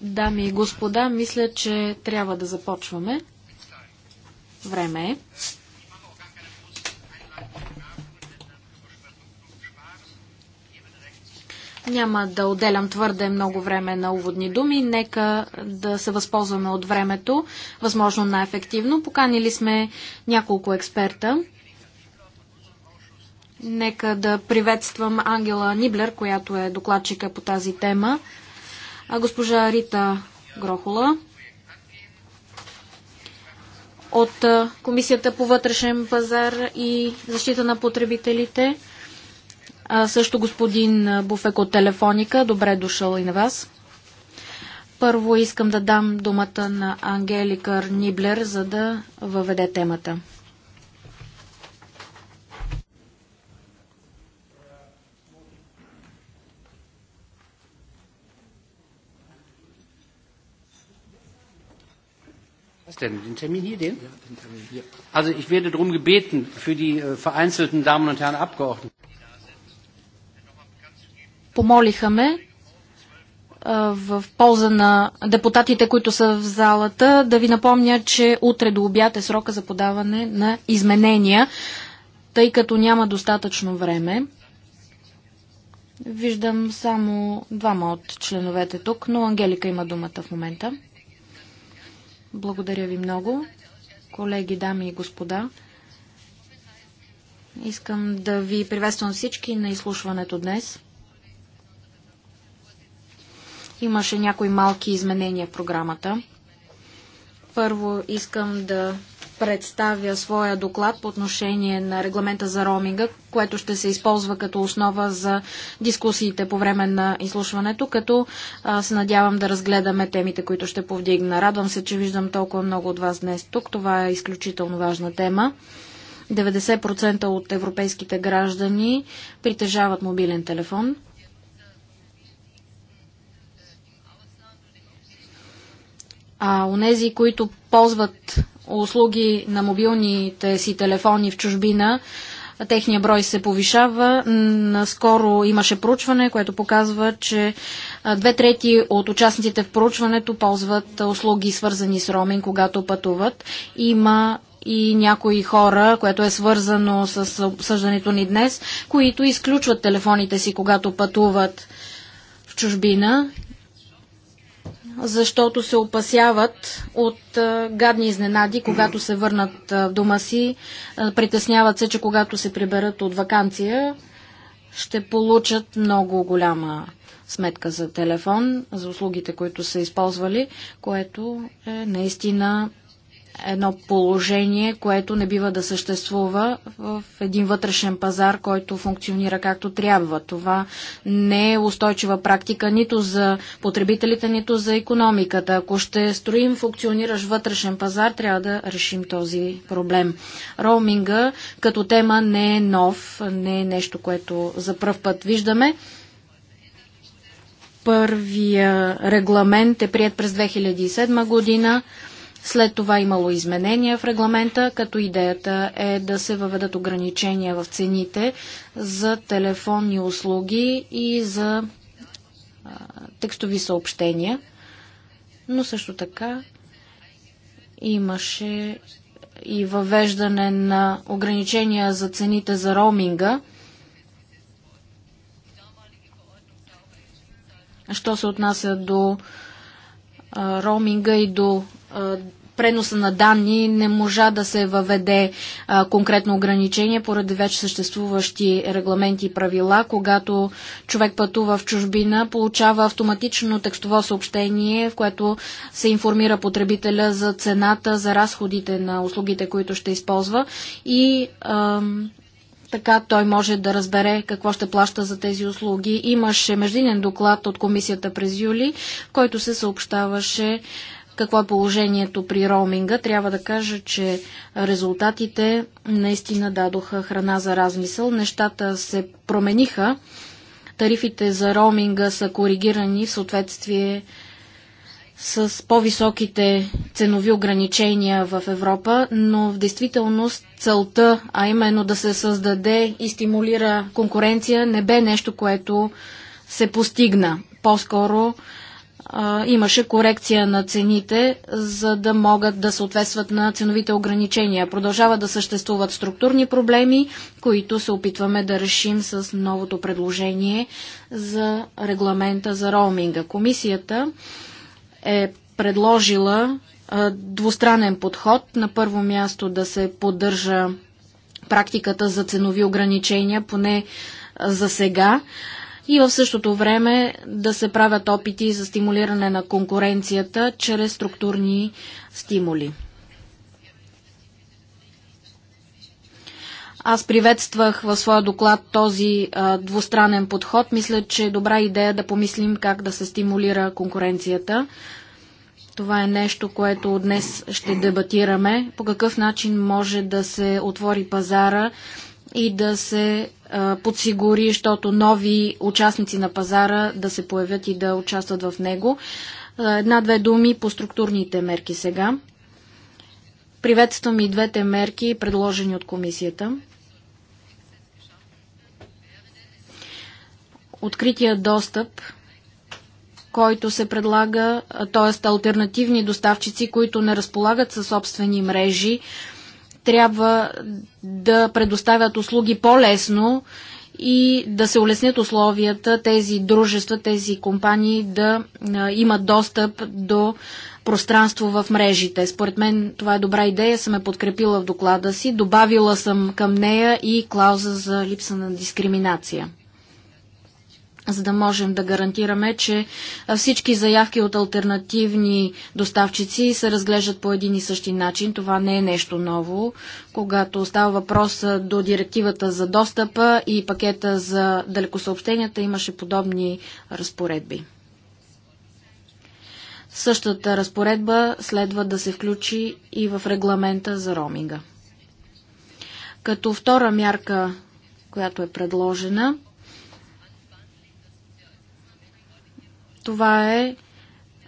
Дами и господа, мисля, че трябва да започваме. Време е. Няма да отделям твърде много време на уводни думи. Нека да се възползваме от времето, възможно най-ефективно. Поканили сме няколко експерта. Нека да приветствам Ангела Ниблер, която е докладчика по тази тема. А госпожа Рита Грохола от Комисията по вътрешен пазар и защита на потребителите. А също господин Буфек от Телефоника. Добре дошъл и на вас. Първо искам да дам думата на Ангелика Ниблер, за да въведе темата. denn? Den Termin hier, den? Ja, den Termin hier. Also ich werde darum gebeten, für die äh, vereinzelten Damen und Herren Abgeordneten. Помолиха ме в полза на депутатите, които са в залата, да ви напомня, че утре до обяд е срока за подаване на изменения, тъй като няма достатъчно време. Виждам само двама от членовете тук, но Ангелика има думата в момента. Благодаря ви много, колеги, дами и господа. Искам да ви приветствам всички на изслушването днес. Имаше някои малки изменения в програмата. Първо искам да представя своя доклад по отношение на регламента за роуминга, което ще се използва като основа за дискусиите по време на изслушването, като се надявам да разгледаме темите, които ще повдигна. Радвам се, че виждам толкова много от вас днес тук. Това е изключително важна тема. 90% от европейските граждани притежават мобилен телефон. А онези, които ползват услуги на мобилните си телефони в чужбина, техния брой се повишава. Наскоро имаше проучване, което показва, че две трети от участниците в проучването ползват услуги, свързани с Ромин, когато пътуват. Има и някои хора, което е свързано с обсъждането ни днес, които изключват телефоните си, когато пътуват в чужбина защото се опасяват от гадни изненади, когато се върнат в дома си. Притесняват се, че когато се приберат от вакансия, ще получат много голяма сметка за телефон, за услугите, които са използвали, което е наистина едно положение, което не бива да съществува в един вътрешен пазар, който функционира както трябва. Това не е устойчива практика нито за потребителите, нито за економиката. Ако ще строим функциониращ вътрешен пазар, трябва да решим този проблем. Роуминга като тема не е нов, не е нещо, което за първ път виждаме. Първия регламент е прият през 2007 година след това имало изменения в регламента, като идеята е да се въведат ограничения в цените за телефонни услуги и за текстови съобщения. Но също така имаше и въвеждане на ограничения за цените за роуминга. Що се отнася до роуминга и до преноса на данни не можа да се въведе а, конкретно ограничение поради вече съществуващи регламенти и правила. Когато човек пътува в чужбина, получава автоматично текстово съобщение, в което се информира потребителя за цената, за разходите на услугите, които ще използва и а, така той може да разбере какво ще плаща за тези услуги. Имаше междинен доклад от комисията през юли, който се съобщаваше какво е положението при роуминга, трябва да кажа, че резултатите наистина дадоха храна за размисъл. Нещата се промениха. Тарифите за роуминга са коригирани в съответствие с по-високите ценови ограничения в Европа, но в действителност целта, а именно да се създаде и стимулира конкуренция, не бе нещо, което се постигна. По-скоро а, имаше корекция на цените, за да могат да съответстват на ценовите ограничения. Продължават да съществуват структурни проблеми, които се опитваме да решим с новото предложение за регламента за роуминга. Комисията е предложила а, двустранен подход. На първо място да се поддържа практиката за ценови ограничения, поне за сега и в същото време да се правят опити за стимулиране на конкуренцията чрез структурни стимули. Аз приветствах в своя доклад този а, двустранен подход. Мисля, че е добра идея да помислим как да се стимулира конкуренцията. Това е нещо, което днес ще дебатираме. По какъв начин може да се отвори пазара и да се подсигури, защото нови участници на пазара да се появят и да участват в него. Една-две думи по структурните мерки сега. Приветствам и двете мерки, предложени от комисията. Открития достъп който се предлага, т.е. альтернативни доставчици, които не разполагат със собствени мрежи, трябва да предоставят услуги по-лесно и да се улеснят условията тези дружества, тези компании да имат достъп до пространство в мрежите. Според мен това е добра идея, съм е подкрепила в доклада си, добавила съм към нея и клауза за липса на дискриминация за да можем да гарантираме, че всички заявки от альтернативни доставчици се разглеждат по един и същи начин. Това не е нещо ново. Когато става въпрос до директивата за достъпа и пакета за далекосъобщенията, имаше подобни разпоредби. Същата разпоредба следва да се включи и в регламента за роминга. Като втора мярка, която е предложена – това е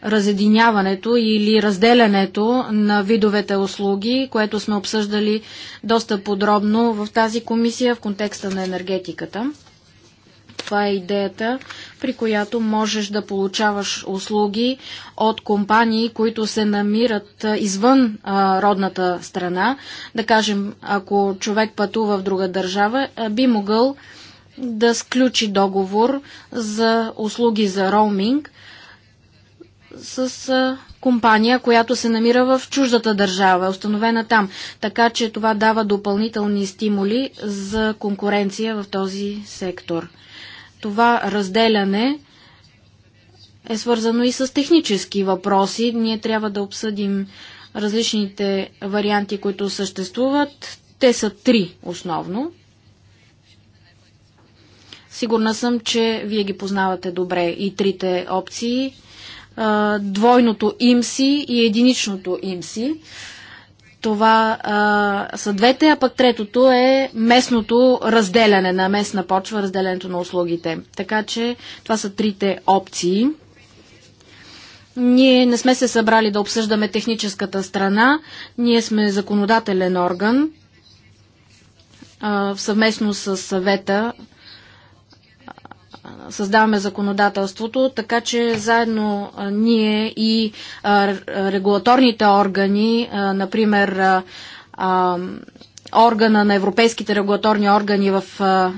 разединяването или разделянето на видовете услуги, което сме обсъждали доста подробно в тази комисия в контекста на енергетиката. Това е идеята, при която можеш да получаваш услуги от компании, които се намират извън а, родната страна. Да кажем, ако човек пътува в друга държава, а, би могъл а, да сключи договор за услуги за роуминг с компания, която се намира в чуждата държава, установена там. Така че това дава допълнителни стимули за конкуренция в този сектор. Това разделяне е свързано и с технически въпроси. Ние трябва да обсъдим различните варианти, които съществуват. Те са три основно. Сигурна съм, че вие ги познавате добре и трите опции. Двойното имси и единичното имси. Това а, са двете, а пък третото е местното разделяне на местна почва, разделянето на услугите. Така че това са трите опции. Ние не сме се събрали да обсъждаме техническата страна. Ние сме законодателен орган а, съвместно с съвета създаваме законодателството, така че заедно ние и регулаторните органи, например органа на европейските регулаторни органи в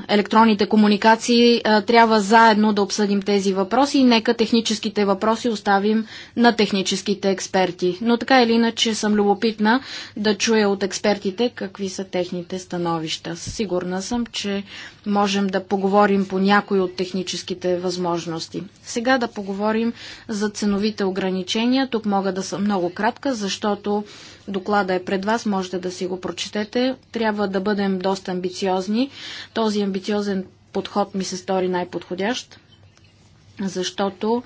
електронните комуникации, трябва заедно да обсъдим тези въпроси и нека техническите въпроси оставим на техническите експерти. Но така или иначе съм любопитна да чуя от експертите какви са техните становища. Сигурна съм, че можем да поговорим по някои от техническите възможности. Сега да поговорим за ценовите ограничения. Тук мога да съм много кратка, защото Доклада е пред вас, можете да си го прочетете. Трябва да бъдем доста амбициозни. Този амбициозен подход ми се стори най-подходящ, защото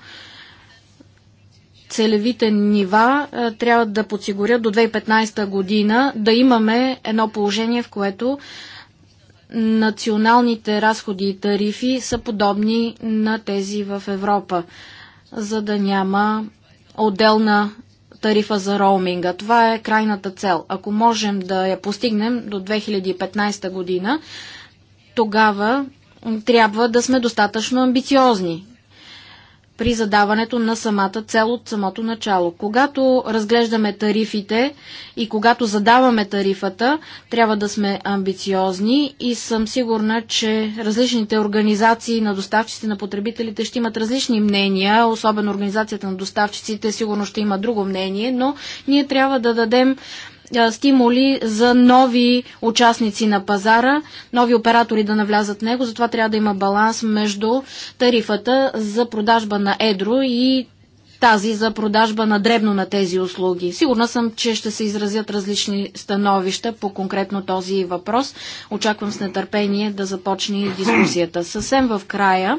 целевите нива трябва да подсигурят до 2015 година да имаме едно положение, в което националните разходи и тарифи са подобни на тези в Европа, за да няма отделна тарифа за роуминга. Това е крайната цел. Ако можем да я постигнем до 2015 година, тогава трябва да сме достатъчно амбициозни при задаването на самата цел от самото начало. Когато разглеждаме тарифите и когато задаваме тарифата, трябва да сме амбициозни и съм сигурна, че различните организации на доставчиците на потребителите ще имат различни мнения, особено организацията на доставчиците сигурно ще има друго мнение, но ние трябва да дадем е, стимули за нови участници на пазара, нови оператори да навлязат в него. Затова трябва да има баланс между тарифата за продажба на едро и тази за продажба на дребно на тези услуги. Сигурна съм, че ще се изразят различни становища по конкретно този въпрос. Очаквам с нетърпение да започне дискусията. Съвсем в края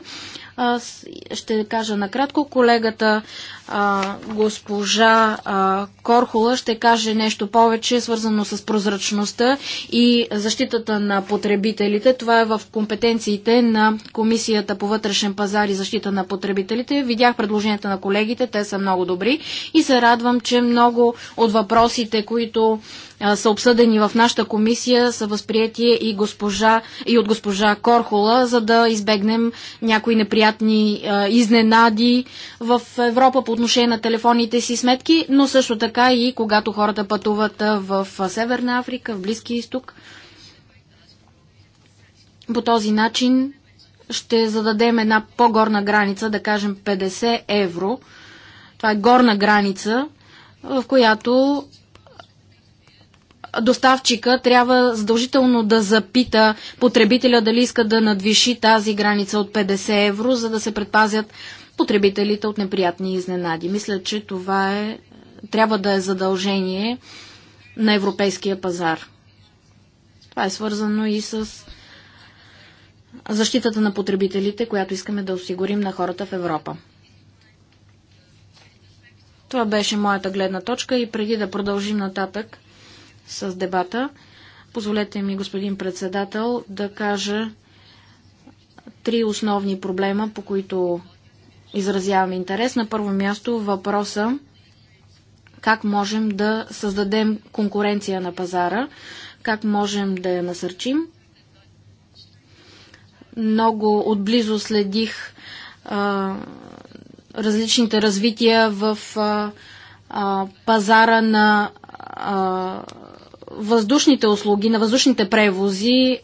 аз ще кажа накратко. Колегата а, госпожа а, Корхола ще каже нещо повече, свързано с прозрачността и защитата на потребителите. Това е в компетенциите на Комисията по вътрешен пазар и защита на потребителите. Видях предложенията на колегите, те са много добри и се радвам, че много от въпросите, които са обсъдени в нашата комисия, са възприяти и, госпожа, и от госпожа Корхола, за да избегнем някои неприятни а, изненади в Европа по отношение на телефонните си сметки, но също така и когато хората пътуват в Северна Африка, в Близки изток. По този начин ще зададем една по-горна граница, да кажем 50 евро. Това е горна граница, в която доставчика трябва задължително да запита потребителя дали иска да надвиши тази граница от 50 евро, за да се предпазят потребителите от неприятни изненади. Мисля, че това е, трябва да е задължение на европейския пазар. Това е свързано и с защитата на потребителите, която искаме да осигурим на хората в Европа. Това беше моята гледна точка и преди да продължим нататък, с дебата. Позволете ми, господин председател, да кажа три основни проблема, по които изразявам интерес. На първо място въпроса как можем да създадем конкуренция на пазара, как можем да я насърчим. Много отблизо следих а, различните развития в а, а, пазара на а, въздушните услуги, на въздушните превози,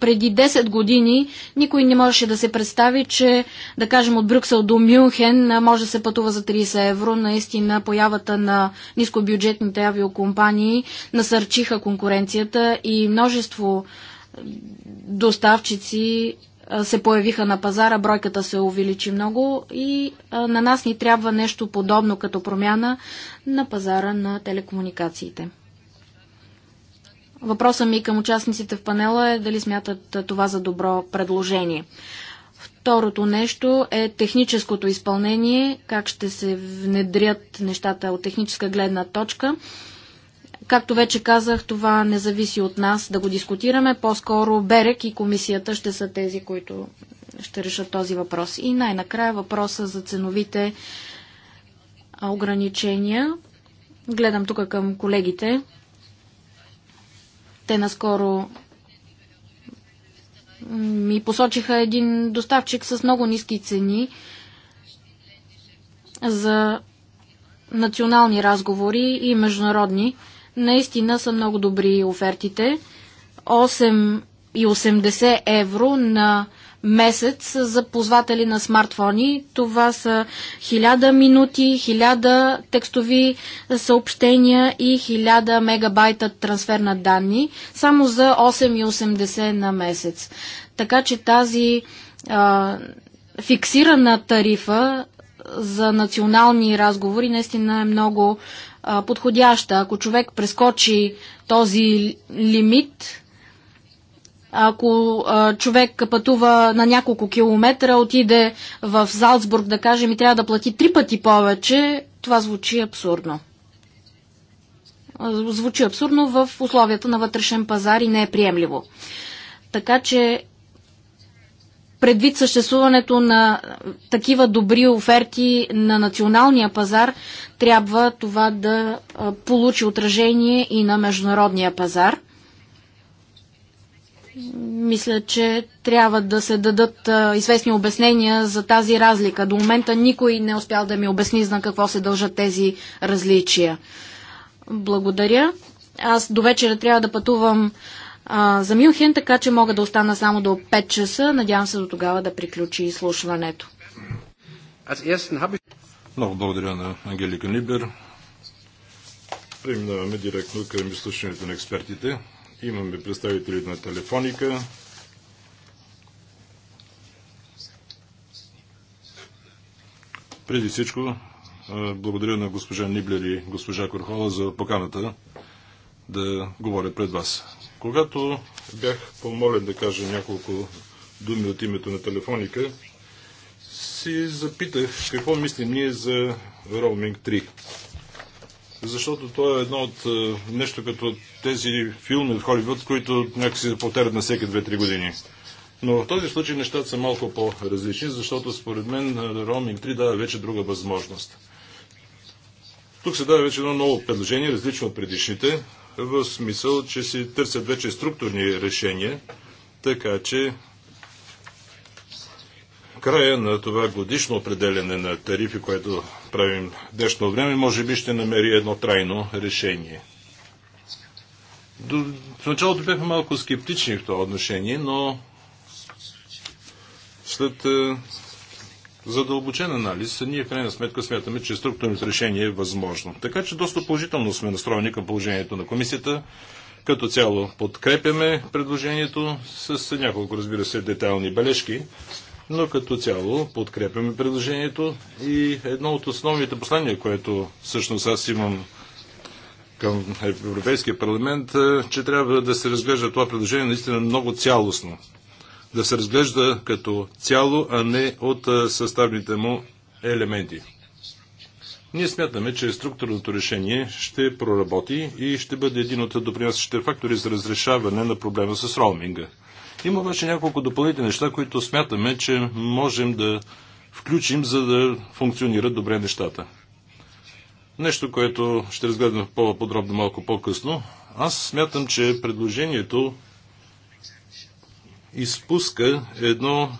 преди 10 години никой не можеше да се представи, че да кажем от Брюксел до Мюнхен може да се пътува за 30 евро. Наистина появата на нискобюджетните авиокомпании насърчиха конкуренцията и множество доставчици се появиха на пазара, бройката се увеличи много и на нас ни трябва нещо подобно като промяна на пазара на телекомуникациите. Въпросът ми към участниците в панела е дали смятат това за добро предложение. Второто нещо е техническото изпълнение, как ще се внедрят нещата от техническа гледна точка. Както вече казах, това не зависи от нас да го дискутираме. По-скоро Берек и комисията ще са тези, които ще решат този въпрос. И най-накрая въпроса за ценовите ограничения. Гледам тук към колегите. Те наскоро ми посочиха един доставчик с много ниски цени за национални разговори и международни. Наистина са много добри офертите. 8,80 евро на месец за ползватели на смартфони. Това са 1000 минути, 1000 текстови съобщения и 1000 мегабайта трансфер на данни, само за 8,80 на месец. Така че тази а, фиксирана тарифа за национални разговори наистина е много а, подходяща. Ако човек прескочи този лимит, ако а, човек пътува на няколко километра, отиде в Залцбург, да кажем, и трябва да плати три пъти повече, това звучи абсурдно. Звучи абсурдно в условията на вътрешен пазар и не е приемливо. Така че предвид съществуването на такива добри оферти на националния пазар, трябва това да получи отражение и на международния пазар. Мисля, че трябва да се дадат а, известни обяснения за тази разлика. До момента никой не е успял да ми обясни на какво се дължат тези различия. Благодаря. Аз до вечера трябва да пътувам а, за Мюнхен, така че мога да остана само до 5 часа. Надявам се до тогава да приключи изслушването. Много благодаря на Ангелика Нибер. Преминаваме директно към изслушването на експертите. Имаме представители на телефоника. Преди всичко, благодаря на госпожа Ниблер и госпожа Корхола за поканата да говоря пред вас. Когато бях помолен да кажа няколко думи от името на телефоника, си запитах какво мислим ние за роуминг защото то е едно от е, нещо като тези филми от Холивуд, които някакси се повтарят на всеки 2-3 години. Но в този случай нещата са малко по-различни, защото според мен е, Роуминг 3 дава вече друга възможност. Тук се дава вече едно ново предложение, различно от предишните, в смисъл, че се търсят вече структурни решения, така че края на това годишно определене на тарифи, което направим днешно време, може би ще намери едно трайно решение. До, в началото бяхме малко скептични в това отношение, но след е, задълбочен анализ, ние в крайна сметка смятаме, че структурното решение е възможно. Така че доста положително сме настроени към положението на комисията. Като цяло подкрепяме предложението с няколко, разбира се, детайлни бележки но като цяло подкрепяме предложението и едно от основните послания, което всъщност аз имам към Европейския парламент, е, че трябва да се разглежда това предложение наистина много цялостно. Да се разглежда като цяло, а не от е, съставните му елементи. Ние смятаме, че структурното решение ще проработи и ще бъде един от допринасящите фактори за разрешаване на проблема с роуминга. Има обаче няколко допълнителни неща, които смятаме, че можем да включим, за да функционират добре нещата. Нещо, което ще разгледам по-подробно малко по-късно. Аз смятам, че предложението изпуска едно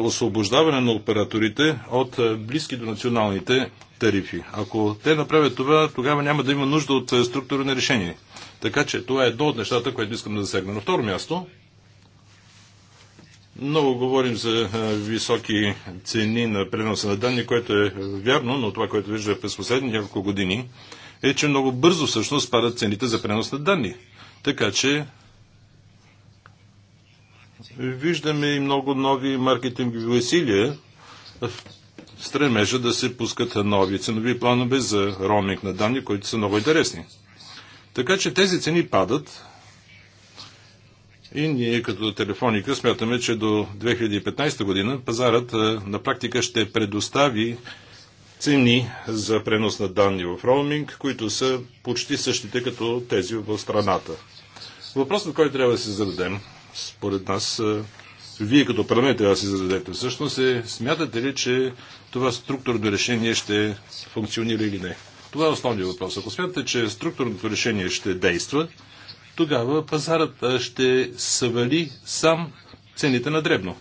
освобождаване на операторите от близки до националните тарифи. Ако те направят това, тогава няма да има нужда от структурно решение. Така че това е едно от нещата, което искам да засегна. На второ място, много говорим за високи цени на преноса на данни, което е вярно, но това, което вижда през последните няколко години, е, че много бързо всъщност падат цените за пренос на данни. Така че виждаме и много нови маркетингови усилия в стремежа да се пускат нови ценови планове за роуминг на данни, които са много интересни. Така че тези цени падат и ние като телефоника смятаме, че до 2015 година пазарът е, на практика ще предостави цени за пренос на данни в роуминг, които са почти същите като тези в страната. Въпросът, който трябва да се зададем, според нас, е, вие като парламент трябва да се зададете всъщност е, смятате ли, че това структурно решение ще функционира или не? Това е основният въпрос. Ако смятате, че структурното решение ще действа, тогава пазарът ще съвали сам цените на дребно.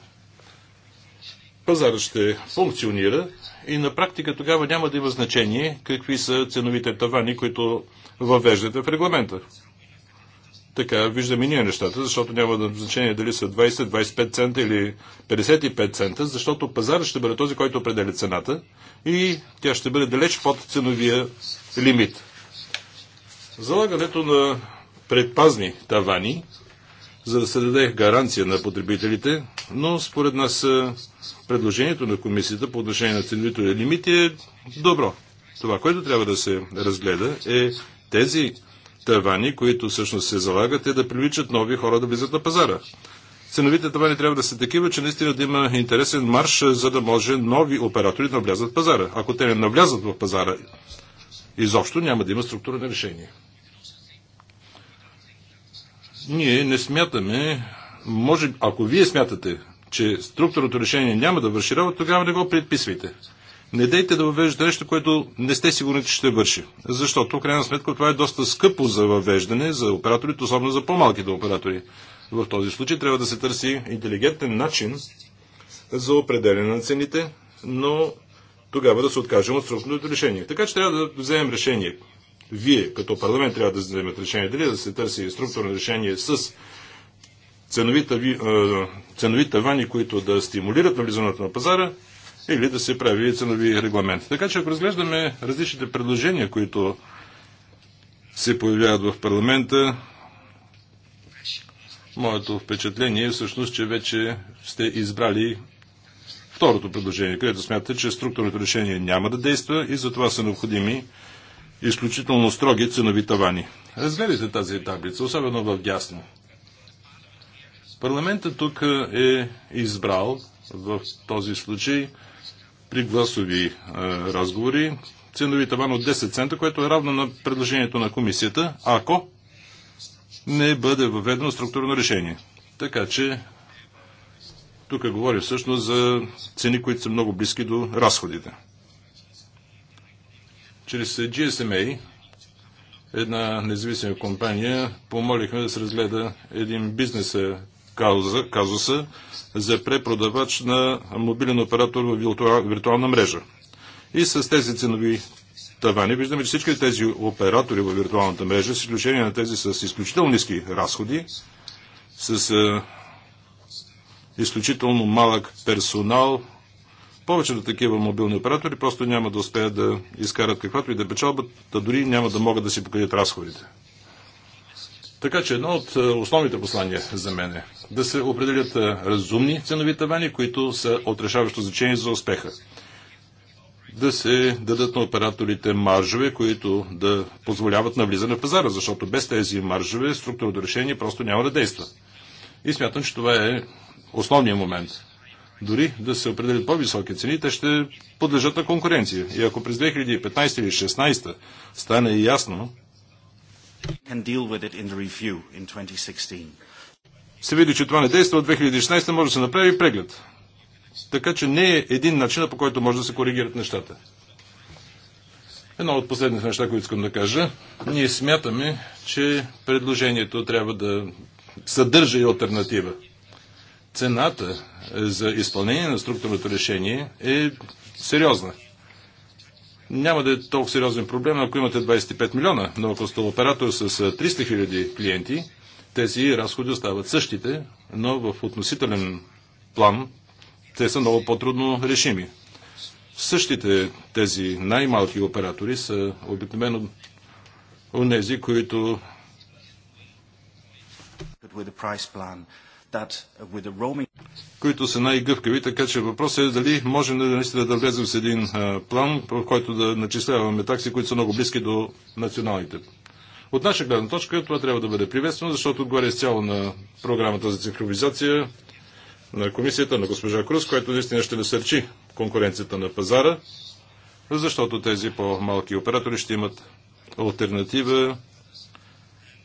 Пазарът ще функционира и на практика тогава няма да има значение какви са ценовите тавани, които въвеждате в регламента. Така виждаме ние нещата, защото няма да значение дали са 20, 25 цента или 55 цента, защото пазарът ще бъде този, който определя цената и тя ще бъде далеч под ценовия лимит. Залагането на предпазни тавани, за да се даде гаранция на потребителите, но според нас е, предложението на комисията по отношение на ценовите лимити е добро. Това, което трябва да се разгледа е тези тавани, които всъщност се залагат, е да привличат нови хора да влизат на пазара. Ценовите тавани трябва да са такива, че наистина да има интересен марш, е, за да може нови оператори да навлязат в пазара. Ако те не навлязат в пазара, изобщо няма да има структура на решение. Ние не смятаме, може, ако вие смятате, че структурното решение няма да върши работа, тогава не го предписвайте не дейте да въвеждате нещо, което не сте сигурни, че ще върши. Защото, в крайна сметка, това е доста скъпо за въвеждане за операторите, особено за по-малките оператори. В този случай трябва да се търси интелигентен начин за определене на цените, но тогава да се откажем от срочното решение. Така че трябва да вземем решение. Вие, като парламент, трябва да вземете решение дали да се търси структурно решение с ценовите ценовите вани, които да стимулират навлизането на пазара или да се прави ценови регламенти. Така че ако разглеждаме различните предложения, които се появяват в парламента, моето впечатление е всъщност, че вече сте избрали второто предложение, където смятате, че структурното решение няма да действа и затова са необходими изключително строги ценови тавани. Разгледайте тази таблица, особено в дясно. Парламентът тук е избрал в този случай при гласови а, е, разговори ценови таван от 10 цента, което е равно на предложението на комисията, ако не бъде въведено структурно решение. Така че тук говоря всъщност за цени, които са много близки до разходите. Чрез GSMA, една независима компания, помолихме да се разгледа един бизнес е, казуса за препродавач на мобилен оператор в виртуална мрежа. И с тези ценови тавани виждаме, че всички тези оператори в виртуалната мрежа, с изключение на тези с изключително ниски разходи, с а, е, изключително малък персонал, повечето такива мобилни оператори просто няма да успеят да изкарат каквато и да е печалбат, да дори няма да могат да си покрият разходите. Така че едно от е, основните послания за мен е да се определят е, разумни ценови тавани, които са отрешаващо значение за успеха. Да се дадат на операторите маржове, които да позволяват навлизане в пазара, защото без тези маржове структурното решение просто няма да действа. И смятам, че това е основният момент. Дори да се определят по-високи цени, те ще подлежат на конкуренция. И ако през 2015 или 2016 стане ясно, се види, че това не действа. От 2016 може да се направи преглед. Така че не е един начин, по който може да се коригират нещата. Едно от последните неща, които искам да кажа. Ние смятаме, че предложението трябва да съдържа и альтернатива. Цената за изпълнение на структурното решение е сериозна няма да е толкова сериозен проблем, ако имате 25 милиона, но ако сте оператор с 300 хиляди клиенти, тези разходи остават същите, но в относителен план те са много по-трудно решими. Същите тези най-малки оператори са обикновено нези, които които са най-гъвкави, така че въпросът е дали можем да наистина да влезем с един план, в който да начисляваме такси, които са много близки до националните. От наша гледна точка това трябва да бъде приветствено, защото отговаря изцяло на програмата за цифровизация на комисията на госпожа Круз, която наистина ще насърчи конкуренцията на пазара, защото тези по-малки оператори ще имат альтернатива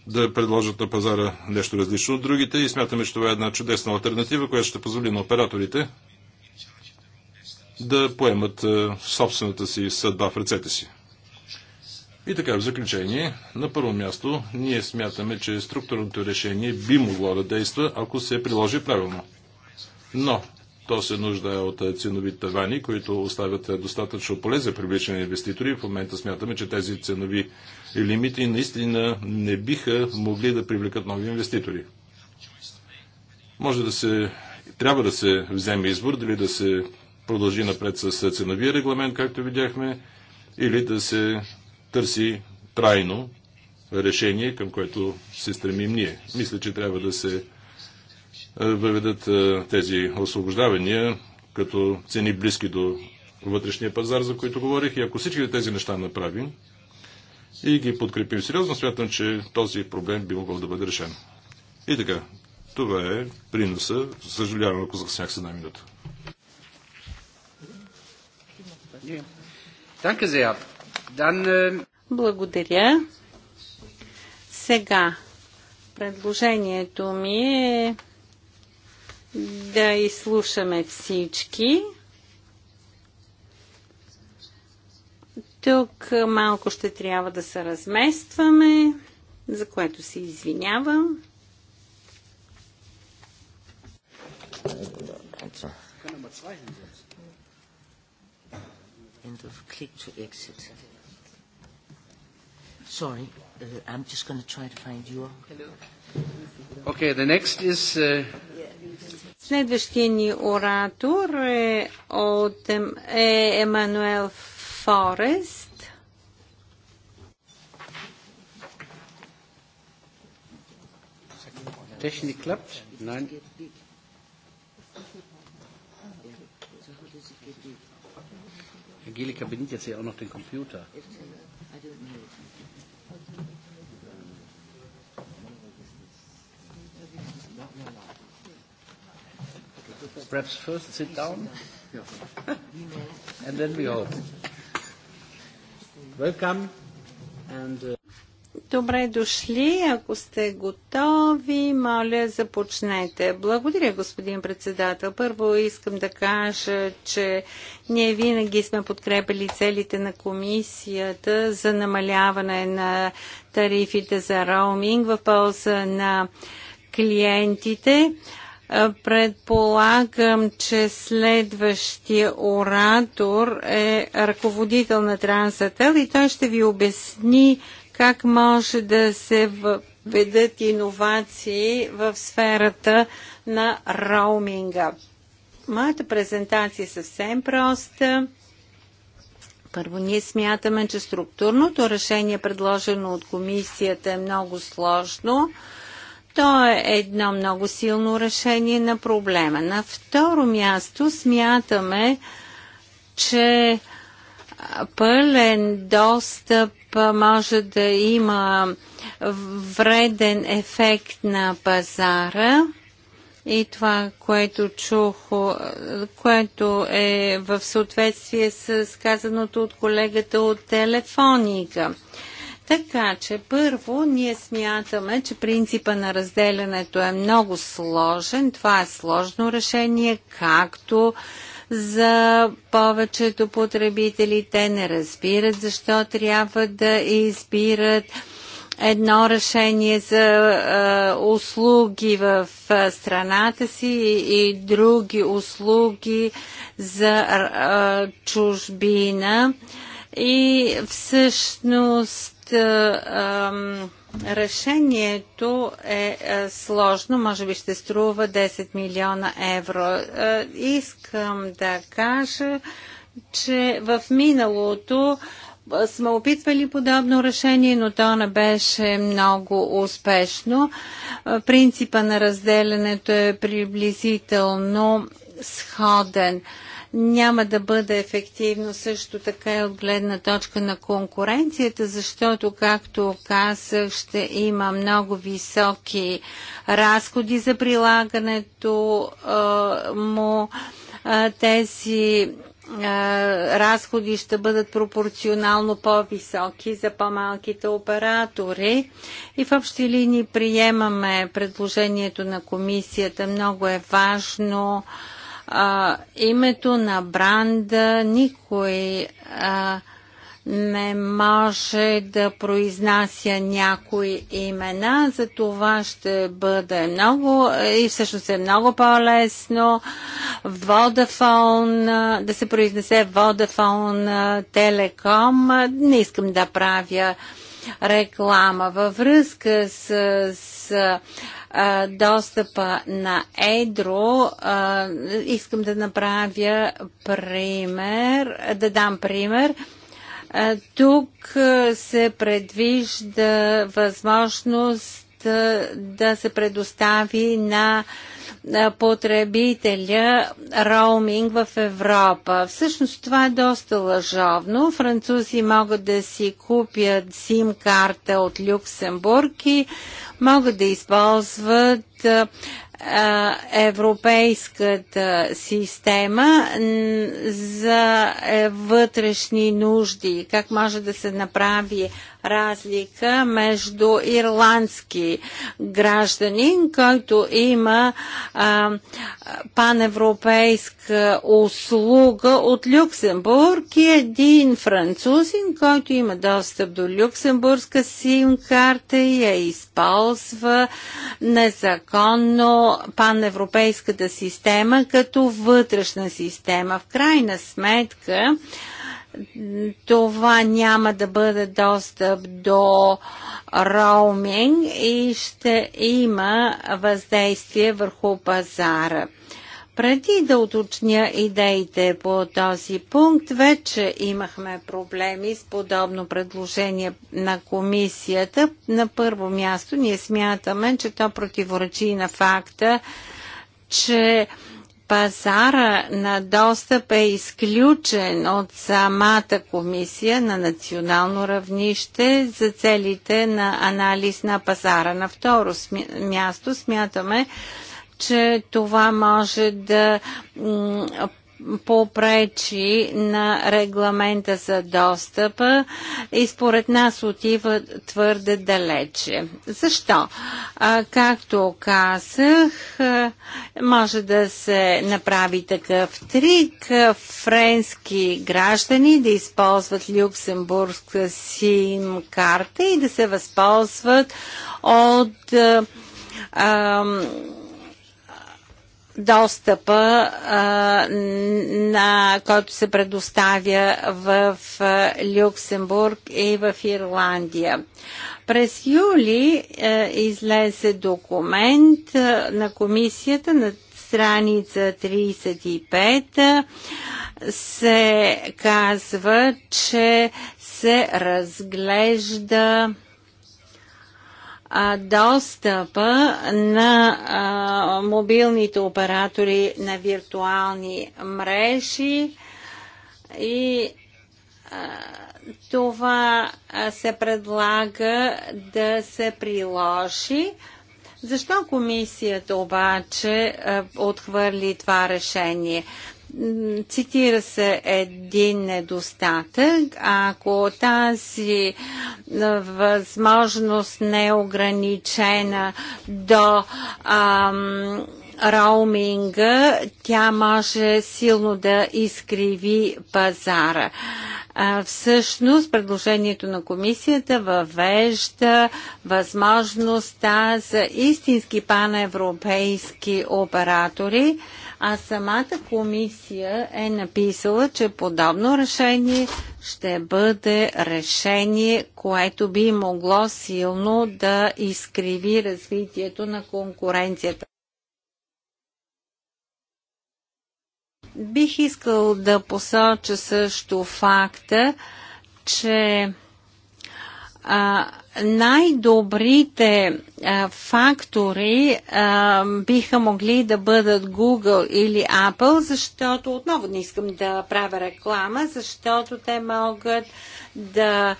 да предложат на пазара нещо различно от другите и смятаме, че това е една чудесна альтернатива, която ще позволи на операторите да поемат е, собствената си съдба в ръцете си. И така, в заключение, на първо място, ние смятаме, че структурното решение би могло да действа, ако се приложи правилно. Но то се нужда от е, ценови тавани, които оставят е, достатъчно поле за привличане на инвеститори. В момента смятаме, че тези ценови лимити наистина не биха могли да привлекат нови инвеститори. Може да се, трябва да се вземе избор, дали да се продължи напред с е, ценовия регламент, както видяхме, или да се търси трайно решение, към което се стремим ние. Мисля, че трябва да се е, въведат е, тези освобождавания като цени близки до вътрешния пазар, за които говорих. И ако всички тези неща направим и ги подкрепим сериозно, смятам, че този проблем би могъл да бъде решен. И така, това е приноса. Съжалявам, ако закъснях с една минута. Э, Благодаря. Сега предложението ми е да изслушаме всички. Тук малко ще трябва да се разместваме, за което се извинявам. End of click to exit. Sorry, uh, I'm just going to try to find you. Hello. Okay, the next is uh, Следващия ни оратор е, от, е Емануел Форест. Angelika benutzt jetzt ja auch noch den Computer. perhaps first sit down, and then we all. Welcome. And, uh, Добре дошли. Ако сте готови, моля, започнете. Благодаря, господин председател. Първо искам да кажа, че ние винаги сме подкрепили целите на комисията за намаляване на тарифите за роуминг в полза на клиентите. Предполагам, че следващия оратор е ръководител на Трансател и той ще ви обясни как може да се ведат иновации в сферата на роуминга. Моята презентация е съвсем проста. Първо, ние смятаме, че структурното решение, предложено от комисията, е много сложно. То е едно много силно решение на проблема. На второ място смятаме, че пълен достъп може да има вреден ефект на пазара и това, което чух, което е в съответствие с казаното от колегата от телефоника. Така че първо ние смятаме, че принципа на разделянето е много сложен. Това е сложно решение, както за повечето потребители. Те не разбират защо трябва да избират едно решение за а, услуги в а, страната си и, и други услуги за а, чужбина. И всъщност решението е сложно, може би ще струва 10 милиона евро. Искам да кажа, че в миналото сме опитвали подобно решение, но то не беше много успешно. Принципа на разделянето е приблизително сходен няма да бъде ефективно също така и от гледна точка на конкуренцията, защото, както казах, ще има много високи разходи за прилагането а, му. А, тези разходи ще бъдат пропорционално по-високи за по-малките оператори. И в общи линии приемаме предложението на комисията. Много е важно а, името на бранда никой а, не може да произнася някои имена, за това ще бъде много и всъщност е много по-лесно Vodafone, да се произнесе Vodafone Telecom. Не искам да правя реклама във връзка с, с достъпа на Едро, искам да направя пример, да дам пример. тук се предвижда възможност да се предостави на а, потребителя роуминг в Европа. Всъщност това е доста лъжовно. Французи могат да си купят сим-карта от Люксембург и могат да използват европейската система за е, вътрешни нужди, как може да се направи разлика между ирландски гражданин, който има а, паневропейска услуга от Люксембург и един французин, който има достъп до люксембургска сим-карта и я използва незаконно паневропейската система като вътрешна система. В крайна сметка, това няма да бъде достъп до роуминг и ще има въздействие върху пазара. Преди да уточня идеите по този пункт, вече имахме проблеми с подобно предложение на комисията. На първо място ние смятаме, че то противоречи на факта, че пазара на достъп е изключен от самата комисия на национално равнище за целите на анализ на пазара. На второ място смятаме, че това може да попречи на регламента за достъпа и според нас отива твърде далече. Защо? както казах, може да се направи такъв трик френски граждани да използват люксембургска сим карта и да се възползват от достъпа, на който се предоставя в Люксембург и в Ирландия. През юли излезе документ на комисията на страница 35 се казва, че се разглежда а, достъпа на а, мобилните оператори на виртуални мрежи и а, това се предлага да се приложи. Защо комисията обаче отхвърли това решение? цитира се един недостатък. Ако тази възможност не е ограничена до ам, роуминга, тя може силно да изкриви пазара. А, всъщност, предложението на комисията въвежда възможността за истински паневропейски оператори, а самата комисия е написала, че подобно решение ще бъде решение, което би могло силно да изкриви развитието на конкуренцията. Бих искал да посоча също факта, че а, най-добрите фактори а, биха могли да бъдат Google или Apple, защото отново не искам да правя реклама, защото те могат да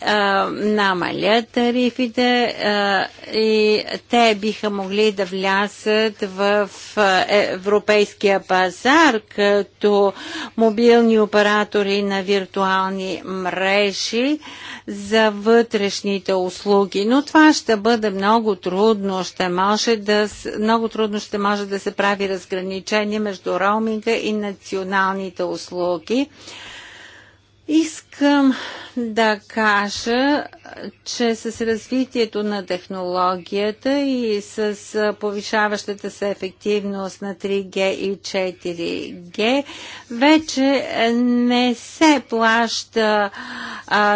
а, намалят тарифите а, и те биха могли да влязат в е, европейския пазар като мобилни оператори на виртуални мрежи за вътрешните услуги. Но това ще бъде много трудно. Ще може да, много трудно ще може да се прави разграничение между роуминга и националните услуги. Искам да кажа, че с развитието на технологията и с повишаващата се ефективност на 3G и 4G, вече не се плаща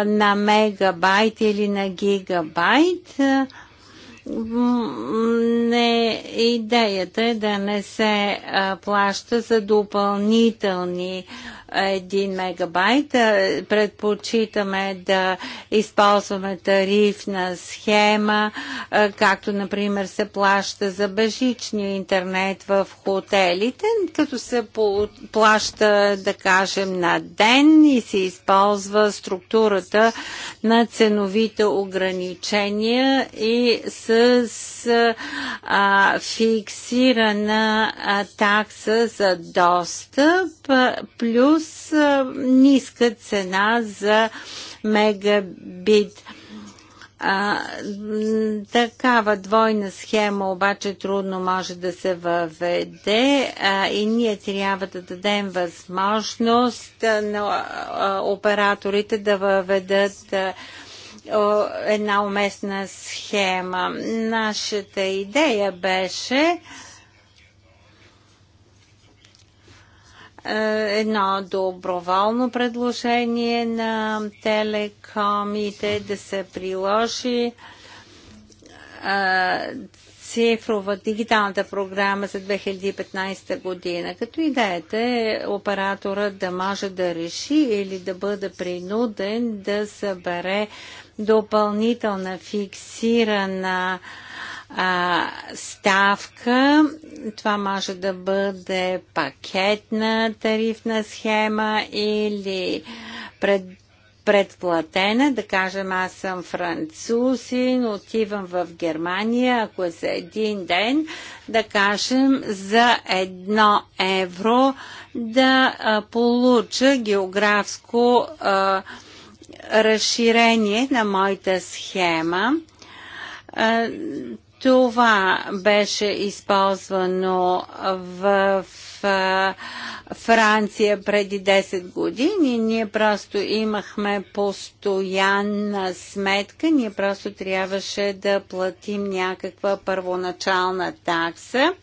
на мегабайт или на гигабайт. Не, идеята е да не се плаща за допълнителни а, един мегабайт. Предпочитаме да използваме тарифна схема, както например се плаща за бежичния интернет в хотелите, като се плаща, да кажем, на ден и се използва структурата на ценовите ограничения и с а, фиксирана а, такса за достъп плюс с ниска цена за мегабит. А, такава двойна схема обаче трудно може да се въведе а, и ние трябва да дадем възможност на операторите да въведат а, една уместна схема. Нашата идея беше а, Е, едно доброволно предложение на телекомите да се приложи е, цифрова дигиталната програма за 2015 година. Като идеята е оператора да може да реши или да бъде принуден да събере допълнителна фиксирана а, а, ставка. Това може да бъде пакетна тарифна схема или пред, предплатена. Да кажем, аз съм французин, отивам в Германия, ако е за един ден, да кажем, за едно евро да а, получа географско а, разширение на моята схема това беше използвано в, Франция преди 10 години. Ние просто имахме постоянна сметка. Ние просто трябваше да платим някаква първоначална такса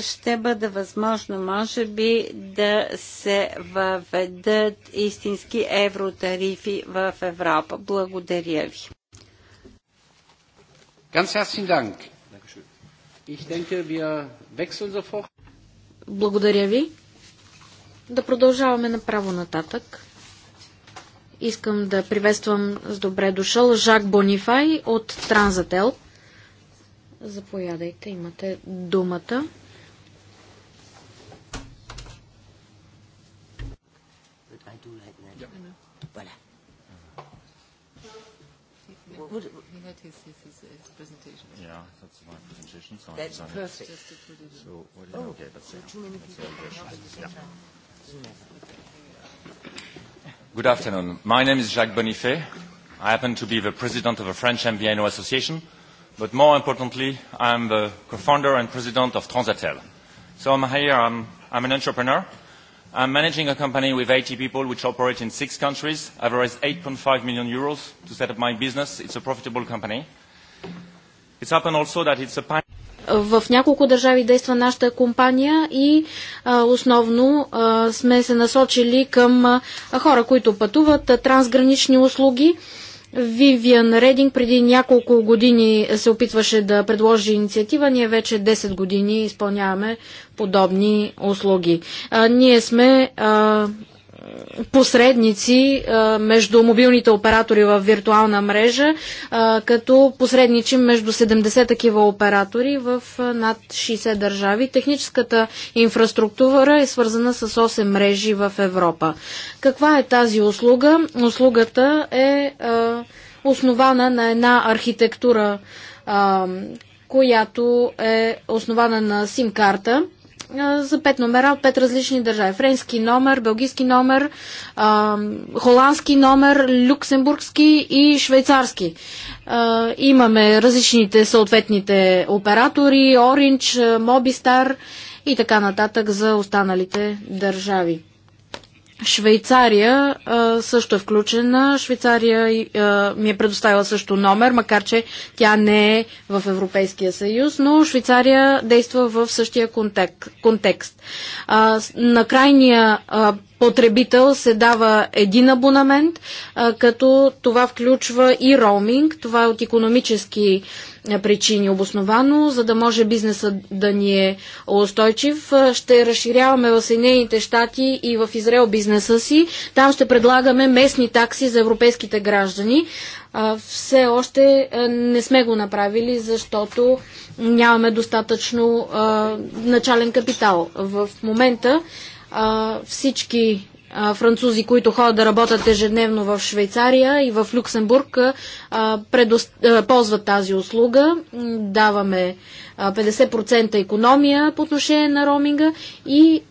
ще бъде възможно, може би, да се въведат истински евротарифи в Европа. Благодаря ви. Ganz herzlichen Dank. Ich denke, wir wechseln sofort. Благодаря ви. Да продължаваме направо нататък. Искам да приветствам с добре дошъл Жак Бонифай от Транзател. Заповядайте, имате думата. Voilà. Mm-hmm. What, questions? No, That's perfect. So, what is oh, okay, that's so too many people. Yeah. Good afternoon. My name is Jacques Bonifay. I happen to be the president of the French MVNO Association, but more importantly, I'm the co-founder and president of Transatel. So I'm here, I'm, I'm an entrepreneur. I'm managing a company with 80 people which operate in six countries. I've raised 8.5 million euros to set up my business. It's a profitable company. В няколко държави действа нашата компания и а, основно а, сме се насочили към а, хора, които пътуват, а, трансгранични услуги. Вивиан Рединг преди няколко години се опитваше да предложи инициатива. Ние вече 10 години изпълняваме подобни услуги. А, ние сме а, посредници а, между мобилните оператори в виртуална мрежа, а, като посредничим между 70 такива оператори в над 60 държави. Техническата инфраструктура е свързана с 8 мрежи в Европа. Каква е тази услуга? Услугата е а, основана на една архитектура, която е основана на сим-карта за пет номера от пет различни държави. Френски номер, белгийски номер, холандски номер, люксембургски и швейцарски. Имаме различните съответните оператори, Orange, Mobistar и така нататък за останалите държави. Швейцария а, също е включена. Швейцария а, ми е предоставила също номер, макар че тя не е в Европейския съюз, но Швейцария действа в същия контекст. контекст. А, на крайния а, потребител се дава един абонамент, а, като това включва и роуминг. Това е от економически причини. Обосновано, за да може бизнесът да ни е устойчив, ще разширяваме в Съединените щати и в Израел бизнеса си. Там ще предлагаме местни такси за европейските граждани. Все още не сме го направили, защото нямаме достатъчно начален капитал. В момента всички французи, които ходят да работят ежедневно в Швейцария и в Люксембург, ползват тази услуга. Даваме 50% економия по отношение на роминга и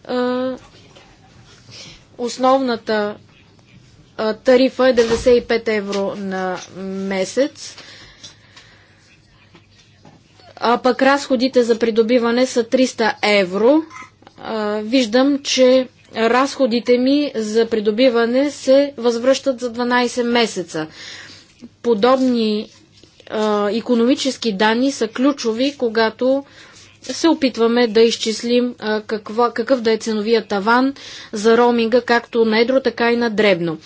основната тарифа е 95 евро на месец. А пък разходите за придобиване са 300 евро. виждам, че разходите ми за придобиване се възвръщат за 12 месеца. Подобни а, економически данни са ключови, когато се опитваме да изчислим а, какъв да е ценовия таван за роминга, както на едро, така и на дребно.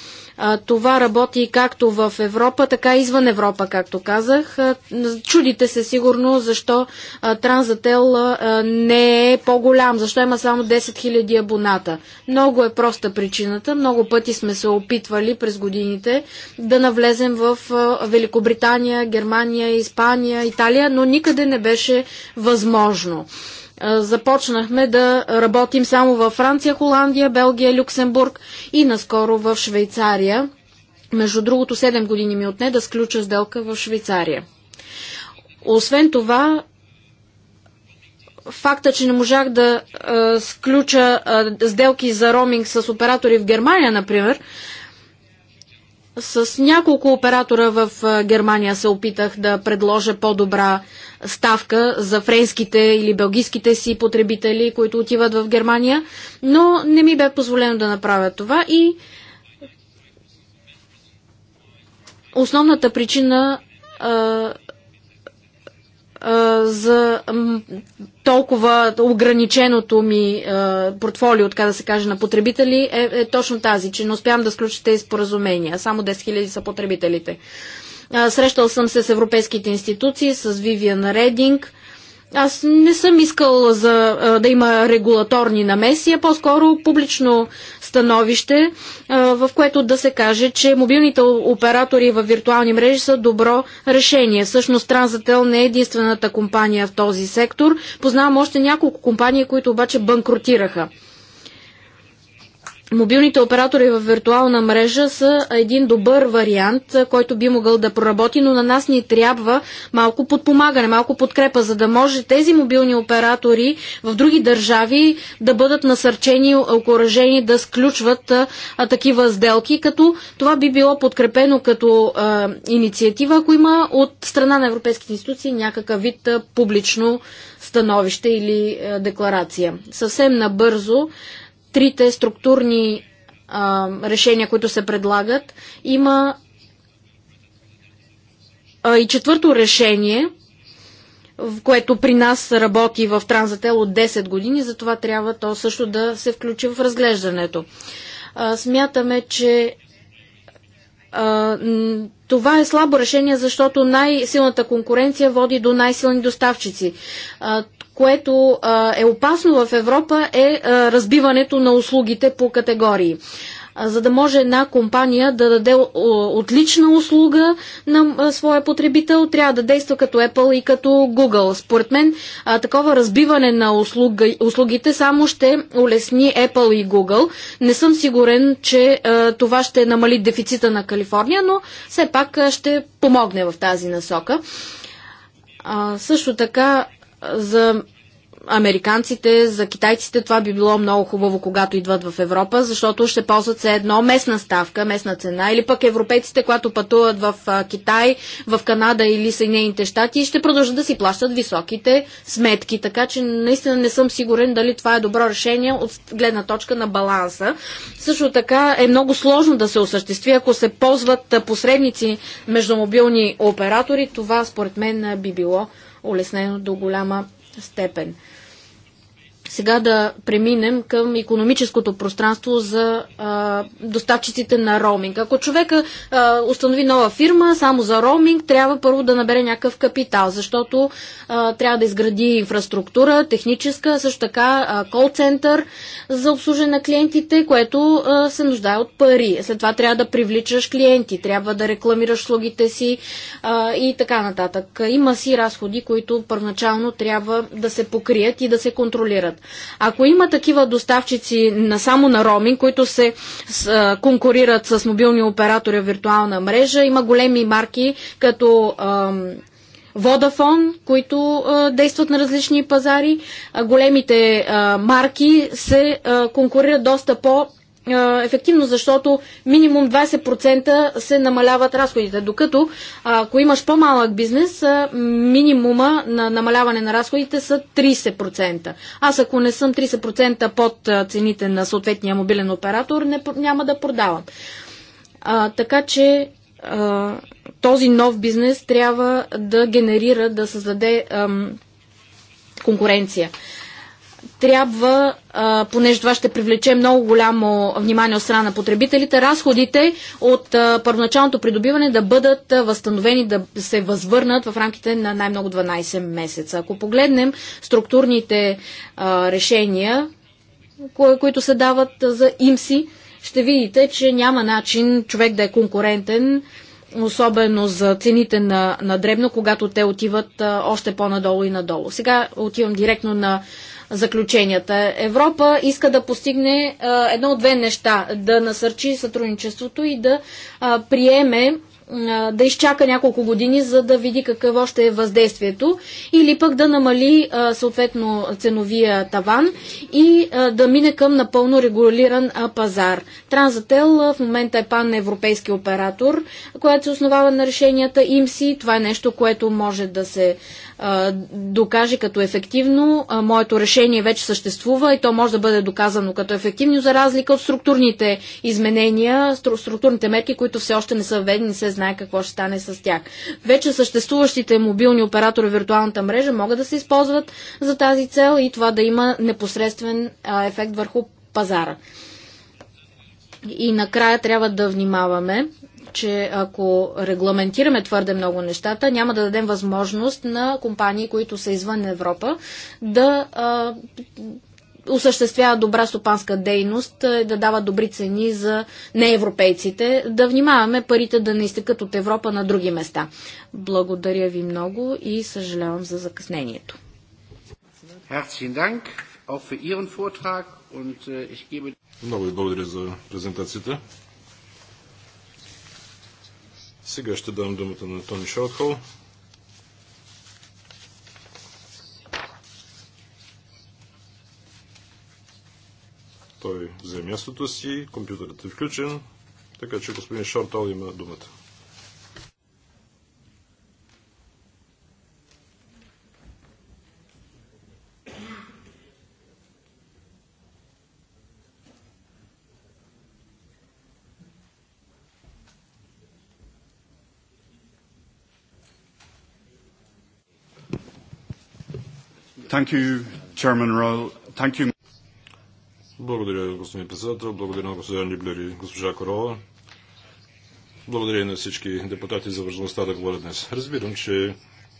Това работи както в Европа, така и извън Европа, както казах. Чудите се сигурно защо Транзател не е по-голям, защо има само 10 000 абоната. Много е проста причината. Много пъти сме се опитвали през годините да навлезем в Великобритания, Германия, Испания, Италия, но никъде не беше възможно започнахме да работим само във Франция, Холандия, Белгия, Люксембург и наскоро в Швейцария. Между другото, 7 години ми отне да сключа сделка в Швейцария. Освен това, факта, че не можах да а, сключа а, сделки за роминг с оператори в Германия, например, с няколко оператора в Германия се опитах да предложа по-добра ставка за френските или белгийските си потребители, които отиват в Германия, но не ми бе позволено да направя това и основната причина за толкова ограниченото ми портфолио, така да се каже, на потребители е, е точно тази, че не успявам да сключа тези споразумения. Само 10 000 са потребителите. Срещал съм се с европейските институции, с Vivian Рединг. Аз не съм искал за, да има регулаторни намеси, а по-скоро публично становище, в което да се каже, че мобилните оператори в виртуални мрежи са добро решение. Същност Транзател не е единствената компания в този сектор. Познавам още няколко компании, които обаче банкротираха мобилните оператори в виртуална мрежа са един добър вариант, който би могъл да проработи, но на нас ни трябва малко подпомагане, малко подкрепа, за да може тези мобилни оператори в други държави да бъдат насърчени, окоръжени да сключват а, такива сделки, като това би било подкрепено като а, инициатива, ако има от страна на европейските институции някакъв вид а, публично становище или а, декларация. Съвсем набързо трите структурни а, решения, които се предлагат, има а, и четвърто решение, в което при нас работи в Транзател от 10 години, затова трябва то също да се включи в разглеждането. А, смятаме, че а, това е слабо решение, защото най-силната конкуренция води до най-силни доставчици. А, което а, е опасно в Европа е а, разбиването на услугите по категории. А, за да може една компания да даде отлична услуга на а, своя потребител, трябва да действа като Apple и като Google. Според мен, а, такова разбиване на услуга, услугите само ще улесни Apple и Google. Не съм сигурен, че а, това ще намали дефицита на Калифорния, но все пак а, ще помогне в тази насока. А, също така за американците, за китайците това би било много хубаво, когато идват в Европа, защото ще ползват се едно местна ставка, местна цена, или пък европейците, когато пътуват в Китай, в Канада или Съединените щати, ще продължат да си плащат високите сметки. Така че наистина не съм сигурен дали това е добро решение от гледна точка на баланса. Също така е много сложно да се осъществи, ако се ползват посредници между мобилни оператори. Това според мен би било улеснено до голяма степен сега да преминем към економическото пространство за а, доставчиците на роуминг. Ако човек а, установи нова фирма само за роуминг, трябва първо да набере някакъв капитал, защото а, трябва да изгради инфраструктура, техническа, също така кол-център за обслужване на клиентите, което а, се нуждае от пари. След това трябва да привличаш клиенти, трябва да рекламираш слугите си а, и така нататък. Има си разходи, които първоначално трябва да се покрият и да се контролират. Ако има такива доставчици на само на Роминг, които се с, конкурират с мобилни оператори в виртуална мрежа, има големи марки като ам, Водафон, които а, действат на различни пазари. А, големите а, марки се а, конкурират доста по- ефективно, защото минимум 20% се намаляват разходите. Докато ако имаш по-малък бизнес, минимума на намаляване на разходите са 30%. Аз ако не съм 30% под цените на съответния мобилен оператор, не, няма да продавам. А, така че а, този нов бизнес трябва да генерира, да създаде ам, конкуренция трябва, а, понеже това ще привлече много голямо внимание от страна на потребителите, разходите от а, първоначалното придобиване да бъдат а, възстановени, да се възвърнат в рамките на най-много 12 месеца. Ако погледнем структурните а, решения, които се дават за имси, ще видите, че няма начин човек да е конкурентен особено за цените на, на дребно, когато те отиват а, още по-надолу и надолу. Сега отивам директно на заключенията. Европа иска да постигне а, едно от две неща. Да насърчи сътрудничеството и да а, приеме да изчака няколко години, за да види какво ще е въздействието, или пък да намали съответно ценовия таван и да мине към напълно регулиран пазар. Транзател в момента е пан-европейски оператор, което се основава на решенията ИМСИ. Това е нещо, което може да се докаже като ефективно. Моето решение вече съществува и то може да бъде доказано като ефективно, за разлика от структурните изменения, структурните мерки, които все още не са введени, не се знае какво ще стане с тях. Вече съществуващите мобилни оператори в виртуалната мрежа могат да се използват за тази цел и това да има непосредствен ефект върху пазара. И накрая трябва да внимаваме, че ако регламентираме твърде много нещата, няма да дадем възможност на компании, които са извън Европа, да а, осъществява добра стопанска дейност, е, да дава добри цени за неевропейците, да внимаваме парите да не изтекат от Европа на други места. Благодаря ви много и съжалявам за закъснението. Äh, много ви благодаря за презентацията. Сега ще дам думата на Тони Шортхол. Той взе мястото си, компютърът е включен, така че господин Шортол има думата. Thank you, Chairman Royal. Thank you. Благодаря, господин председател. Благодаря на господин Либлер и госпожа Корова. Благодаря и на всички депутати за възможността да говоря днес. Разбирам, че е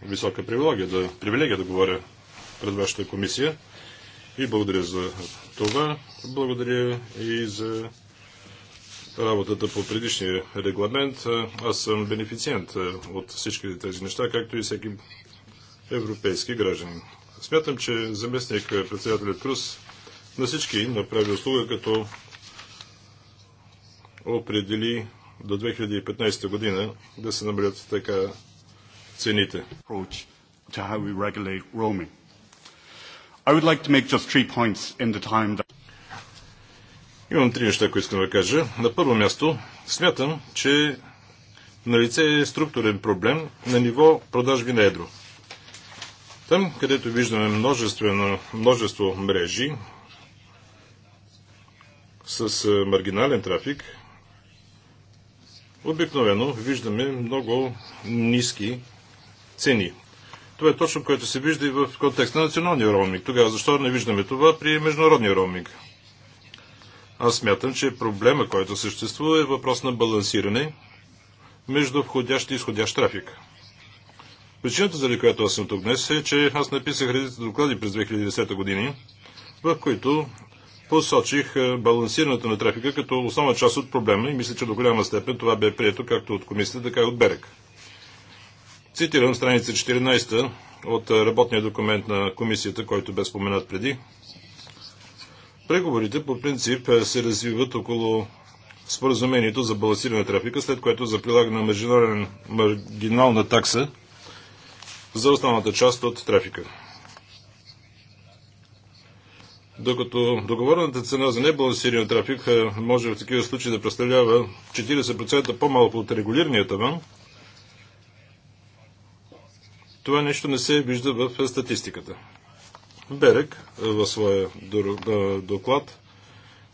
висока привилегия да, привилегия да говоря пред вашата комисия и благодаря за това. Благодаря и за работата по предишния регламент. Аз съм бенефициент е, от всички тези неща, както и всеки европейски граждан. Смятам, че заместник председателят Крус на всички направи услуга, като определи до 2015 година да се намалят така цените. Имам три неща, които искам да кажа. На първо място, смятам, че на лице е структурен проблем на ниво продажби на едро. Там, където виждаме множество, множество мрежи, с е, маргинален трафик, обикновено виждаме много ниски цени. Това е точно което се вижда и в контекста на националния роуминг. Тогава защо не виждаме това при международния роуминг? Аз смятам, че проблема, който съществува е въпрос на балансиране между входящ и изходящ трафик. Причината, заради която аз съм тук днес, е, че аз написах редица доклади през 2010 години, в които посочих е, балансирането на трафика като основна част от проблема и мисля, че до голяма степен това бе прието както от комисията, така и от Берег. Цитирам страница 14 от е, работния документ на комисията, който бе споменат преди. Преговорите по принцип е, се развиват около споразумението за балансиране на трафика, след което за прилагане на маргинална такса за останалата част от трафика. Докато договорната цена за небалансиран трафик е, може в такива случаи да представлява 40% по-малко от регулирания таван, това нещо не се вижда в статистиката. Берек е, в своя е, доклад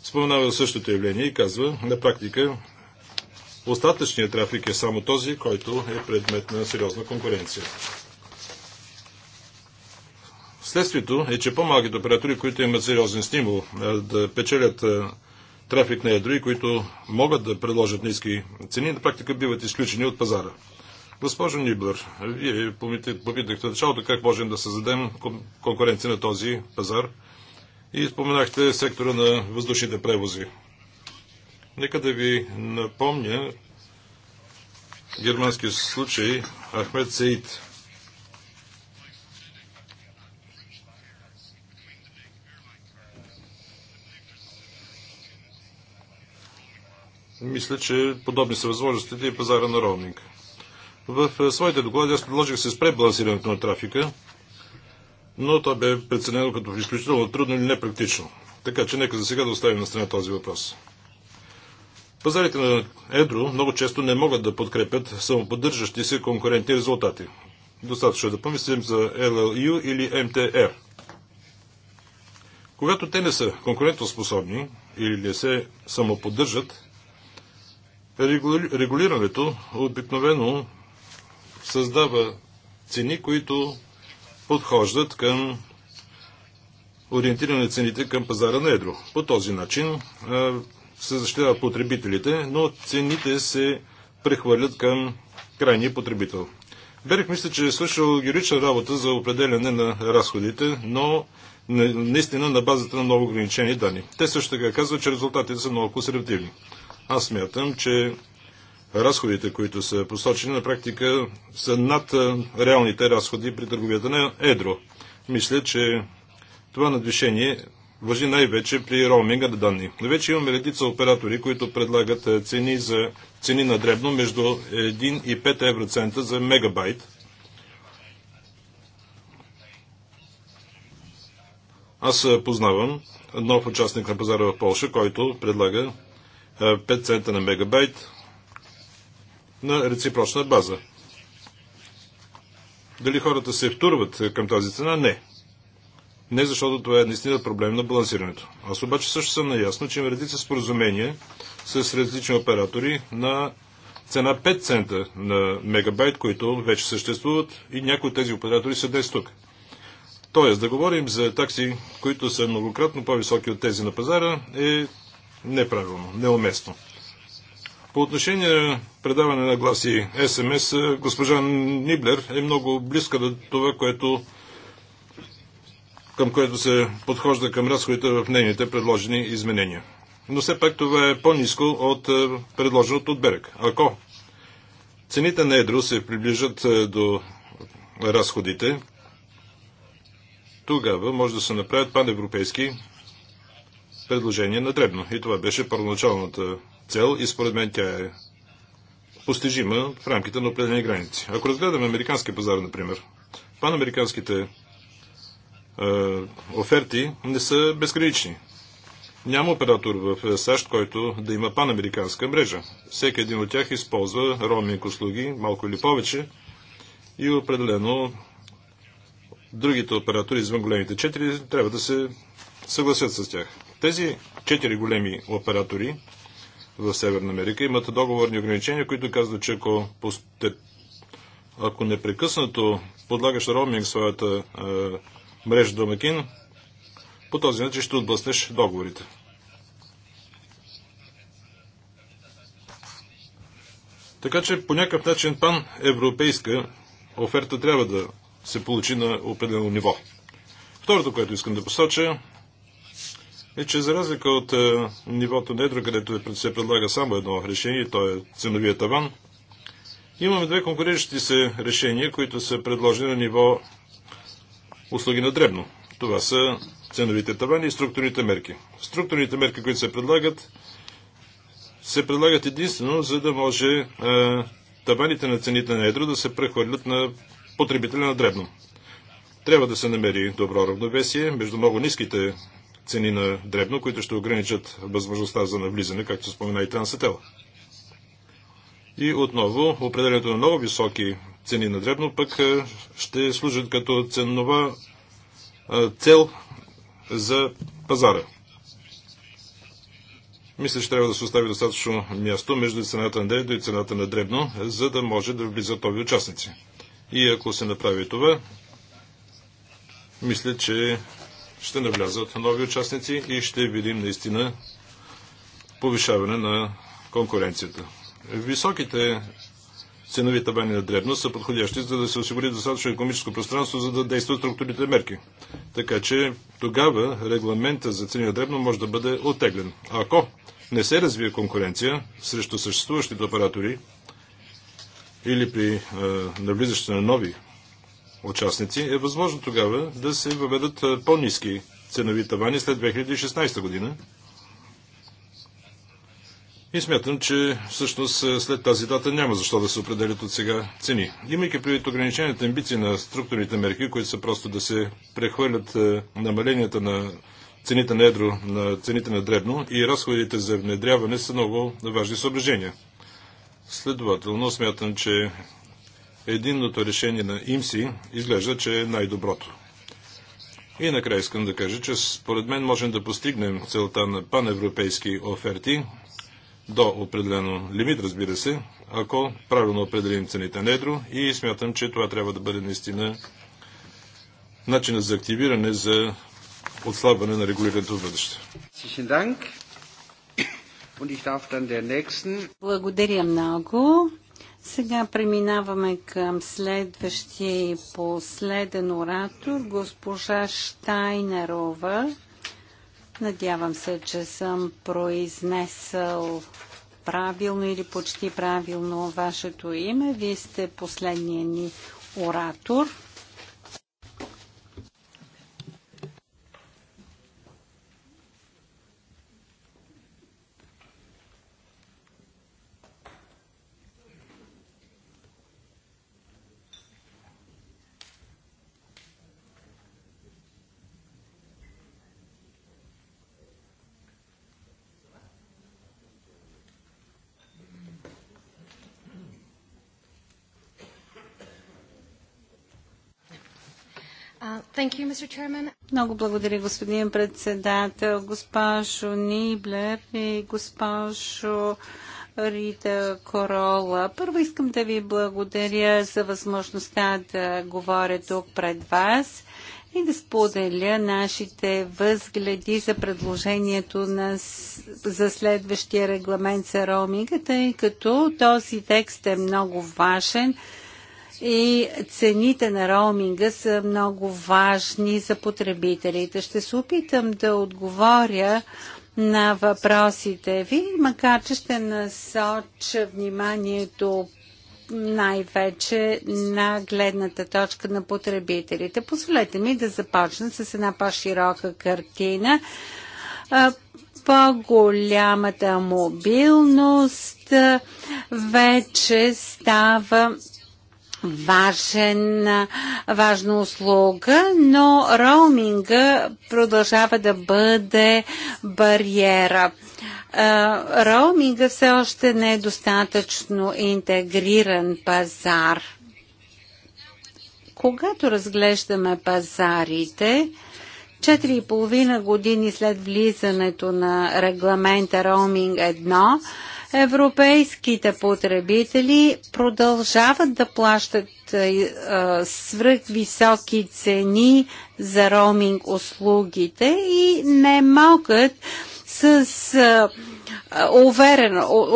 споменава същото явление и казва, на практика остатъчният трафик е само този, който е предмет на сериозна конкуренция. Следствието е, че по-малките оператори, които имат сериозен стимул е, да печелят е, трафик на ядро и които могат да предложат ниски цени, на практика биват изключени от пазара. Госпожо Нибър, вие попитахте в началото как можем да създадем конкуренция на този пазар и споменахте сектора на въздушните превози. Нека да ви напомня германски случай Ахмед Сеид. мисля, че подобни са възможностите и пазара на роуминг. В е, своите доклади аз предложих се спре балансирането на трафика, но то бе преценено като изключително трудно или непрактично. Така че нека за сега да оставим на страна този въпрос. Пазарите на Едро много често не могат да подкрепят самоподдържащи се конкурентни резултати. Достатъчно е да помислим за LLU или MTR. Когато те не са конкурентоспособни или не се самоподдържат, Регулирането обикновено създава цени, които подхождат към ориентиране на цените към пазара на едро. По този начин се защитава потребителите, но цените се прехвърлят към крайния потребител. Берех мисля, че е свършил героична работа за определяне на разходите, но наистина на базата на много ограничени данни. Те също така казват, че резултатите са много консервативни. Аз мятам, че разходите, които са посочени, на практика са над реалните разходи при търговията на Едро. Мисля, че това надвишение въжи най-вече при роуминга на данни. Вече имаме редица оператори, които предлагат цени, за, цени на дребно между 1 и 5 евроцента за мегабайт. Аз познавам нов участник на пазара в Польша, който предлага 5 е, цента на мегабайт на реципрочна база. Дали хората се втурват е, към тази цена? Не. Не защото това е наистина проблем на балансирането. Аз обаче също съм наясно, че има редица споразумения с различни оператори на цена 5 цента на мегабайт, които вече съществуват и някои от тези оператори са днес тук. Тоест, да говорим за такси, които са многократно по-високи от тези на пазара, е неправилно, неуместно. По отношение на предаване на гласи СМС, госпожа Ниблер е много близка до това, което, към което се подхожда към разходите в нейните предложени изменения. Но все пак това е по-низко от е, предложеното от Берег. Ако цените на едро се приближат е, до разходите, тогава може да се направят паневропейски предложение на дребно. И това беше първоначалната цел и според мен тя е постижима в рамките на определени граници. Ако разгледаме американския пазар, например, панамериканските е, оферти не са безгранични. Няма оператор в САЩ, който да има панамериканска мрежа. Всеки един от тях използва роуминг услуги, малко или повече, и определено другите оператори извън големите четири трябва да се съгласят с тях. Тези четири големи оператори в Северна Америка имат договорни ограничения, които казват, че ако, ако непрекъснато подлагаш роуминг своята е, мрежа домакин, по този начин ще отблъснеш договорите. Така че по някакъв начин пан-европейска оферта трябва да се получи на определено ниво. Второто, което искам да посоча, е, че за разлика от е, нивото на едро, където е се предлага само едно решение, то е ценовия таван, имаме две конкуриращи се решения, които са предложени на ниво услуги на дребно. Това са ценовите тавани и структурните мерки. Структурните мерки, които се предлагат, се предлагат единствено, за да може е, таваните на цените на едро да се прехвърлят на потребителя на дребно. Трябва да се намери добро равновесие между много ниските цени на дребно, които ще ограничат възможността за навлизане, както спомена и Трансетел. И отново, определението на много високи цени на дребно пък ще служат като ценова цел за пазара. Мисля, че трябва да се остави достатъчно място между цената на дребно и цената на дребно, за да може да влизат нови участници. И ако се направи това, мисля, че ще навлязат нови участници и ще видим наистина повишаване на конкуренцията. Високите ценови табани на дребно са подходящи, за да се осигури достатъчно економическо пространство, за да действат структурните мерки. Така че тогава регламента за цени на дребно може да бъде оттеглен. ако не се развие конкуренция срещу съществуващите оператори или при е, навлизащите на нови участници, е възможно тогава да се въведат по-низки ценови тавани след 2016 година. И смятам, че всъщност след тази дата няма защо да се определят от сега цени. Имайки предвид ограничените амбиции на структурните мерки, които са просто да се прехвърлят намаленията на цените на едро на цените на дребно и разходите за внедряване са много важни съображения. Следователно смятам, че единното решение на ИМСИ изглежда, че е най-доброто. И накрая искам да кажа, че според мен можем да постигнем целта на паневропейски оферти до определено лимит, разбира се, ако правилно определим цените на едро и смятам, че това трябва да бъде наистина начинът за активиране за отслабване на регулирането в бъдеще. Благодаря много. Сега преминаваме към следващия и последен оратор, госпожа Штайнерова. Надявам се, че съм произнесъл правилно или почти правилно вашето име. Вие сте последния ни оратор. You, Много благодаря, господин председател, госпожо Ниблер и госпожо Рита Корола. Първо искам да ви благодаря за възможността да говоря тук пред вас и да споделя нашите възгледи за предложението на, за следващия регламент за роуминга, тъй като този текст е много важен и цените на роуминга са много важни за потребителите. Ще се опитам да отговоря на въпросите ви, макар че ще насоча вниманието най-вече на гледната точка на потребителите. Позволете ми да започна с една по-широка картина. По-голямата мобилност вече става важен, важна услуга, но роуминга продължава да бъде бариера. Роуминга все още не е достатъчно интегриран пазар. Когато разглеждаме пазарите, 4,5 години след влизането на регламента Роуминг европейските потребители продължават да плащат свръхвисоки цени за роуминг услугите и не могат с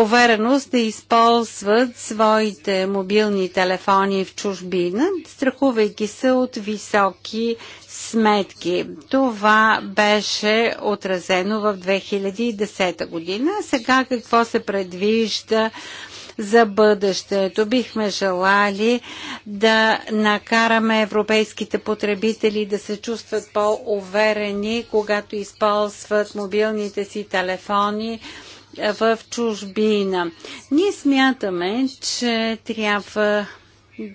увереност да използват своите мобилни телефони в чужбина, страхувайки се от високи сметки. Това беше отразено в 2010 година. Сега какво се предвижда? за бъдещето. Бихме желали да накараме европейските потребители да се чувстват по-уверени, когато използват мобилните си телефони в чужбина. Ние смятаме, че трябва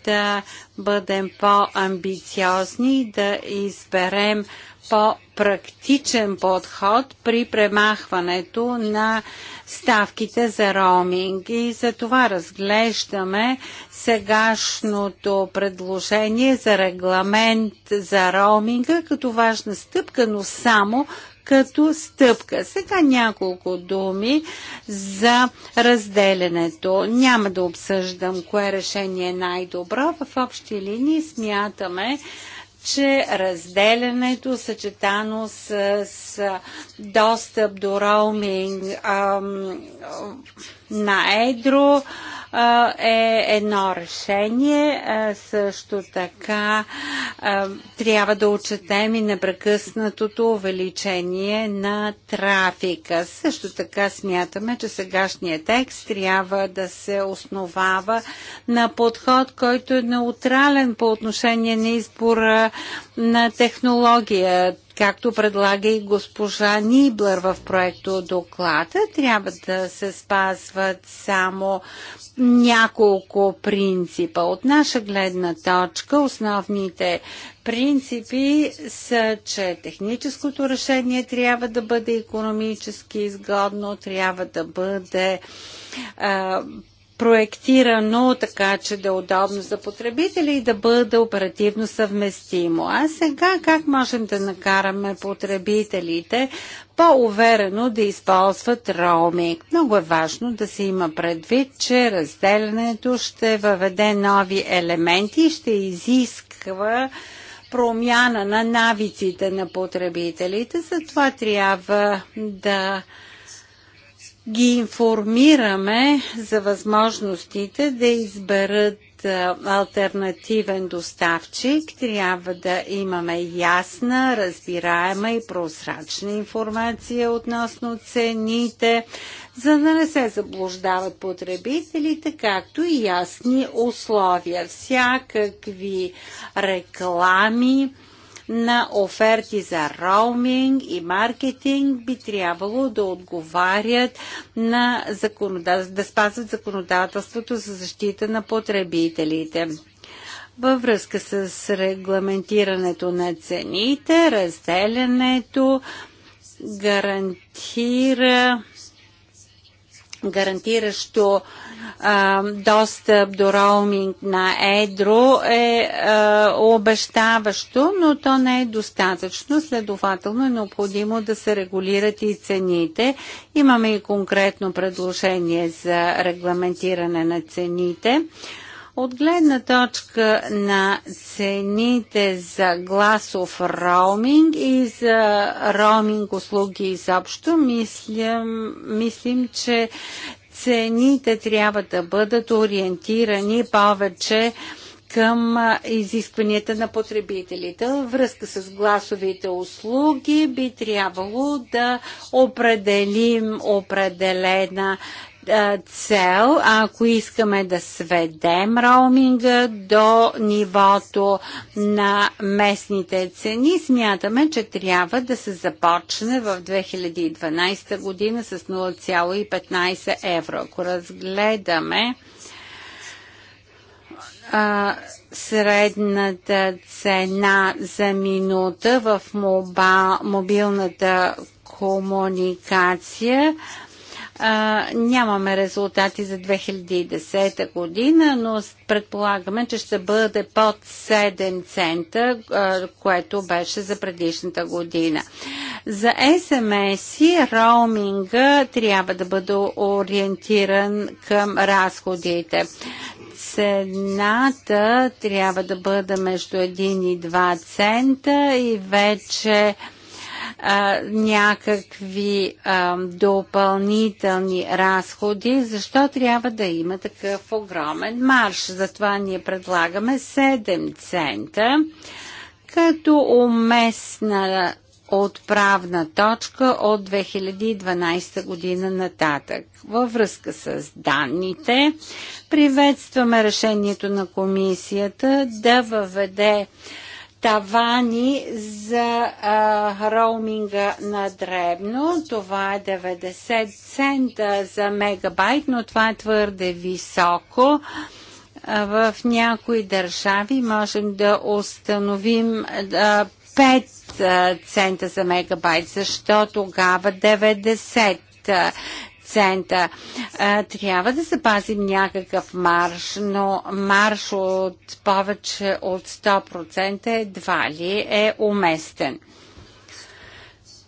да бъдем по-амбициозни, да изберем по-практичен подход при премахването на ставките за роуминг. И за това разглеждаме сегашното предложение за регламент за роуминга като важна стъпка, но само като стъпка. Сега няколко думи за разделенето. Няма да обсъждам кое решение е най-добро. В общи линии смятаме, че разделенето, съчетано с, с достъп до роуминг ам, на едро, е едно решение. Също така трябва да отчетем и непрекъснатото увеличение на трафика. Също така смятаме, че сегашният текст трябва да се основава на подход, който е неутрален по отношение на избора на технология както предлага и госпожа Ниблер в проекто доклада. Трябва да се спазват само няколко принципа. От наша гледна точка основните принципи са, че техническото решение трябва да бъде економически изгодно, трябва да бъде проектирано така, че да е удобно за потребители и да бъде оперативно съвместимо. А сега как можем да накараме потребителите по-уверено да използват роуминг? Много е важно да се има предвид, че разделянето ще въведе нови елементи и ще изисква промяна на навиците на потребителите. Затова трябва да ги информираме за възможностите да изберат альтернативен доставчик, трябва да имаме ясна, разбираема и прозрачна информация относно цените, за да не се заблуждават потребителите, както и ясни условия. Всякакви реклами на оферти за роуминг и маркетинг би трябвало да отговарят на законодателството, да спазват законодателството за защита на потребителите. Във връзка с регламентирането на цените, разделянето гарантира гарантиращо достъп до роуминг на Едро е обещаващо, но то не е достатъчно. Следователно е необходимо да се регулират и цените. Имаме и конкретно предложение за регламентиране на цените. От гледна точка на цените за гласов роуминг и за роуминг услуги изобщо, мислим, че цените трябва да бъдат ориентирани повече към изискванията на потребителите. Връзка с гласовите услуги би трябвало да определим определена е, цел, ако искаме да сведем роуминга до нивото на местните цени, смятаме, че трябва да се започне в 2012 година с 0,15 евро. Ако разгледаме а, средната цена за минута в моба, мобилната комуникация, а, нямаме резултати за 2010 година, но предполагаме, че ще бъде под 7 цента, а, което беше за предишната година. За SMS и роуминга трябва да бъде ориентиран към разходите. Цената трябва да бъде между 1 и 2 цента и вече някакви а, допълнителни разходи, защо трябва да има такъв огромен марш? Затова ние предлагаме 7 цента като уместна отправна точка от 2012 година нататък. Във връзка с данните, приветстваме решението на комисията да въведе тавани за роуминга на дребно. Това е 90 цента за мегабайт, но това е твърде високо. в някои държави можем да установим 5 цента за мегабайт. Защо тогава 90? процента. Трябва да запазим някакъв марш, но марш от повече от 100% едва ли е уместен.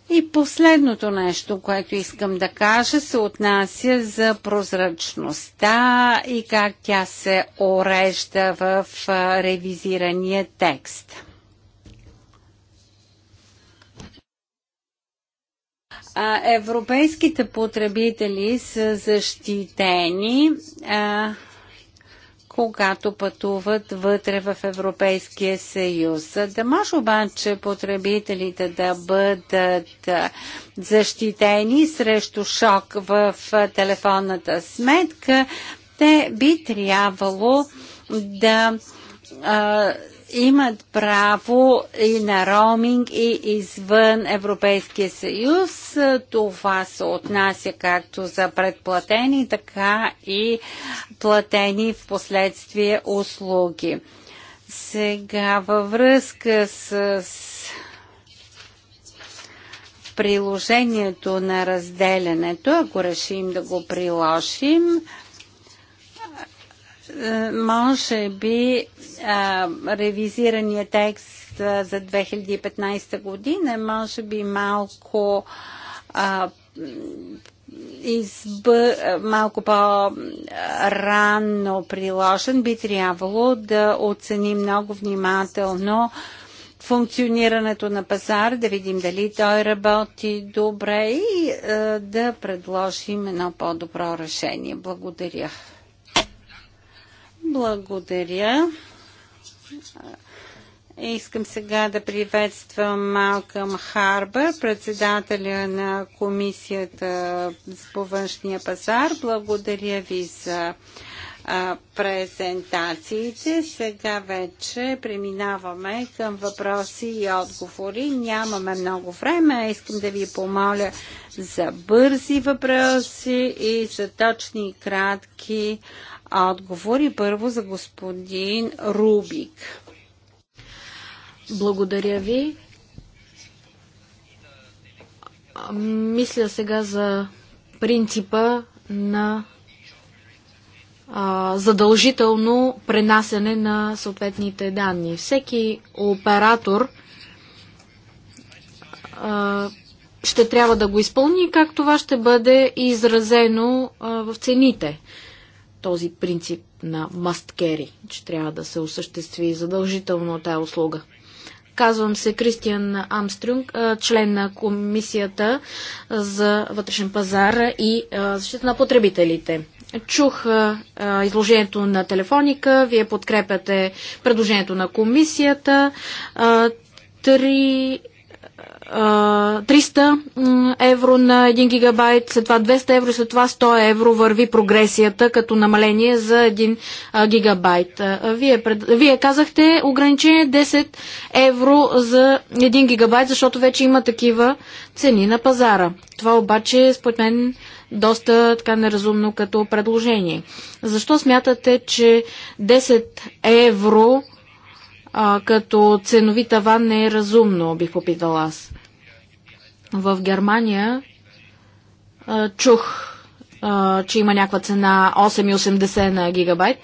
И последното нещо, което искам да кажа, се отнася за прозрачността и как тя се орежда в ревизирания текст. а, европейските потребители са защитени, а, когато пътуват вътре в Европейския съюз. да може обаче потребителите да бъдат защитени срещу шок в телефонната сметка, те би трябвало да а, имат право и на роуминг и извън Европейския съюз. Това се отнася както за предплатени, така и платени в последствие услуги. Сега във връзка с приложението на разделянето, ако решим да го приложим, е, може би а, ревизирания текст а, за 2015 година може би малко а, изб... малко по-рано приложен, би трябвало да оцени много внимателно функционирането на пазар, да видим дали той работи добре и а, да предложим едно по-добро решение. Благодаря. Благодаря. Искам сега да приветствам Малкъм Харбър, председателя на Комисията по външния пазар. Благодаря ви за презентациите. Сега вече преминаваме към въпроси и отговори. Нямаме много време. Искам да ви помоля за бързи въпроси и за точни и кратки отговори а отговори. Първо за господин Рубик. Благодаря ви. Мисля сега за принципа на а, задължително пренасене на съответните данни. Всеки оператор а, ще трябва да го изпълни, как това ще бъде изразено а, в цените този принцип на must carry, че трябва да се осъществи задължително тая услуга. Казвам се Кристиан Амстрюнг, член на Комисията за вътрешен пазар и защита на потребителите. Чух а, изложението на телефоника, вие подкрепяте предложението на комисията. А, три 300 евро на 1 гигабайт, след това 200 евро, след това 100 евро върви прогресията като намаление за 1 гигабайт. Вие, пред... Вие казахте ограничение 10 евро за 1 гигабайт, защото вече има такива цени на пазара. Това обаче, според мен, доста така неразумно като предложение. Защо смятате, че 10 евро а, като ценови таван не е разумно, бих попитал аз. В Германия а, чух, а, че има някаква цена 8,80 на гигабайт.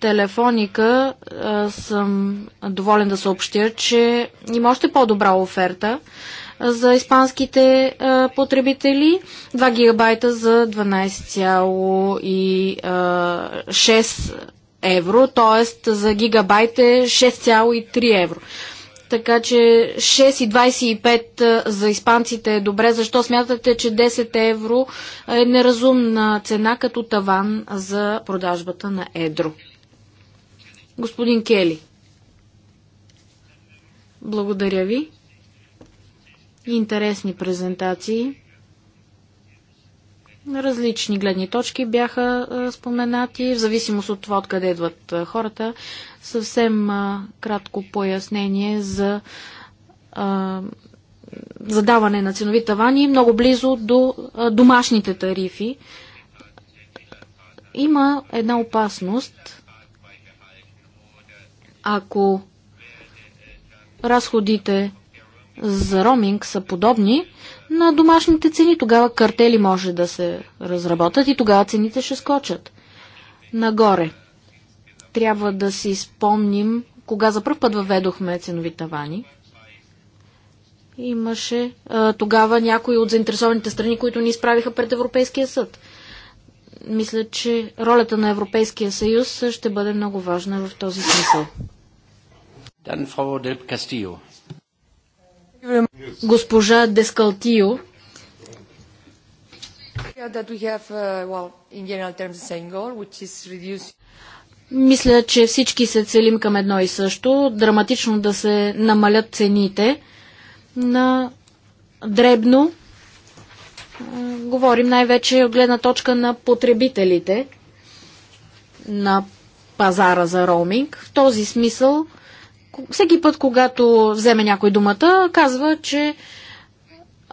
Телефоника а, съм доволен да съобщя, че има още по-добра оферта за испанските а, потребители, 2 гигабайта за 12,6 евро, т.е. за гигабайт е 6,3 евро. Така че 6,25 за испанците е добре. Защо смятате, че 10 евро е неразумна цена като таван за продажбата на едро? Господин Кели. Благодаря ви. Интересни презентации. Различни гледни точки бяха споменати, в зависимост от това откъде идват хората. Съвсем кратко пояснение за задаване на ценови тавани много близо до домашните тарифи. Има една опасност, ако разходите за роминг са подобни, на домашните цени. Тогава картели може да се разработят и тогава цените ще скочат. Нагоре. Трябва да си спомним, кога за първ път въведохме ценови тавани. Имаше а, тогава някои от заинтересованите страни, които ни изправиха пред Европейския съд. Мисля, че ролята на Европейския съюз ще бъде много важна в този смисъл. Дан Дел Кастио. Госпожа Дескалтио. Uh, Мисля, че всички се целим към едно и също. Драматично да се намалят цените на дребно. Говорим най-вече от гледна точка на потребителите на пазара за роуминг. В този смисъл всеки път, когато вземе някой думата, казва, че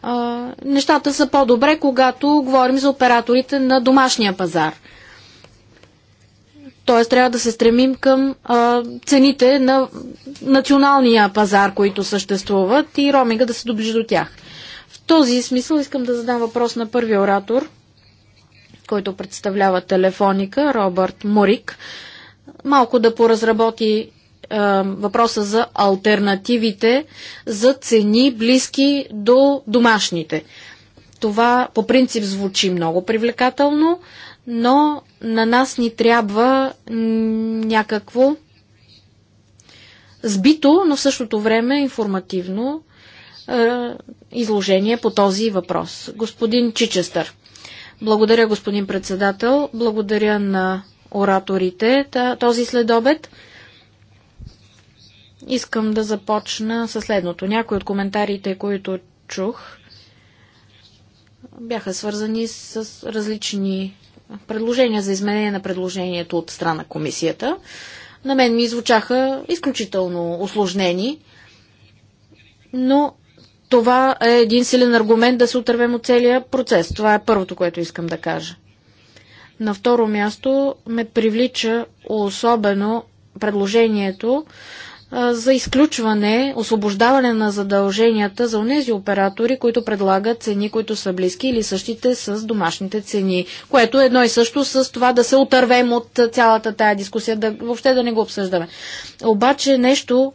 а, нещата са по-добре, когато говорим за операторите на домашния пазар. Тоест трябва да се стремим към а, цените на националния пазар, които съществуват и роминга да се доближи до тях. В този смисъл искам да задам въпрос на първия оратор, който представлява телефоника, Робърт Морик, малко да поразработи е, въпроса за альтернативите за цени близки до домашните. Това по принцип звучи много привлекателно, но на нас ни трябва някакво сбито, но в същото време информативно е, изложение по този въпрос. Господин Чичестър. Благодаря, господин председател. Благодаря на ораторите този следобед. Искам да започна със следното. Някои от коментарите, които чух, бяха свързани с различни предложения за изменение на предложението от страна на комисията. На мен ми звучаха изключително осложнени, но това е един силен аргумент да се отървем от целия процес. Това е първото, което искам да кажа. На второ място ме привлича особено предложението за изключване, освобождаване на задълженията за онези оператори, които предлагат цени, които са близки или същите с домашните цени, което е едно и също с това да се отървем от цялата тая дискусия, да, въобще да не го обсъждаме. Обаче нещо,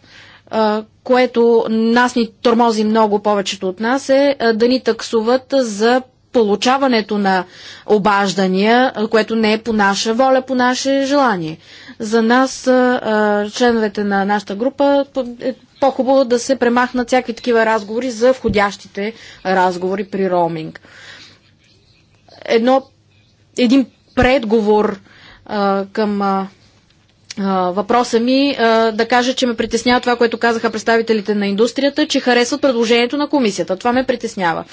което нас ни тормози много повечето от нас е да ни таксуват за получаването на обаждания, което не е по наша воля, по наше желание. За нас, членовете на нашата група, е по-хубаво да се премахнат всякакви такива разговори за входящите разговори при роуминг. Едно, един предговор а, към а, въпроса ми, а, да кажа, че ме притеснява това, което казаха представителите на индустрията, че харесват предложението на комисията. Това ме притеснява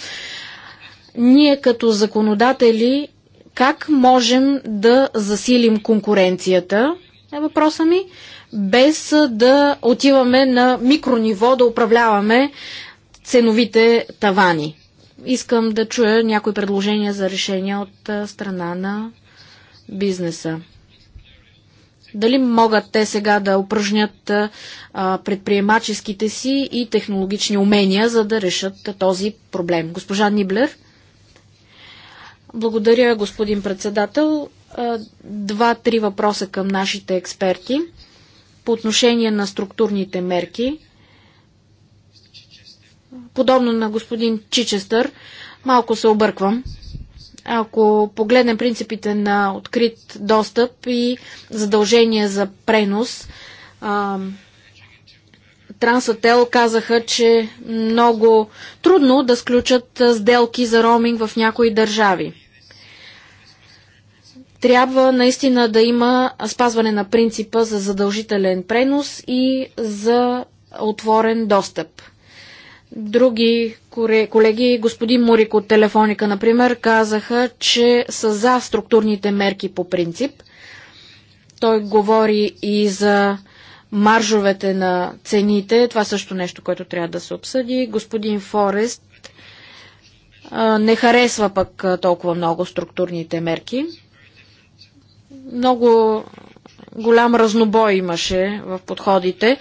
ние като законодатели как можем да засилим конкуренцията, е въпроса ми, без да отиваме на микрониво да управляваме ценовите тавани. Искам да чуя някои предложения за решения от страна на бизнеса. Дали могат те сега да упражнят предприемаческите си и технологични умения, за да решат този проблем? Госпожа Ниблер? Благодаря, господин председател. Два-три въпроса към нашите експерти по отношение на структурните мерки. Подобно на господин Чичестър, малко се обърквам. Ако погледнем принципите на открит достъп и задължение за пренос, Трансател казаха, че много трудно да сключат сделки за роуминг в някои държави трябва наистина да има спазване на принципа за задължителен пренос и за отворен достъп. Други колеги, господин Мурик от Телефоника, например, казаха, че са за структурните мерки по принцип. Той говори и за маржовете на цените. Това също нещо, което трябва да се обсъди. Господин Форест не харесва пък толкова много структурните мерки много голям разнобой имаше в подходите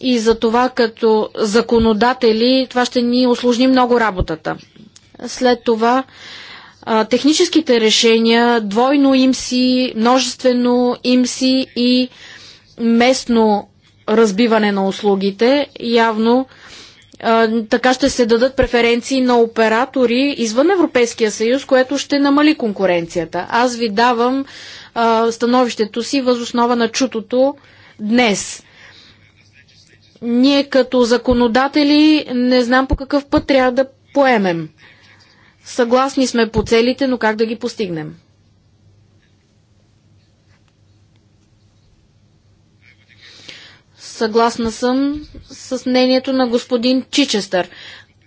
и за това като законодатели това ще ни осложни много работата. След това техническите решения, двойно имси, множествено имси и местно разбиване на услугите, явно така ще се дадат преференции на оператори извън Европейския съюз, което ще намали конкуренцията. Аз ви давам становището си възоснова на чутото днес. Ние като законодатели не знам по какъв път трябва да поемем. Съгласни сме по целите, но как да ги постигнем? Съгласна съм с мнението на господин Чичестър.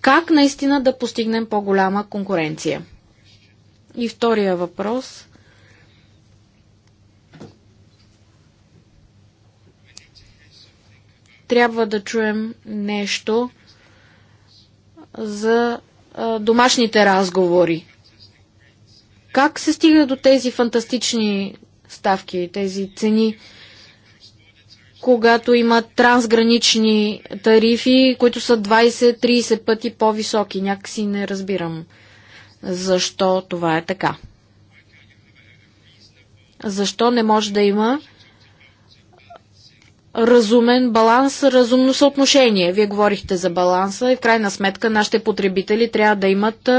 Как наистина да постигнем по-голяма конкуренция? И втория въпрос. трябва да чуем нещо за домашните разговори. Как се стига до тези фантастични ставки, тези цени, когато има трансгранични тарифи, които са 20-30 пъти по-високи? Някакси не разбирам защо това е така. Защо не може да има разумен баланс, разумно съотношение. Вие говорихте за баланса и в крайна сметка нашите потребители трябва да имат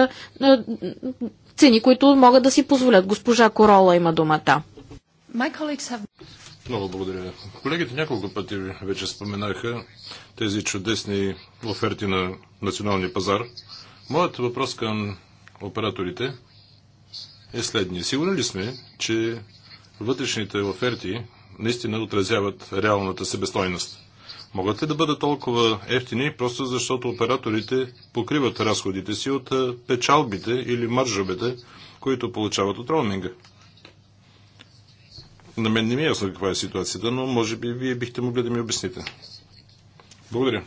цени, които могат да си позволят. Госпожа Корола има думата. Много благодаря. Колегите няколко пъти вече споменаха тези чудесни оферти на националния пазар. Моят въпрос към операторите е следния. Сигурни ли сме, че вътрешните оферти наистина отразяват реалната себестойност. Могат ли да бъдат толкова ефтини, просто защото операторите покриват разходите си от печалбите или маржовете, които получават от роуминга? На мен не ми е ясно каква е ситуацията, но може би вие бихте могли да ми обясните. Благодаря.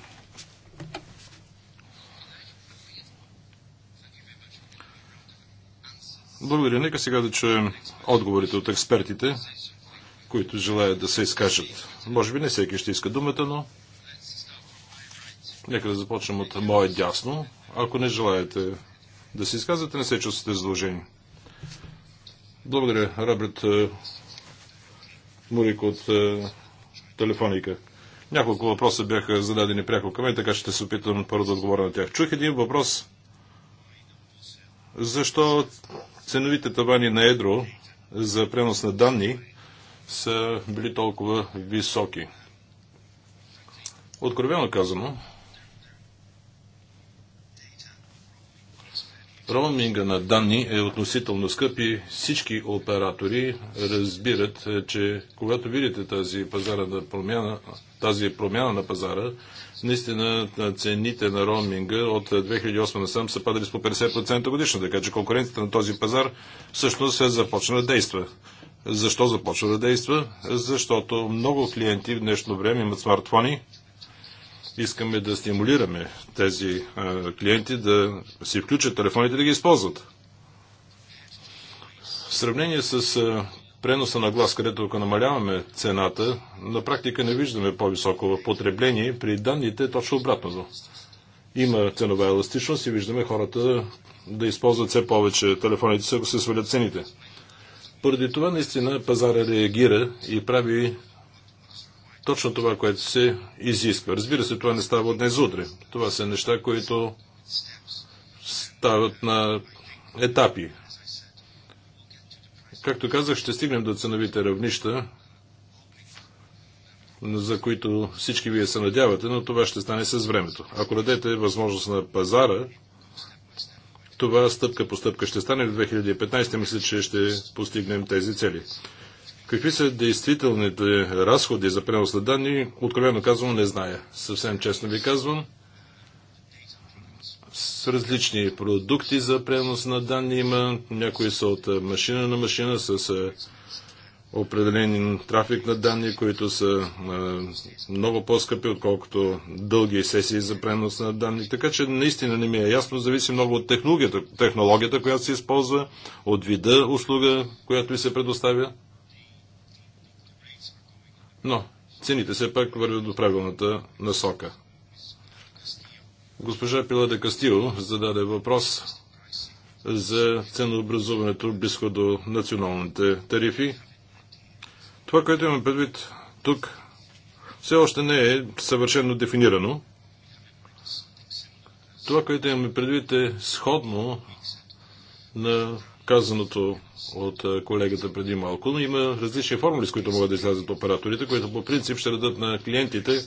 Благодаря. Нека сега да чуем отговорите от експертите които желаят да се изкажат. Може би не всеки ще иска думата, но нека да започнем от мое дясно. Ако не желаете да се изказвате, не се чувствате задължени. Благодаря, Роберт е, Мурик от е, Телефоника. Няколко въпроса бяха зададени пряко към мен, така ще се опитам първо да отговоря на тях. Чух един въпрос. Защо ценовите тавани на едро за пренос на данни са били толкова високи. Откровено казано, Роуминга на данни е относително скъп и всички оператори разбират, е, че когато видите тази, на промяна, тази промяна на пазара, наистина цените на роуминга от 2008 на сам са падали с по 50% годишно, така че конкуренцията на този пазар всъщност се започна да действа. Защо започва да действа? Защото много клиенти в днешно време имат смартфони. Искаме да стимулираме тези клиенти да си включат телефоните и да ги използват. В сравнение с преноса на глас, където ако намаляваме цената, на практика не виждаме по-високо потребление. При данните точно обратното. Има ценова еластичност и виждаме хората да използват все повече телефоните ако се свалят цените. Поради това наистина пазара реагира и прави точно това, което се изисква. Разбира се, това не става от днес утре. Това са неща, които стават на етапи. Както казах, ще стигнем до ценовите равнища, за които всички вие се надявате, но това ще стане с времето. Ако дадете възможност на пазара това стъпка по стъпка ще стане в 2015. Мисля, че ще постигнем тези цели. Какви са действителните разходи за пренос на данни, откровено казвам, не зная. Съвсем честно ви казвам. С различни продукти за пренос на данни има. Някои са от машина на машина с определен трафик на данни, които са много по-скъпи, отколкото дълги сесии за пренос на данни. Така че наистина не ми е ясно, зависи много от технологията, технологията която се използва, от вида услуга, която ви се предоставя. Но цените все пак вървят до правилната насока. Госпожа Пила де Кастио зададе въпрос за ценообразуването близко до националните тарифи. Това, което имам предвид тук, все още не е съвършено дефинирано. Това, което имаме предвид е сходно на казаното от колегата преди малко, но има различни формули, с които могат да излязат операторите, които по принцип ще дадат на клиентите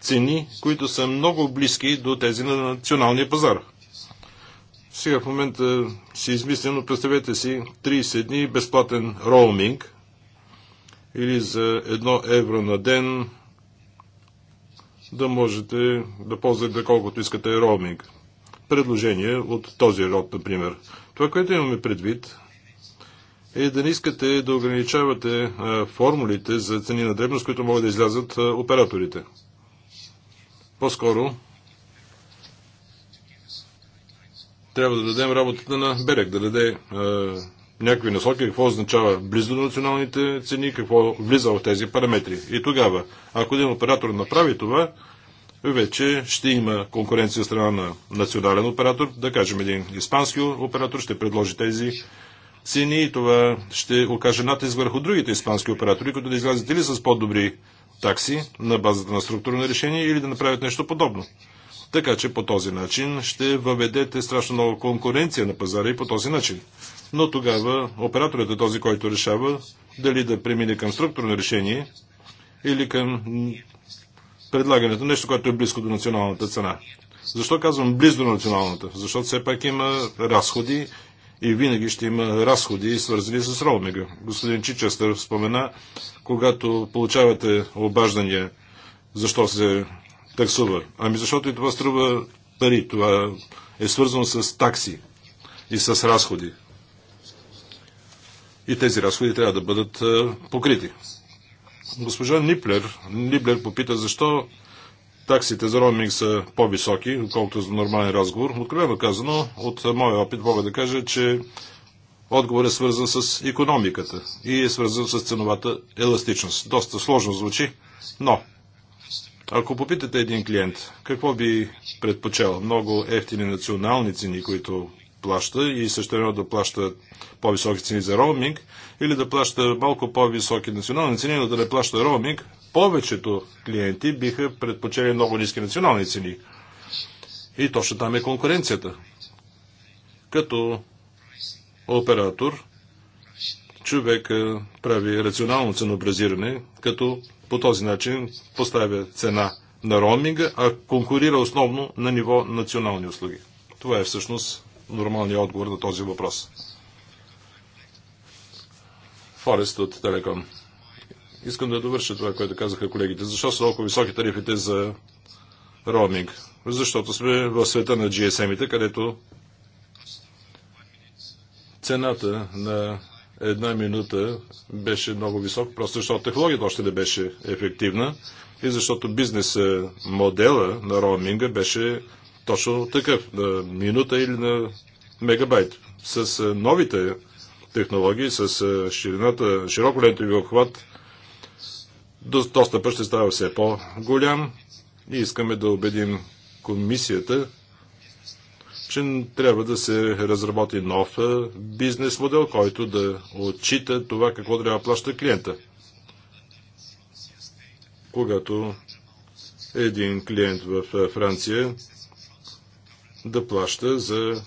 цени, които са много близки до тези на националния пазар. Сега в момента си измислено, но представете си 30 дни безплатен роуминг или за едно евро на ден да можете да ползвате колкото искате роуминг. Предложение от този род, например. Това, което имаме предвид, е да не искате да ограничавате формулите за цени на дребност, които могат да излязат операторите. По-скоро трябва да дадем работата на Берег, да даде някакви насоки, какво означава близо до националните цени, какво влиза в тези параметри. И тогава, ако един оператор направи това, вече ще има конкуренция от страна на национален оператор, да кажем един испански оператор ще предложи тези цени и това ще окаже натиск върху другите испански оператори, които да излязат или с по-добри такси на базата на структурно решение или да направят нещо подобно. Така че по този начин ще въведете страшно много конкуренция на пазара и по този начин но тогава операторът е този, който решава дали да премине към структурно решение или към предлагането, нещо, което е близко до националната цена. Защо казвам близо до националната? Защото все пак има разходи и винаги ще има разходи, свързани с роуминга. Господин Чичестър спомена, когато получавате обаждания, защо се таксува. Ами защото и това струва пари. Това е свързано с такси и с разходи и тези разходи трябва да бъдат е, покрити. Госпожа Ниплер, Ниплер попита защо таксите за роуминг са по-високи, отколкото за нормален разговор. Откровено казано, от моя опит мога да кажа, че отговор е свързан с економиката и е свързан с ценовата еластичност. Доста сложно звучи, но ако попитате един клиент какво би предпочел много ефтини национални цени, които плаща и същевременно да плаща по-високи цени за роуминг или да плаща малко по-високи национални цени, но да не плаща роуминг, повечето клиенти биха предпочели много ниски национални цени. И точно там е конкуренцията. Като оператор, човек е, прави рационално ценообразиране, като по този начин поставя цена на роуминга, а конкурира основно на ниво национални услуги. Това е всъщност нормалния отговор на този въпрос. Форест от Телеком. Искам да довърша това, което казаха колегите. Защо са толкова високи тарифите за роуминг? Защото сме в света на GSM-ите, където цената на една минута беше много висока, просто защото технологията още не беше ефективна и защото бизнес е, модела на роуминга беше точно такъв, на минута или на мегабайт. С е, новите технологии, с е, ширината, широколентови обхват, достъпът ще става все по-голям и искаме да убедим комисията, че трябва да се разработи нов е, бизнес модел, който да отчита това какво трябва да плаща клиента. Когато един клиент в Франция да плаща за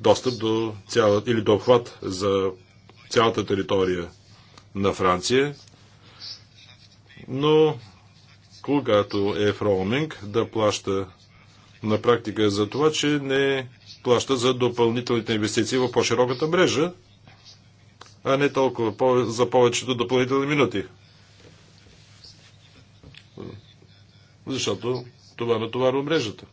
достъп до цялата или до обхват за цялата територия на Франция, но когато е в роуминг, да плаща на практика за това, че не плаща за допълнителните инвестиции в по-широката мрежа, а не толкова за повечето допълнителни минути. Защото това натоварва мрежата.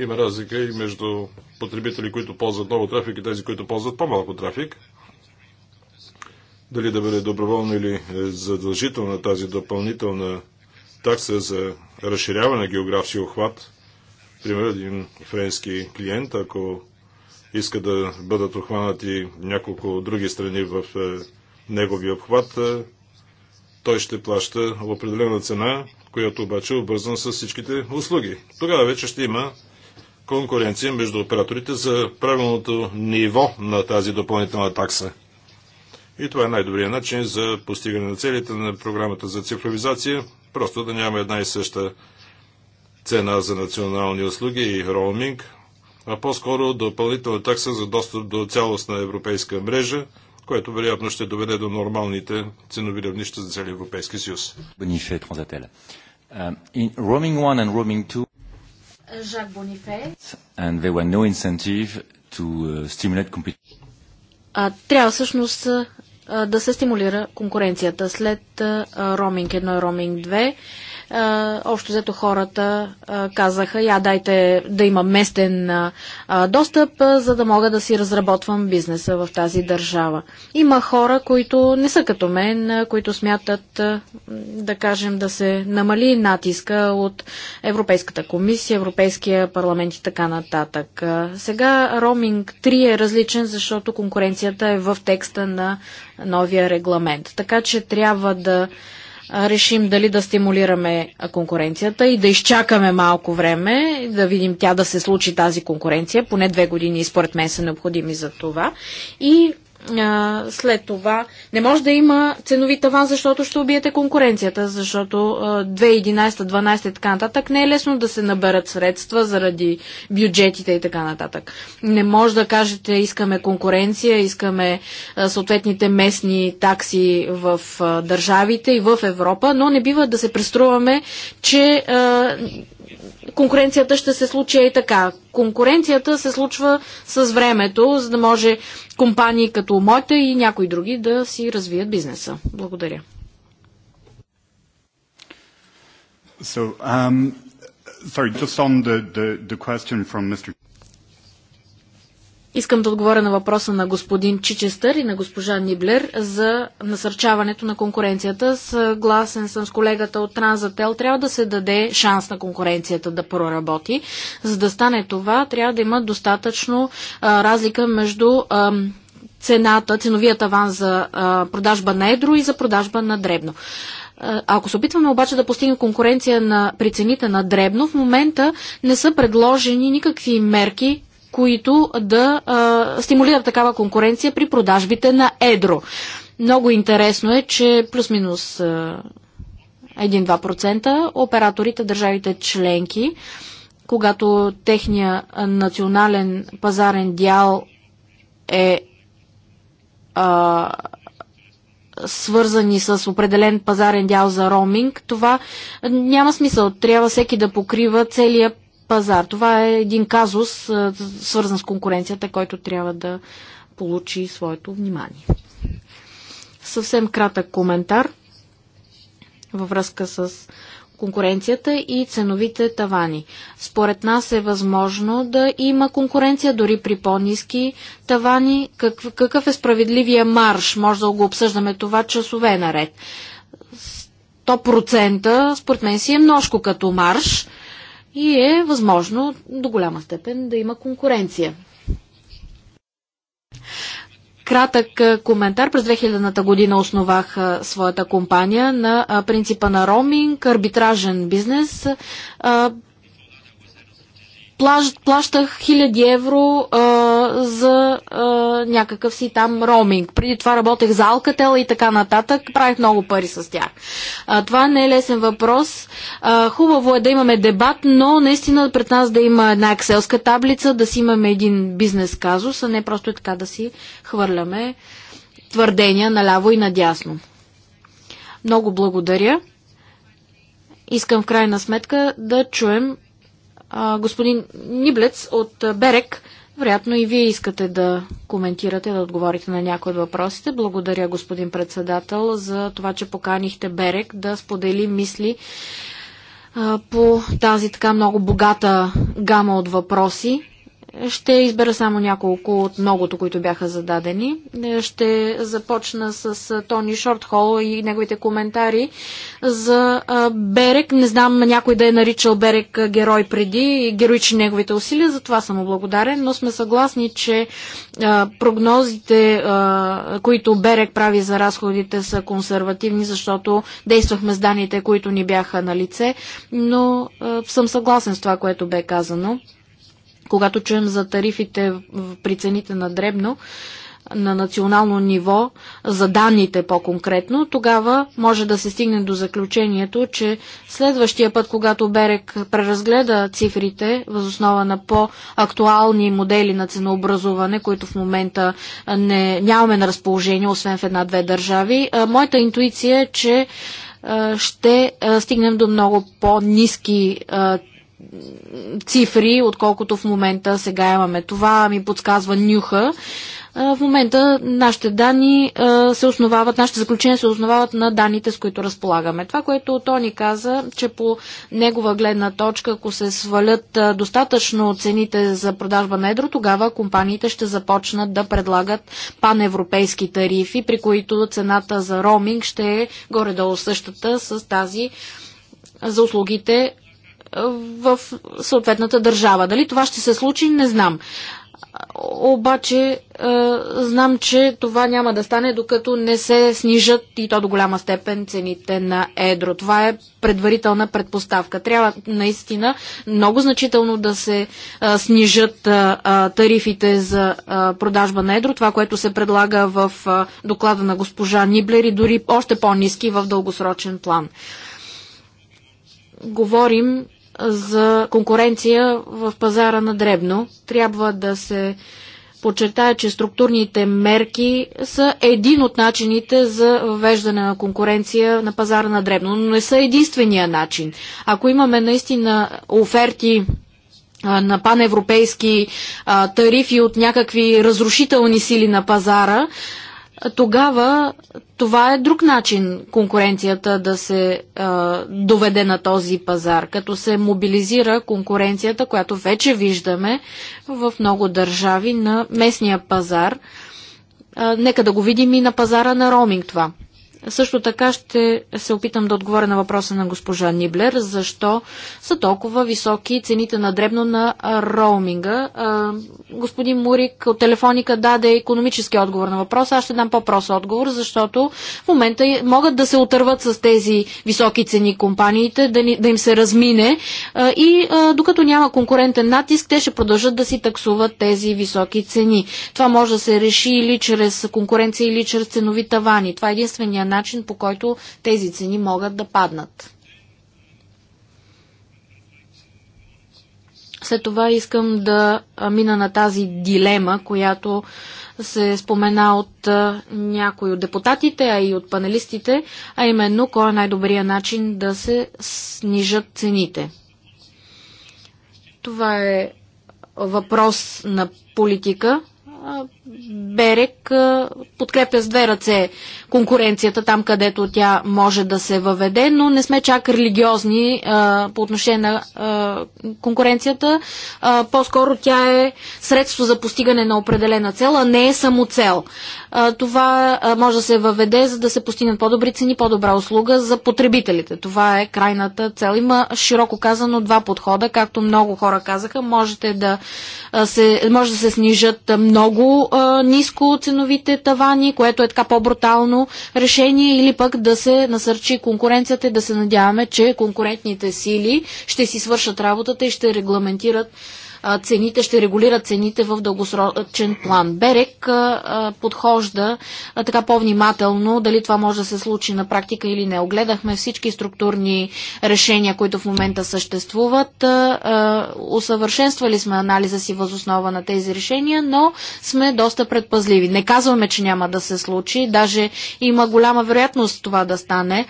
Има разлика и между потребители, които ползват много трафик и тези, които ползват по-малко трафик. Дали да бъде доброволно или задължителна тази допълнителна такса за разширяване на географски охват. Пример, един френски клиент, ако иска да бъдат охванати няколко други страни в е, неговия обхват, е, той ще плаща определена цена, която обаче е обвързана с всичките услуги. Тогава вече ще има конкуренция между операторите за правилното ниво на тази допълнителна такса. И това е най-добрият начин за постигане на целите на програмата за цифровизация, просто да няма една и съща цена за национални услуги и роуминг, а по-скоро допълнителна такса за достъп до цялостна европейска мрежа, което вероятно ще доведе до нормалните ценови равнища за целия Европейски съюз. Roaming and roaming Jacques Бонифе. And there were no incentive to uh, stimulate competition. А, трябва всъщност да се стимулира конкуренцията. След а, роуминг 1 и роминг 2 общо взето хората казаха, я дайте да има местен достъп, за да мога да си разработвам бизнеса в тази държава. Има хора, които не са като мен, които смятат, да кажем, да се намали натиска от Европейската комисия, Европейския парламент и така нататък. Сега роуминг 3 е различен, защото конкуренцията е в текста на новия регламент. Така че трябва да решим дали да стимулираме конкуренцията и да изчакаме малко време, да видим тя да се случи тази конкуренция, поне две години според мен са необходими за това. И а, след това не може да има ценови таван, защото ще убиете конкуренцията, защото а, 2011, 12 и така нататък не е лесно да се наберат средства заради бюджетите и така нататък. Не може да кажете искаме конкуренция, искаме а, съответните местни такси в а, държавите и в Европа, но не бива да се преструваме, че а, конкуренцията ще се случи и така. Конкуренцията се случва с времето, за да може компании като моята и някои други да си развият бизнеса. Благодаря. So, um, sorry, just on the, the, the question from Mr. Искам да отговоря на въпроса на господин Чичестър и на госпожа Ниблер за насърчаването на конкуренцията. Съгласен съм с колегата от Транзател. Трябва да се даде шанс на конкуренцията да проработи. За да стане това, трябва да има достатъчно а, разлика между а, цената, ценовият аван за а, продажба на едро и за продажба на дребно. Ако се опитваме обаче да постигнем конкуренция на, при цените на дребно, в момента не са предложени никакви мерки, които да а, стимулират такава конкуренция при продажбите на едро. Много интересно е, че плюс-минус 1-2% операторите, държавите членки, когато техния национален пазарен дял е а, свързани с определен пазарен дял за роуминг, това няма смисъл. Трябва всеки да покрива целия пазар. Това е един казус, свързан с конкуренцията, който трябва да получи своето внимание. Съвсем кратък коментар във връзка с конкуренцията и ценовите тавани. Според нас е възможно да има конкуренция дори при по-низки тавани. Какъв, какъв е справедливия марш? Може да го обсъждаме това часове наред. 100% според мен си е множко като марш и е възможно до голяма степен да има конкуренция. Кратък коментар. През 2000-та година основах своята компания на принципа на роуминг, арбитражен бизнес плащ, плащах хиляди евро а, за а, някакъв си там роуминг. Преди това работех за Алкател и така нататък. Правих много пари с тях. А, това не е лесен въпрос. А, хубаво е да имаме дебат, но наистина пред нас да има една екселска таблица, да си имаме един бизнес казус, а не просто така да си хвърляме твърдения наляво и надясно. Много благодаря. Искам в крайна сметка да чуем а, господин Ниблец от Берек, вероятно и вие искате да коментирате, да отговорите на някои от въпросите. Благодаря, господин председател, за това, че поканихте Берек да сподели мисли а, по тази така много богата гама от въпроси. Ще избера само няколко от многото, които бяха зададени. Ще започна с Тони Шортхол и неговите коментари за Берек. Не знам някой да е наричал Берек герой преди и героични неговите усилия, за това съм му благодарен, но сме съгласни, че прогнозите, които Берек прави за разходите са консервативни, защото действахме с данните, които ни бяха на лице, но съм съгласен с това, което бе казано. Когато чуем за тарифите при цените на дребно, на национално ниво, за данните по-конкретно, тогава може да се стигне до заключението, че следващия път, когато Берек преразгледа цифрите възоснова на по-актуални модели на ценообразуване, които в момента не, нямаме на разположение, освен в една-две държави, моята интуиция е, че ще стигнем до много по-низки цифри, отколкото в момента сега имаме. Това ми подсказва нюха. В момента нашите данни се основават, нашите заключения се основават на данните, с които разполагаме. Това, което Тони каза, че по негова гледна точка, ако се свалят достатъчно цените за продажба на едро, тогава компаниите ще започнат да предлагат паневропейски тарифи, при които цената за роуминг ще е горе-долу същата с тази за услугите в съответната държава. Дали това ще се случи, не знам. Обаче е, знам, че това няма да стане, докато не се снижат и то до голяма степен цените на едро. Това е предварителна предпоставка. Трябва наистина много значително да се е, снижат е, тарифите за продажба на едро, това, което се предлага в доклада на госпожа Ниблер и дори още по-низки в дългосрочен план. Говорим за конкуренция в пазара на дребно. Трябва да се подчертая, че структурните мерки са един от начините за въвеждане на конкуренция на пазара на дребно, но не са единствения начин. Ако имаме наистина оферти на паневропейски тарифи от някакви разрушителни сили на пазара, тогава това е друг начин конкуренцията да се а, доведе на този пазар, като се мобилизира конкуренцията, която вече виждаме в много държави на местния пазар. А, нека да го видим и на пазара на роуминг това. Също така ще се опитам да отговоря на въпроса на госпожа Ниблер, защо са толкова високи цените на дребно на роуминга. Господин Мурик от Телефоника даде економически отговор на въпроса. Аз ще дам по-прост отговор, защото в момента могат да се отърват с тези високи цени компаниите, да, да им се размине и докато няма конкурентен натиск, те ще продължат да си таксуват тези високи цени. Това може да се реши или чрез конкуренция, или чрез ценови тавани. Това е единствения начин, по който тези цени могат да паднат. След това искам да мина на тази дилема, която се спомена от някои от депутатите, а и от панелистите, а именно кой е най-добрият начин да се снижат цените. Това е въпрос на политика. Берек подкрепя с две ръце конкуренцията там, където тя може да се въведе, но не сме чак религиозни а, по отношение на а, конкуренцията. А, по-скоро тя е средство за постигане на определена цел, а не е само цел. А, това а, може да се въведе, за да се постигнат по-добри цени, по-добра услуга за потребителите. Това е крайната цел. Има широко казано два подхода, както много хора казаха. Можете да се, може да се снижат много а, ниско ценовите тавани, което е така по-брутално решение, или пък да се насърчи конкуренцията и да се надяваме, че конкурентните сили ще си свършат работата и ще регламентират цените, ще регулира цените в дългосрочен план. Берек подхожда така по-внимателно дали това може да се случи на практика или не. Огледахме всички структурни решения, които в момента съществуват. Усъвършенствали сме анализа си възоснова на тези решения, но сме доста предпазливи. Не казваме, че няма да се случи. Даже има голяма вероятност това да стане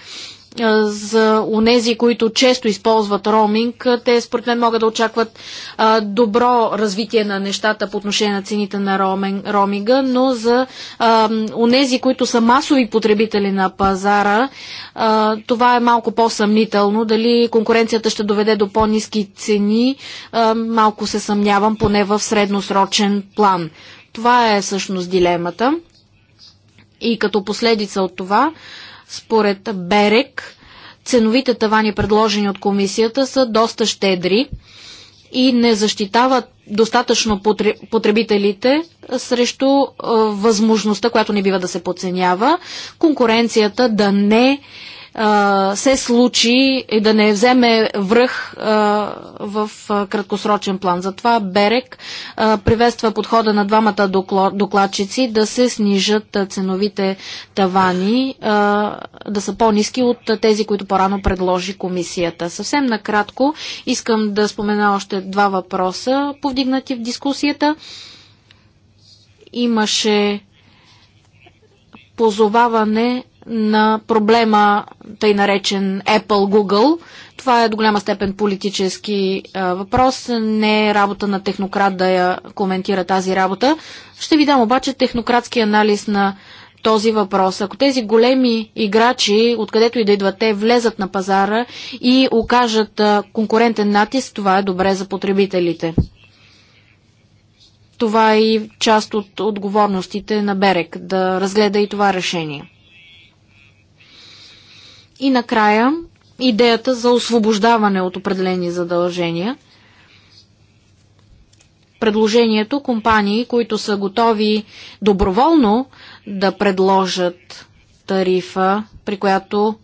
за унези, които често използват роуминг, те според мен могат да очакват а, добро развитие на нещата по отношение на цените на роуминг, роуминга, но за унези, които са масови потребители на пазара, а, това е малко по-съмнително. Дали конкуренцията ще доведе до по-низки цени, малко се съмнявам, поне в средносрочен план. Това е всъщност дилемата. И като последица от това, според Берек, ценовите тавани, предложени от комисията, са доста щедри и не защитават достатъчно потребителите срещу е, възможността, която не бива да се подценява, конкуренцията да не се случи и да не вземе връх в краткосрочен план. Затова Берек приветства подхода на двамата докладчици да се снижат ценовите тавани, да са по-низки от тези, които по-рано предложи комисията. Съвсем накратко искам да спомена още два въпроса, повдигнати в дискусията. Имаше позоваване на проблема, тъй наречен Apple Google. Това е до голяма степен политически а, въпрос. Не е работа на технократ да я коментира тази работа. Ще ви дам обаче технократски анализ на този въпрос. Ако тези големи играчи, откъдето и да идват те, влезат на пазара и окажат а, конкурентен натиск, това е добре за потребителите. Това е и част от отговорностите на Берек да разгледа и това решение. И накрая идеята за освобождаване от определени задължения. Предложението компании, които са готови доброволно да предложат тарифа, при която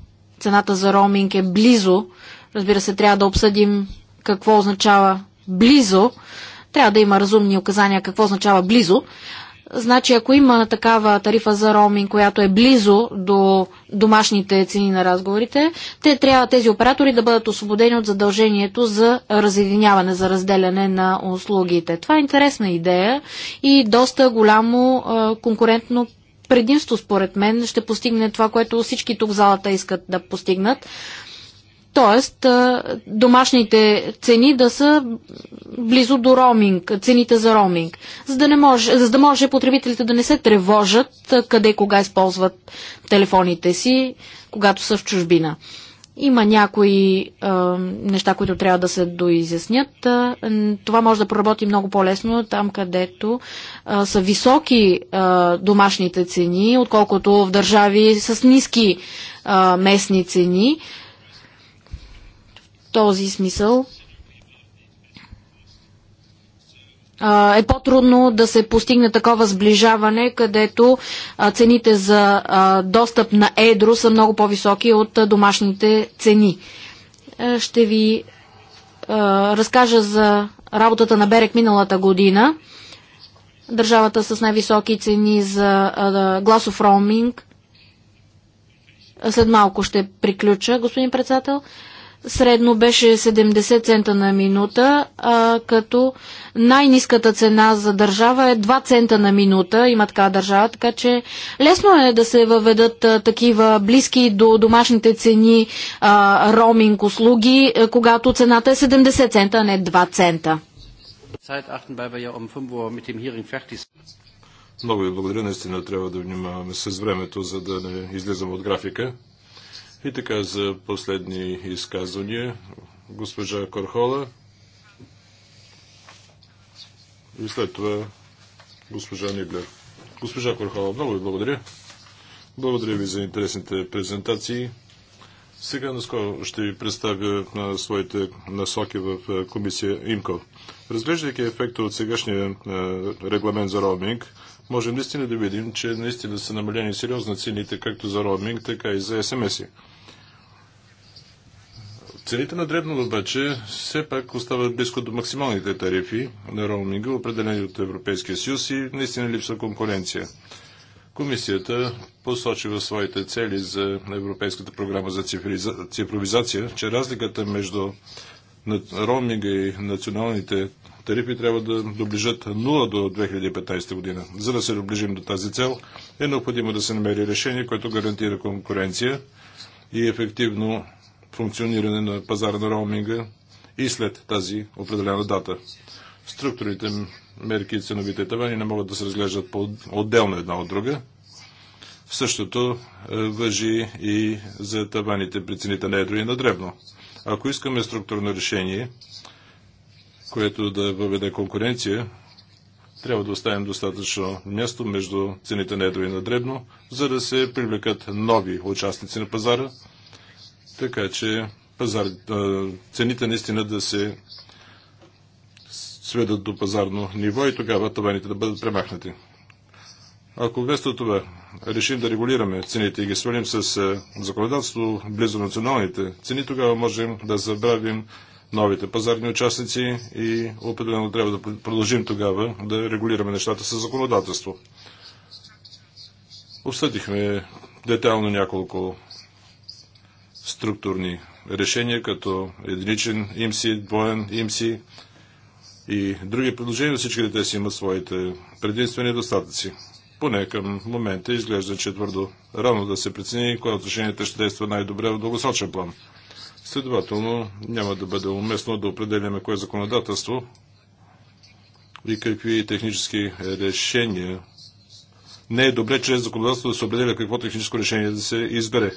цената за роуминг е близо. Разбира се, трябва да обсъдим какво означава близо. Трябва да има разумни указания какво означава близо. Значи, ако има такава тарифа за роуминг, която е близо до домашните цени на разговорите, те трябва тези оператори да бъдат освободени от задължението за разединяване, за разделяне на услугите. Това е интересна идея и доста голямо а, конкурентно предимство, според мен, ще постигне това, което всички тук в залата искат да постигнат. Тоест, домашните цени да са близо до роуминг, цените за роуминг, за да, не може, за да може потребителите да не се тревожат къде и кога използват телефоните си, когато са в чужбина. Има някои е, неща, които трябва да се доизяснят. Това може да проработи много по-лесно там, където е, са високи е, домашните цени, отколкото в държави с ниски е, местни цени този смисъл е по-трудно да се постигне такова сближаване, където цените за достъп на едро са много по-високи от домашните цени. Ще ви разкажа за работата на Берек миналата година. Държавата с най-високи цени за гласов роуминг. След малко ще приключа, господин председател средно беше 70 цента на минута, а, като най-низката цена за държава е 2 цента на минута, има така държава, така че лесно е да се въведат а, такива близки до домашните цени а, роуминг услуги, а, е, когато цената е 70 цента, а не 2 цента. Um Много ви благодаря, наистина трябва да внимаваме с времето, за да не излизам от графика. И така за последни изказвания. Госпожа Корхола. И след това госпожа Ниблер. Госпожа Корхола, много ви благодаря. Благодаря ви за интересните презентации. Сега наскоро ще ви представя на своите насоки в комисия ИМКО. Разглеждайки ефекта от сегашния регламент за роуминг, можем наистина да видим, че наистина са намалени сериозно цените както за роуминг, така и за СМС-и. Цените на дребно обаче все пак остават близко до максималните тарифи на роуминга, определени от Европейския съюз и наистина липсва конкуренция. Комисията посочи в своите цели за Европейската програма за цифровизация, че разликата между роуминга и националните тарифи трябва да доближат 0 до 2015 година. За да се доближим до тази цел, е необходимо да се намери решение, което гарантира конкуренция и ефективно функциониране на пазара на роуминга и след тази определена дата. Структурите, мерки и ценовите тавани не могат да се разглеждат по отделно една от друга. Същото е, въжи и за таваните при цените на едро и на дребно. Ако искаме структурно решение, което да въведе конкуренция, трябва да оставим достатъчно място между цените на едро и на дребно, за да се привлекат нови участници на пазара – така че пазар, цените наистина да се сведат до пазарно ниво и тогава таваните да бъдат премахнати. Ако вместо това решим да регулираме цените и ги свалим с законодателство близо националните цени, тогава можем да забравим новите пазарни участници и определено трябва да продължим тогава да регулираме нещата с законодателство. Обсъдихме детайлно няколко структурни решения, като единичен имси, двоен имси и други предложения. Всички те си имат своите предимствени достатъци. Поне към момента изглежда, че твърдо рано да се прецени кое от решенията ще действа най-добре в дългосрочен план. Следователно, няма да бъде уместно да определяме кое законодателство и какви технически решения. Не е добре чрез законодателство да се определя какво техническо решение да се избере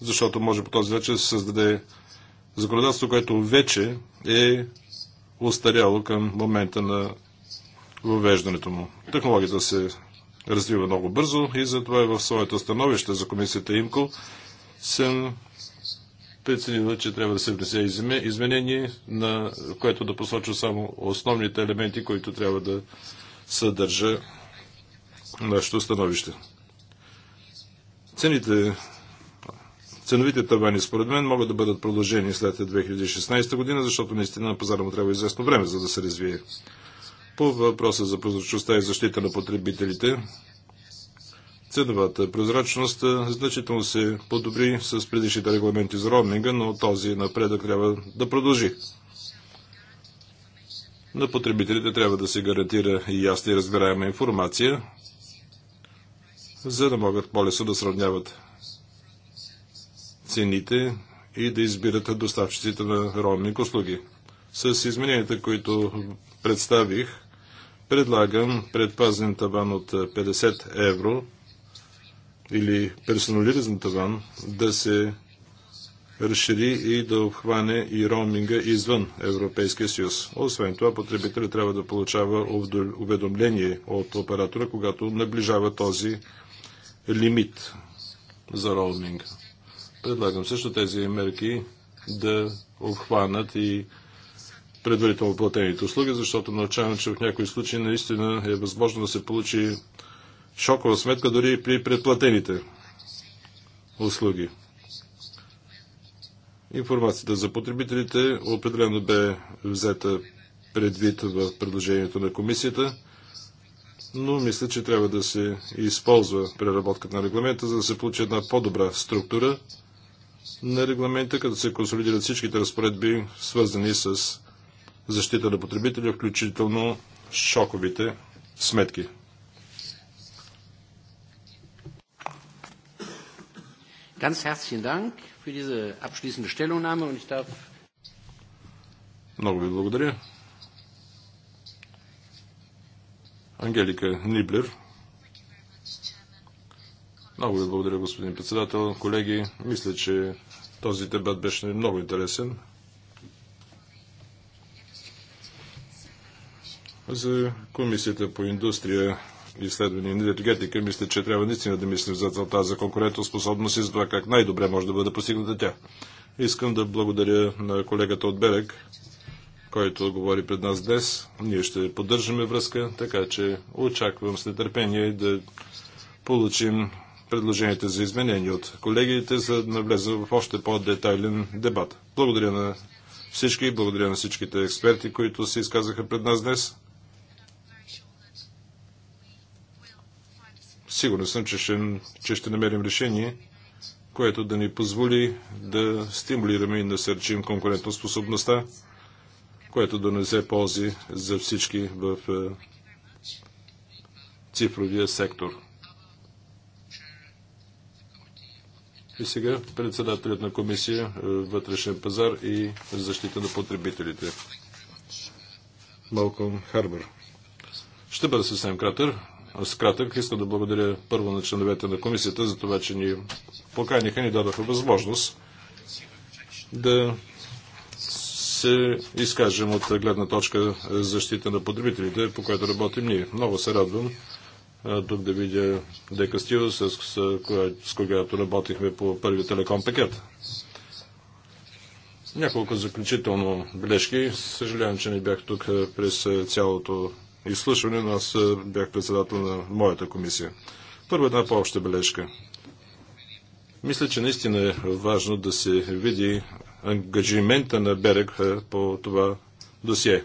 защото може по този начин да се създаде законодателство, което вече е устаряло към момента на въвеждането му. Технологията се развива много бързо и затова и е в своето становище за комисията ИМКО съм преценила, че трябва да се внесе изменение, на което да посоча само основните елементи, които трябва да съдържа нашето становище. Цените Ценовите тавани, според мен, могат да бъдат продължени след 2016 година, защото наистина на пазара му трябва известно време, за да се развие. По въпроса за прозрачността и защита на потребителите, ценовата прозрачност значително се подобри с предишните регламенти за роуминга, но този напредък трябва да продължи. На потребителите трябва да се гарантира и ясна и разбираема информация, за да могат по-лесно да сравняват цените и да избират доставчиците на роуминг услуги. С измененията, които представих, предлагам предпазен таван от 50 евро или персонализиран таван да се разшири и да обхване и роуминга извън Европейския съюз. Освен това, потребителят трябва да получава уведомление от оператора, когато наближава този лимит за роуминга. Предлагам също тези мерки да обхванат и предварително платените услуги, защото научавам, че в някои случаи наистина е възможно да се получи шокова сметка дори и при предплатените услуги. Информацията за потребителите определено бе взета предвид в предложението на комисията, но мисля, че трябва да се използва преработката на регламента, за да се получи една по-добра структура, на регламента, като се консолидират всичките разпоредби, свързани с защита на потребителя, включително шоковите сметки. Много ви благодаря. Ангелика Ниблер много ви благодаря, господин председател. Колеги, мисля, че този дебат беше много интересен. За Комисията по индустрия, и изследване и енергетика, мисля, че трябва наистина да мислим за целта за конкурентоспособност и за това как най-добре може да бъде постигната тя. Искам да благодаря на колегата от Берег, който говори пред нас днес. Ние ще поддържаме връзка, така че очаквам с нетърпение да получим предложенията за изменения от колегите, за да навлезе в още по-детайлен дебат. Благодаря на всички, благодаря на всичките експерти, които се изказаха пред нас днес. Сигурен съм, че ще, че ще намерим решение, което да ни позволи да стимулираме и насърчим конкурентоспособността, което да нанесе ползи за всички в е, цифровия сектор. И сега председателят на комисия е, вътрешен пазар и защита на потребителите. Малком Харбър. Ще бъда съвсем кратър. С кратък искам да благодаря първо на членовете на комисията за това, че ни поканиха, ни дадаха възможност да се изкажем от гледна точка защита на потребителите, по която работим ние. Много се радвам, тук да видя дека с, с, с когато работихме по първи телеком пакет. Няколко заключително бележки. Съжалявам, че не бях тук през цялото изслушване, но аз бях председател на моята комисия. Първо една по-обща бележка. Мисля, че наистина е важно да се види ангажимента на Берег по това досие.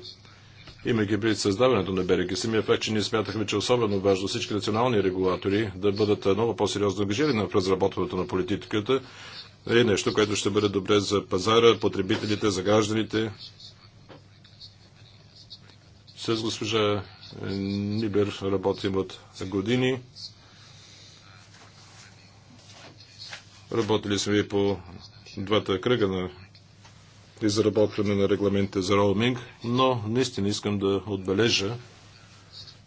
Имайки преди създаването на БРК, самия факт, че ние смятахме, че е особено важно всички национални регулатори да бъдат много по-сериозно ангажирани в разработването на политиката, е нещо, което ще бъде добре за пазара, потребителите, за гражданите. С госпожа е, Нибер работим от години. Работили сме и по двата кръга на при заработване на регламента за роуминг, но наистина искам да отбележа,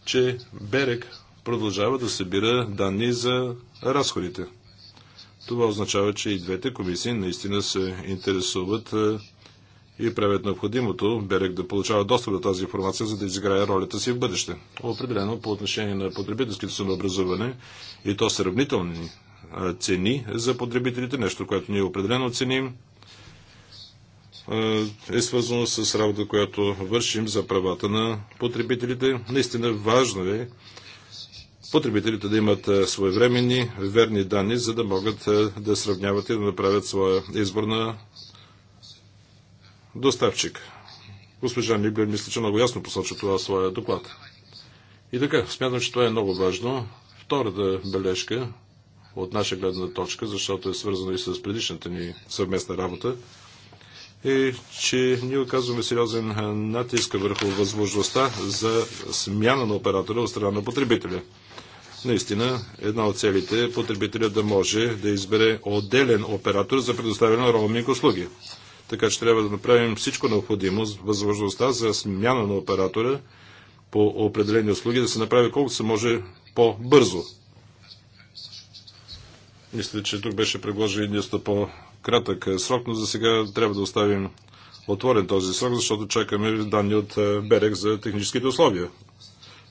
че Берек продължава да събира данни за разходите. Това означава, че и двете комисии наистина се интересуват е, и правят необходимото Берег да получава достъп до тази информация, за да изиграе ролята си в бъдеще. Определено по отношение на потребителските самообразуване и то сравнителни е, цени за потребителите, нещо, което ние определено ценим. Е, е свързано с работа, която вършим за правата на потребителите. Наистина важно е потребителите да имат е, своевременни, верни данни, за да могат е, да сравняват и да направят своя избор на доставчик. Госпожа Ниблер мисля, че много ясно посочва това своя доклад. И така, смятам, че това е много важно. Втората бележка от наша гледна точка, защото е свързано и с предишната ни съвместна работа, е, че ние оказваме сериозен натиск върху възможността за смяна на оператора от страна на потребителя. Наистина, една от целите е потребителя да може да избере отделен оператор за предоставяне на роуминг услуги. Така че трябва да направим всичко необходимо, възможността за смяна на оператора по определени услуги да се направи колкото се може по-бързо. Мисля, че тук беше предложен нещо по кратък е, срок, но за сега трябва да оставим отворен този срок, защото чакаме данни от е, Берег за техническите условия.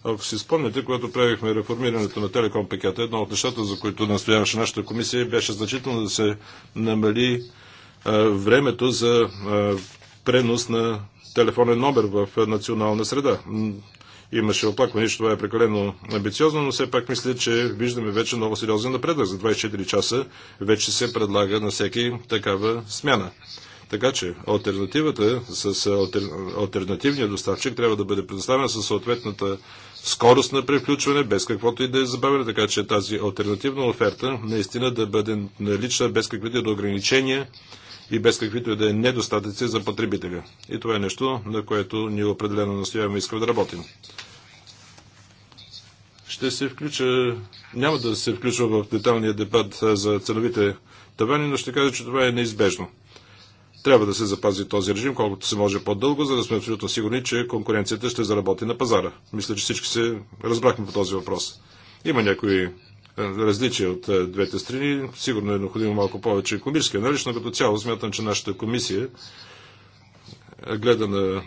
Ако си спомняте, когато правихме реформирането на телеком пакета, едно от нещата, за които настояваше нашата комисия, беше значително да се намали е, времето за пренос на телефонен номер в национална среда имаше оплакване, че това е прекалено амбициозно, но все пак мисля, че виждаме вече много сериозен напредък. За 24 часа вече се предлага на всеки такава смяна. Така че альтернативата с альтер... альтернативния доставчик трябва да бъде предоставена със съответната скорост на превключване, без каквото и да е забавено, така че тази альтернативна оферта наистина да бъде налична без каквито да е ограничения и без каквито и да е недостатъци за потребителя. И това е нещо, на което ние определено настояваме и искаме да работим. Ще се включа, няма да се включва в деталния дебат за ценовите тавани, но ще кажа, че това е неизбежно. Трябва да се запази този режим колкото се може по-дълго, за да сме абсолютно сигурни, че конкуренцията ще заработи на пазара. Мисля, че всички се разбрахме по този въпрос. Има някои различия от е, двете страни. Сигурно е необходимо малко повече економически анализ, но като цяло смятам, че нашата комисия е, гледа на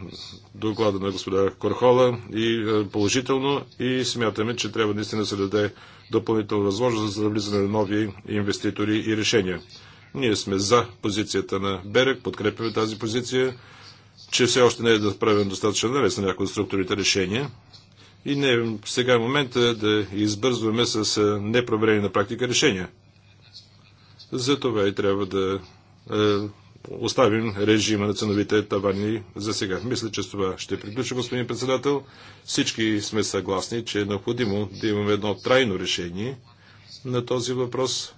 доклада на господа Корхола и е, положително и смятаме, че трябва наистина да се даде допълнителна възможност за влизане на нови инвеститори и решения. Ние сме за позицията на Берег, подкрепяме тази позиция, че все още не е да правим достатъчен анализ на някои от структурите решения, и не сега е момента да избързваме с непроверени на практика решения. Затова и трябва да е, оставим режима на ценовите тавани за сега. Мисля, че с това ще приключи, господин председател. Всички сме съгласни, че е необходимо да имаме едно трайно решение на този въпрос,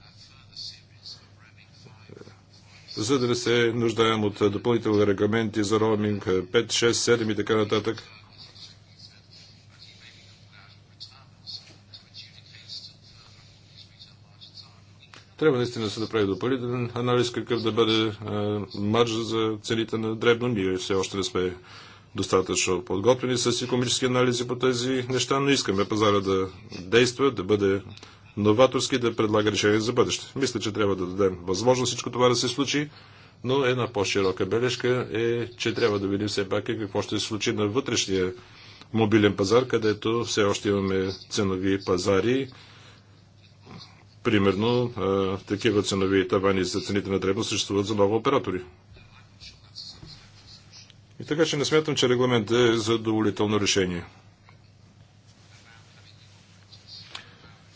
за да не се нуждаем от допълнителни регламенти за роуминг 5, 6, 7 и така нататък. Трябва наистина да се направи допълнителен анализ какъв да бъде марж за целите на дребно. Ние все още не сме достатъчно подготвени с економически анализи по тези неща, но искаме пазара да действа, да бъде новаторски, да предлага решение за бъдеще. Мисля, че трябва да дадем възможност всичко това да се случи, но една по-широка бележка е, че трябва да видим все пак и какво ще се случи на вътрешния мобилен пазар, където все още имаме ценови пазари, Примерно, такива ценови тавани за цените на дребно съществуват за много оператори. И така, че не смятам, че регламент е задоволително решение.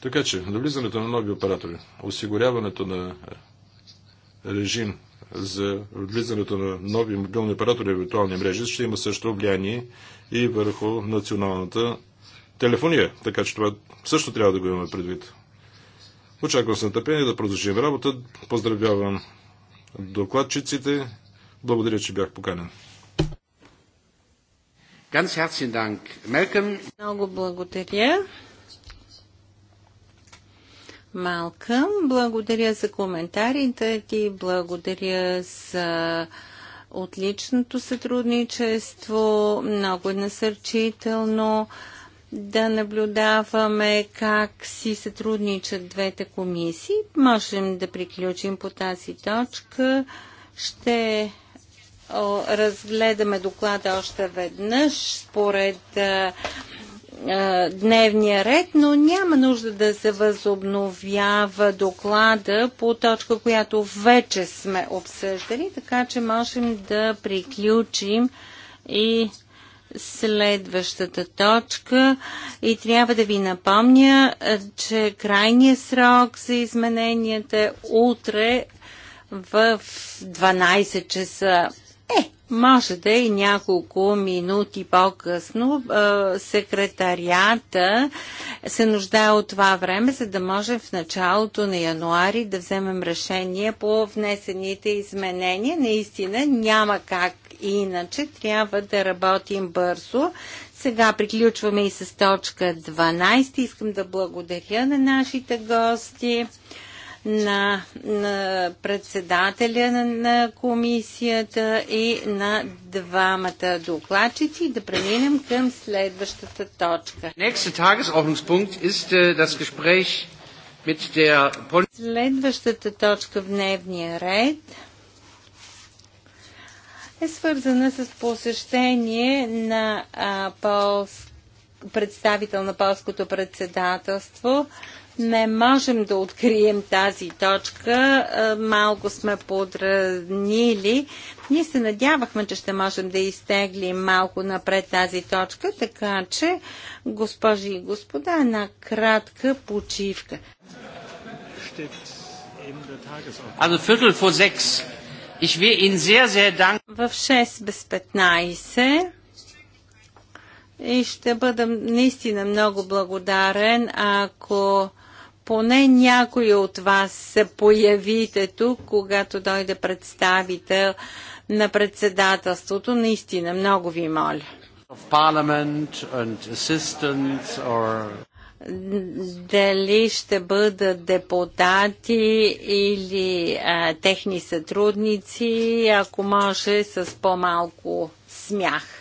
Така че, навлизането на нови оператори, осигуряването на режим за влизането на нови мобилни оператори и виртуални мрежи ще има също влияние и върху националната телефония. Така че това също трябва да го имаме предвид. Очаквам с нетърпение да продължим работа. Поздравявам докладчиците. Благодаря, че бях поканен. Много благодаря. Малкъм, благодаря за коментарите ти, благодаря за отличното сътрудничество, много е насърчително да наблюдаваме как си сътрудничат двете комисии. Можем да приключим по тази точка. Ще разгледаме доклада още веднъж според дневния ред, но няма нужда да се възобновява доклада по точка, която вече сме обсъждали, така че можем да приключим и следващата точка и трябва да ви напомня, е, че крайният срок за измененията е утре в 12 часа. Е, може да е и няколко минути по-късно е, секретарията се нуждае от това време, за да може в началото на януари да вземем решение по внесените изменения. Наистина няма как Иначе трябва да работим бързо. Сега приключваме и с точка 12. Искам да благодаря на нашите гости, на, на председателя на, на комисията и на двамата докладчици и да преминем към следващата точка. Äh, следващата точка в дневния ред – е свързана с посещение на а, полс... представител на полското председателство. Не можем да открием тази точка. А, малко сме подранили. Ние се надявахме, че ще можем да изтеглим малко напред тази точка, така че, госпожи и господа, една кратка почивка. Also Viertel vor sechs в 6 без 15 и ще бъда наистина много благодарен, ако поне някой от вас се появите тук, когато дойде представител на председателството. Наистина, много ви моля. Or дали ще бъдат депутати или а, техни сътрудници, ако може с по-малко смях.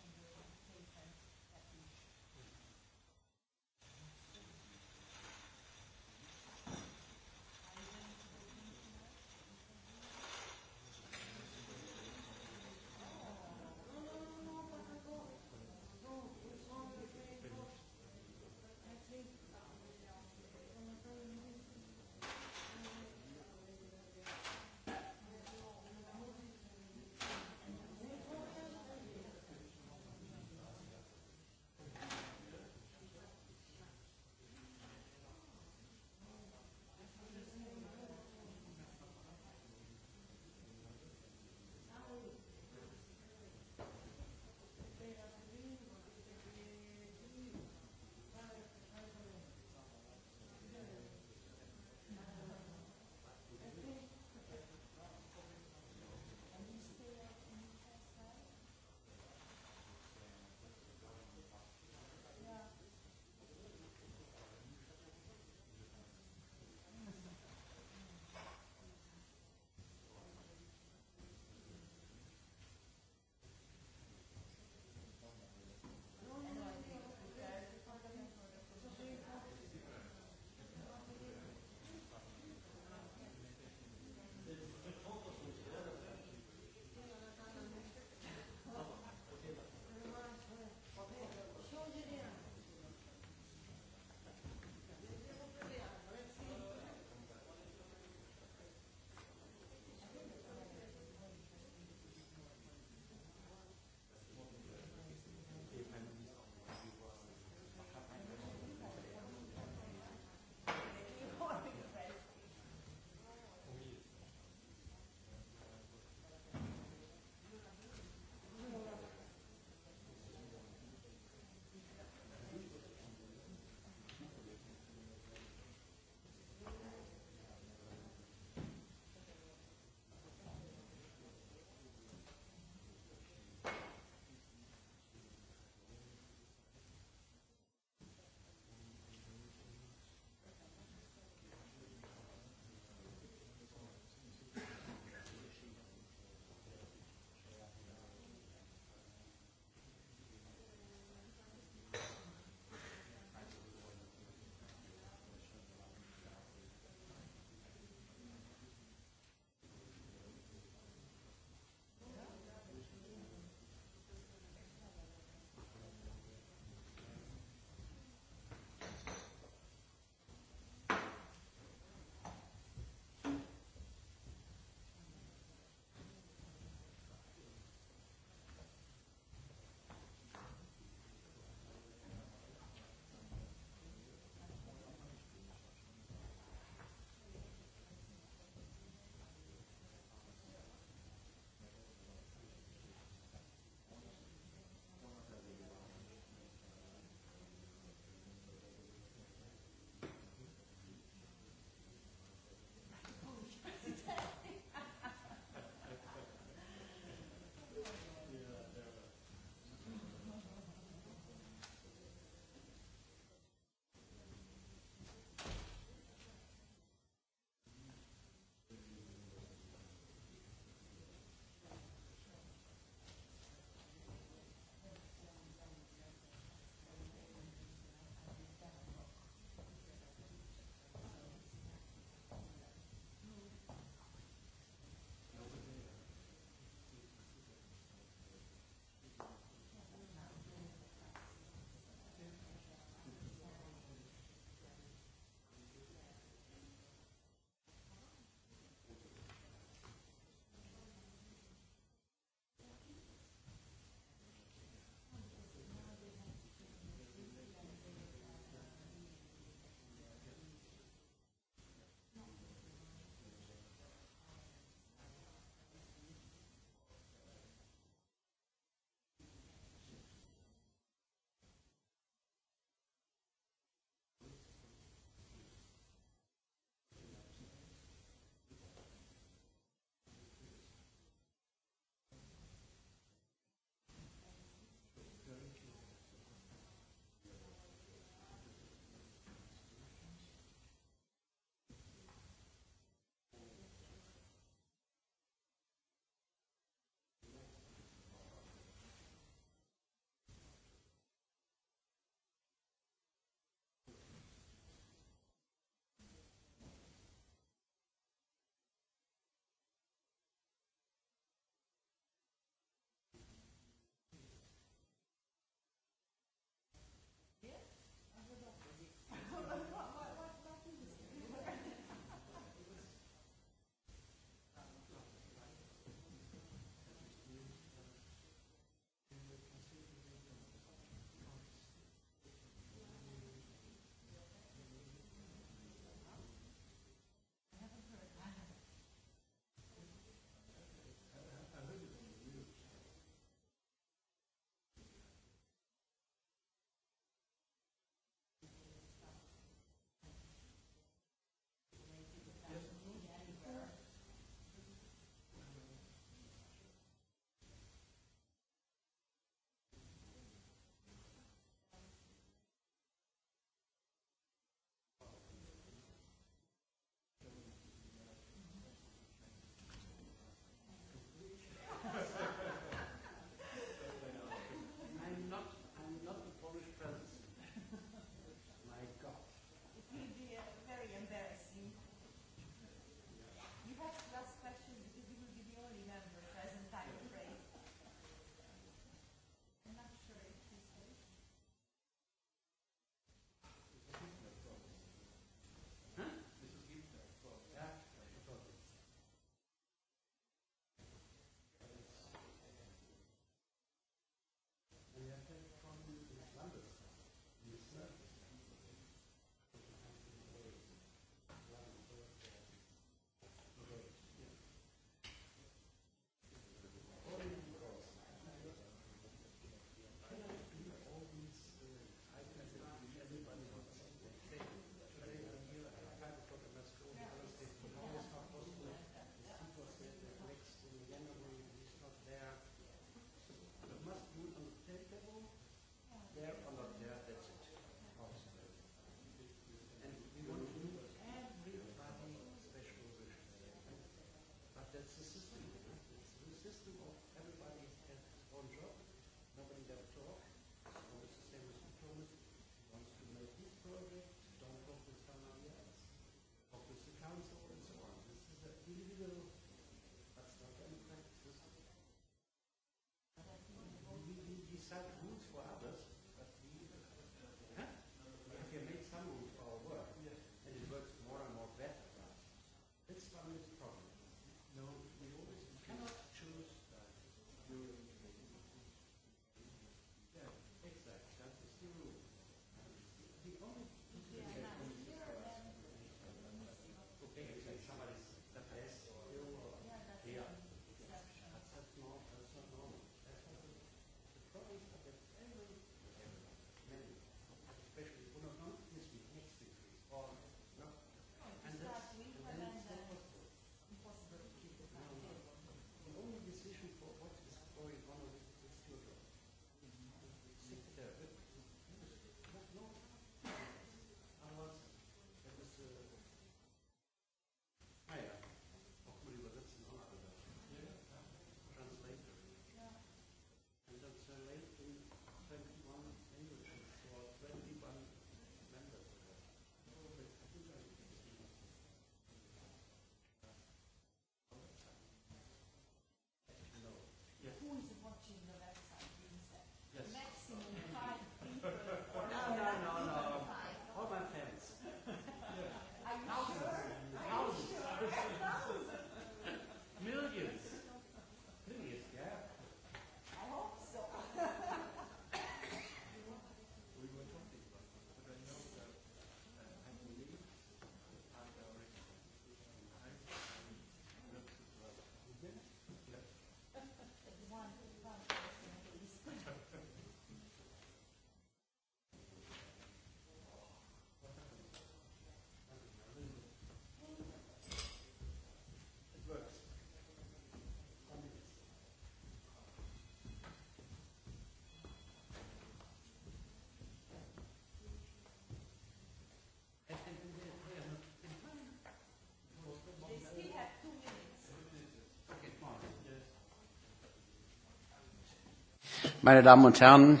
meine Damen und Herren.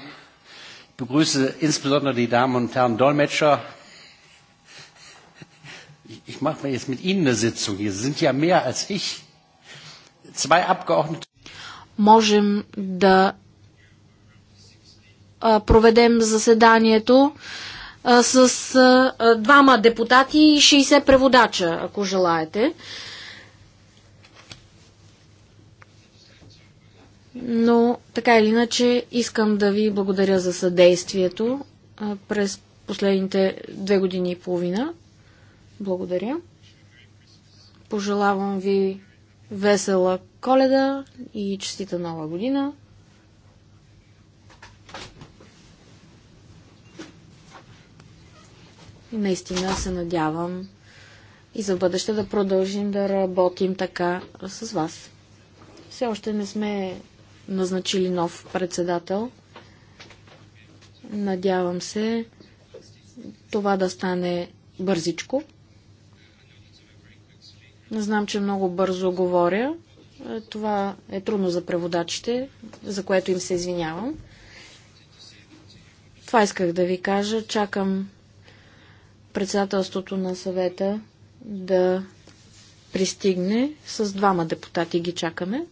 Ich begrüße insbesondere die Damen und Herren Dolmetscher. Ich ich mache mir jetzt mit Ihnen eine Sitzung hier. Sie sind ja mehr als ich. Zwei Abgeordnete. Можем да проведем заседанието с двама депутати и 60 преводача, ако желаете. но така или иначе искам да ви благодаря за съдействието през последните две години и половина. Благодаря. Пожелавам ви весела коледа и честита нова година. Наистина се надявам и за бъдеще да продължим да работим така с вас. Все още не сме назначили нов председател. Надявам се това да стане бързичко. Знам, че много бързо говоря. Е, това е трудно за преводачите, за което им се извинявам. Това исках да ви кажа. Чакам председателството на съвета да пристигне. С двама депутати ги чакаме.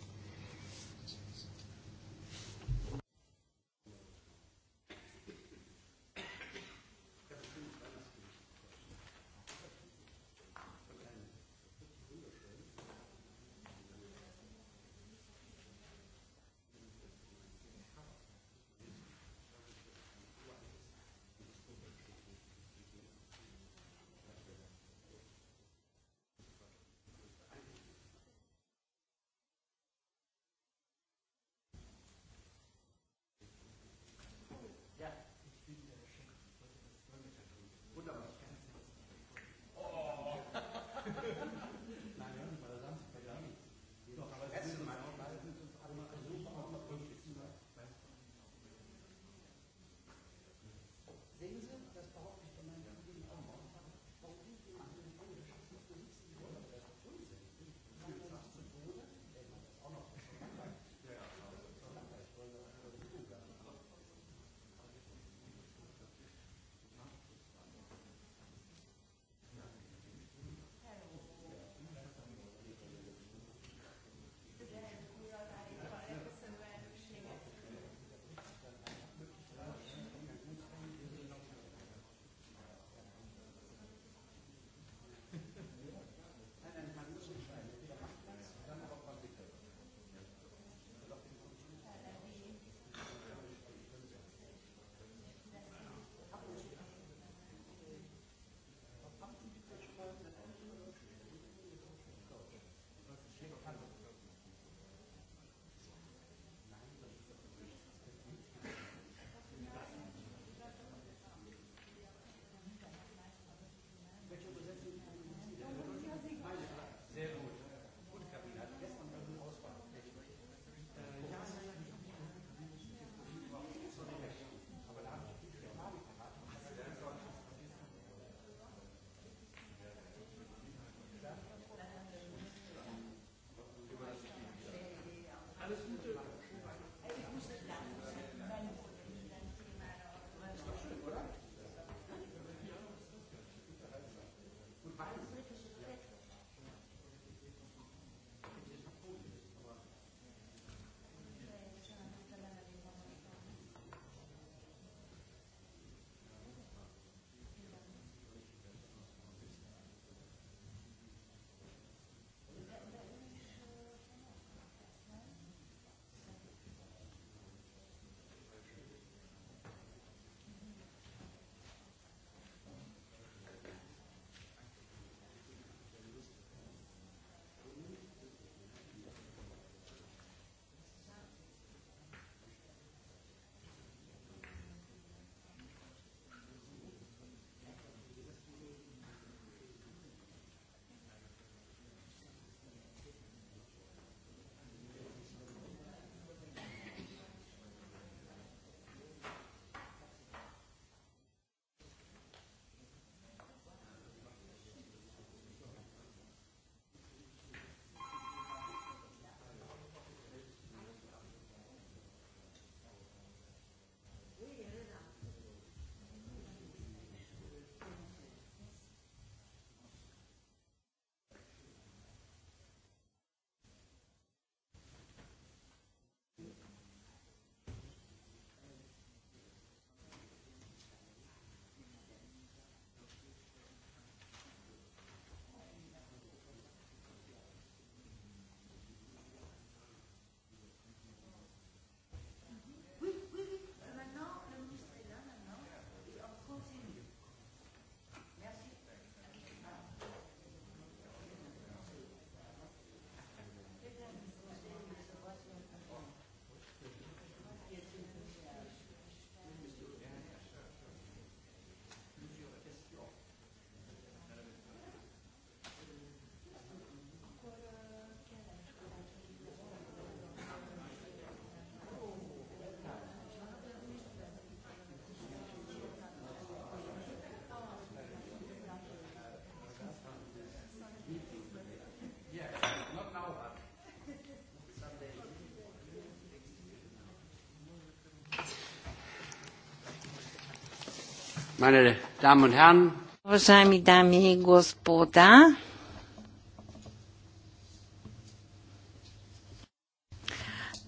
Meine Damen und Herren, Уважаеми дами и господа,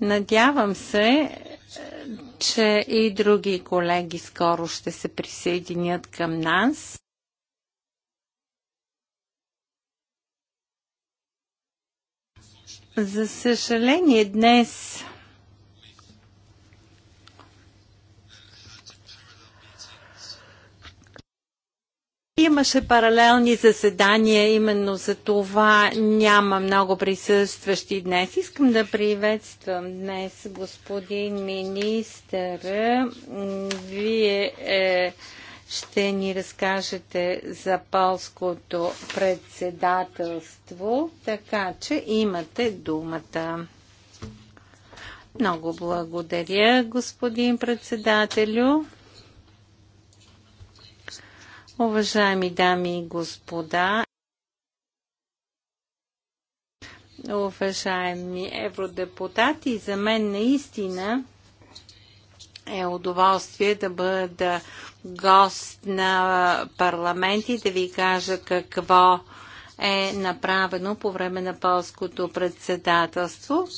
надявам се, че и други колеги скоро ще се присъединят към нас. За съжаление, днес Имаше паралелни заседания, именно за това няма много присъстващи днес. Искам да приветствам днес господин министър. Вие е, ще ни разкажете за полското председателство, така че имате думата. Много благодаря, господин председателю. Уважаеми дами и господа, уважаеми евродепутати, за мен наистина е удоволствие да бъда гост на парламент и да ви кажа какво е направено по време на полското председателство.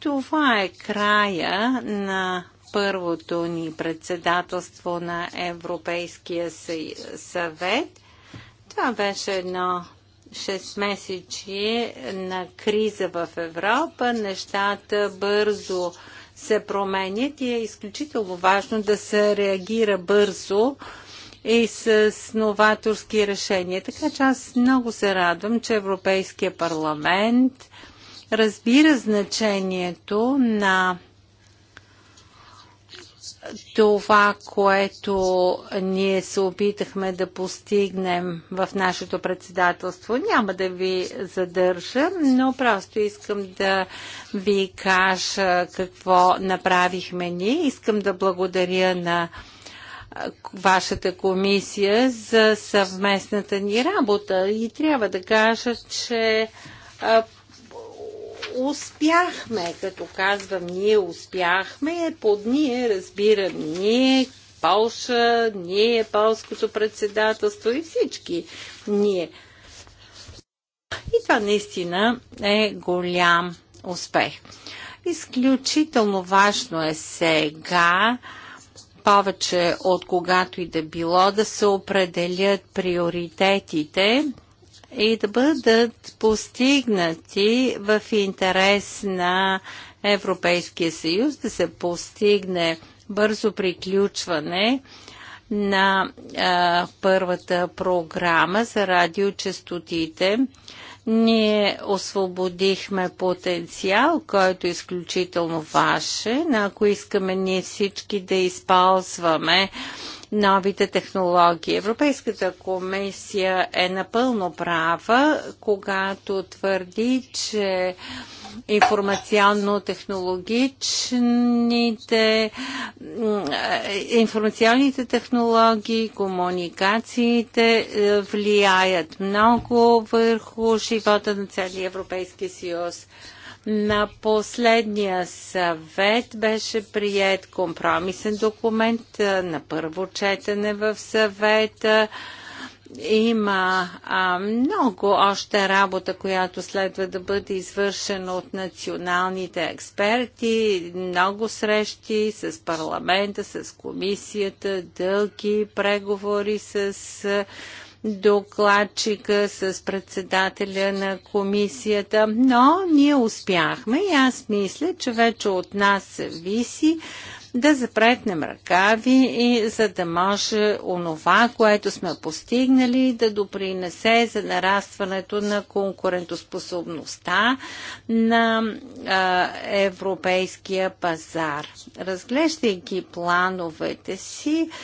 Това е края на първото ни председателство на Европейския съвет. Това беше едно 6 месечи на криза в Европа. Нещата бързо се променят и е изключително важно да се реагира бързо и с новаторски решения. Така че аз много се радвам, че Европейския парламент разбира значението на това, което ние се опитахме да постигнем в нашето председателство. Няма да ви задържа, но просто искам да ви кажа какво направихме ние. Искам да благодаря на вашата комисия за съвместната ни работа и трябва да кажа, че успяхме, като казвам ние успяхме, под ние разбирам ние, Полша, ние, полското председателство и всички ние. И това наистина е голям успех. Изключително важно е сега повече от когато и да било да се определят приоритетите и да бъдат постигнати в интерес на Европейския съюз, да се постигне бързо приключване на а, първата програма за радиочастотите. Ние освободихме потенциал, който е изключително ваше, ако искаме ние всички да използваме новите технологии. Европейската комисия е напълно права, когато твърди, че информационно-технологичните информационните технологии, комуникациите е, влияят много върху живота на целия Европейски съюз. На последния съвет беше прият компромисен документ на първо четене в съвета има а, много още работа, която следва да бъде извършена от националните експерти, много срещи с парламента, с комисията, дълги преговори с докладчика, с председателя на комисията, но ние успяхме и аз мисля, че вече от нас виси да запретнем ръкави и за да може онова, което сме постигнали, да допринесе за нарастването на конкурентоспособността на а, европейския пазар. Разглеждайки плановете си, а,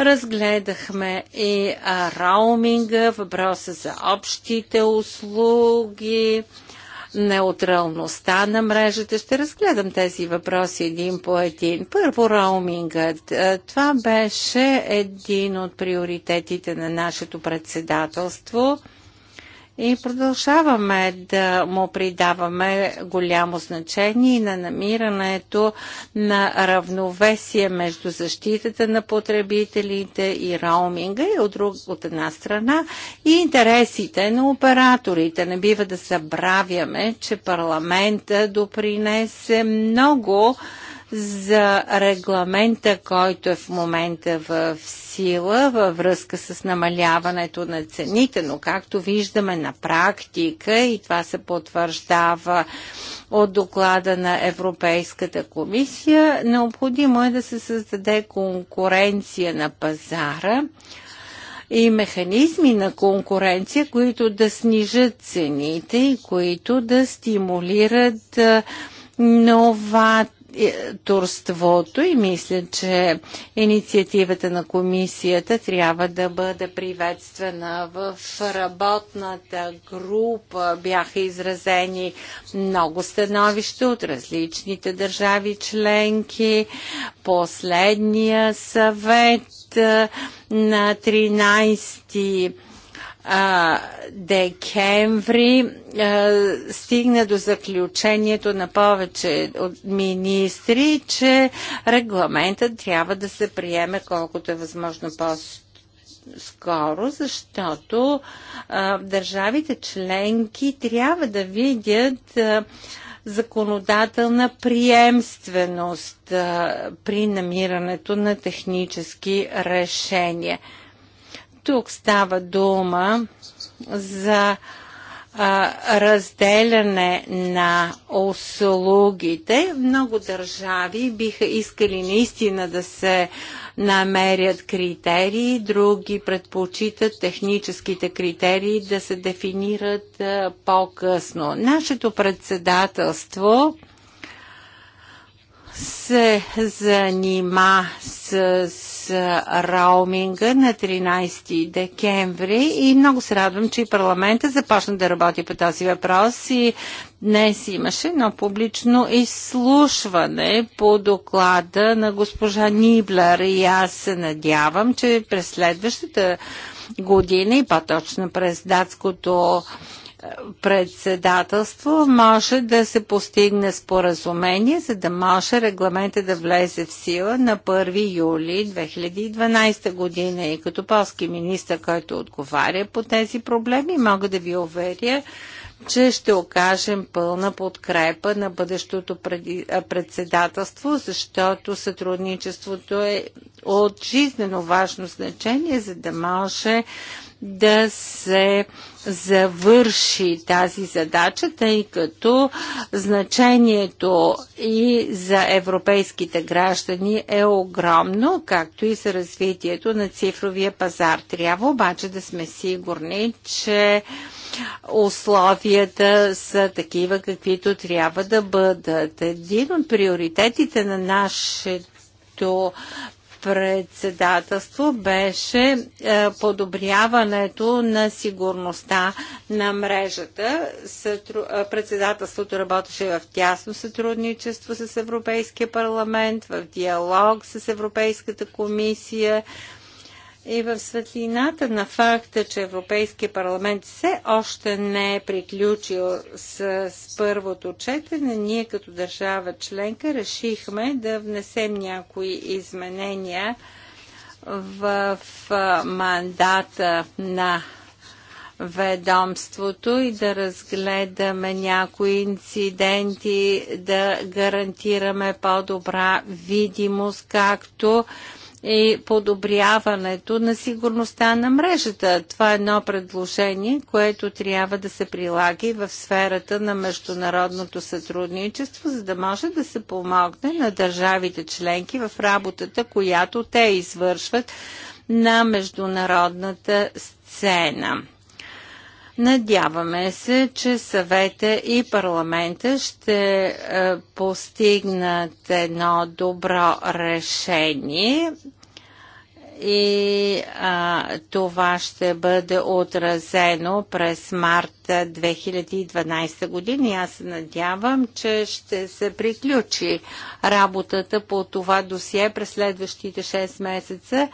Разгледахме и роуминга, въпроса за общите услуги, неутралността на мрежата. Ще разгледам тези въпроси един по един. Първо, роумингът. Това беше един от приоритетите на нашето председателство – и продължаваме да му придаваме голямо значение на намирането на равновесие между защитата на потребителите и роуминга и от, друг, от една страна и интересите на операторите. Не бива да забравяме, че парламента допринесе много за регламента, който е в момента в сила във връзка с намаляването на цените, но както виждаме на практика и това се потвърждава от доклада на Европейската комисия, необходимо е да се създаде конкуренция на пазара и механизми на конкуренция, които да снижат цените и които да стимулират новата е, турството и мисля, че инициативата на комисията трябва да бъде приветствана. В работната група бяха изразени много становища от различните държави членки. Последния съвет е, на 13 а, декември стигна до заключението на повече от министри, че регламентът трябва да се приеме колкото е възможно по-скоро скоро, защото а, държавите членки трябва да видят а, законодателна приемственост а, при намирането на технически решения. Тук става дума за а, разделяне на услугите. Много държави биха искали наистина да се намерят критерии, други предпочитат техническите критерии да се дефинират по-късно. Нашето председателство се занима с, с роуминга на 13 декември и много се радвам, че и парламента започна да работи по този въпрос и днес имаше едно публично изслушване по доклада на госпожа Ниблер и аз се надявам, че през следващата година и по-точно през датското председателство може да се постигне споразумение, за да може регламента да влезе в сила на 1 юли 2012 година. И като полски министр, който отговаря по тези проблеми, мога да ви уверя, че ще окажем пълна подкрепа на бъдещото председателство, защото сътрудничеството е от жизнено важно значение, за да може да се завърши тази задача, тъй като значението и за европейските граждани е огромно, както и за развитието на цифровия пазар. Трябва обаче да сме сигурни, че условията са такива, каквито трябва да бъдат. Един от приоритетите на нашето председателство беше е, подобряването на сигурността на мрежата. Сътру... Е, председателството работеше в тясно сътрудничество с Европейския парламент, в диалог с Европейската комисия, и в светлината на факта, че Европейския парламент все още не е приключил с, с първото четене, ние като държава членка решихме да внесем някои изменения в, в мандата на ведомството и да разгледаме някои инциденти, да гарантираме по-добра видимост, както и подобряването на сигурността на мрежата. Това е едно предложение, което трябва да се прилага и в сферата на международното сътрудничество, за да може да се помогне на държавите членки в работата, която те извършват на международната сцена. Надяваме се, че съвета и парламента ще е, постигнат едно добро решение и а, това ще бъде отразено през март 2012 година. И аз се надявам, че ще се приключи работата по това досие през следващите 6 месеца,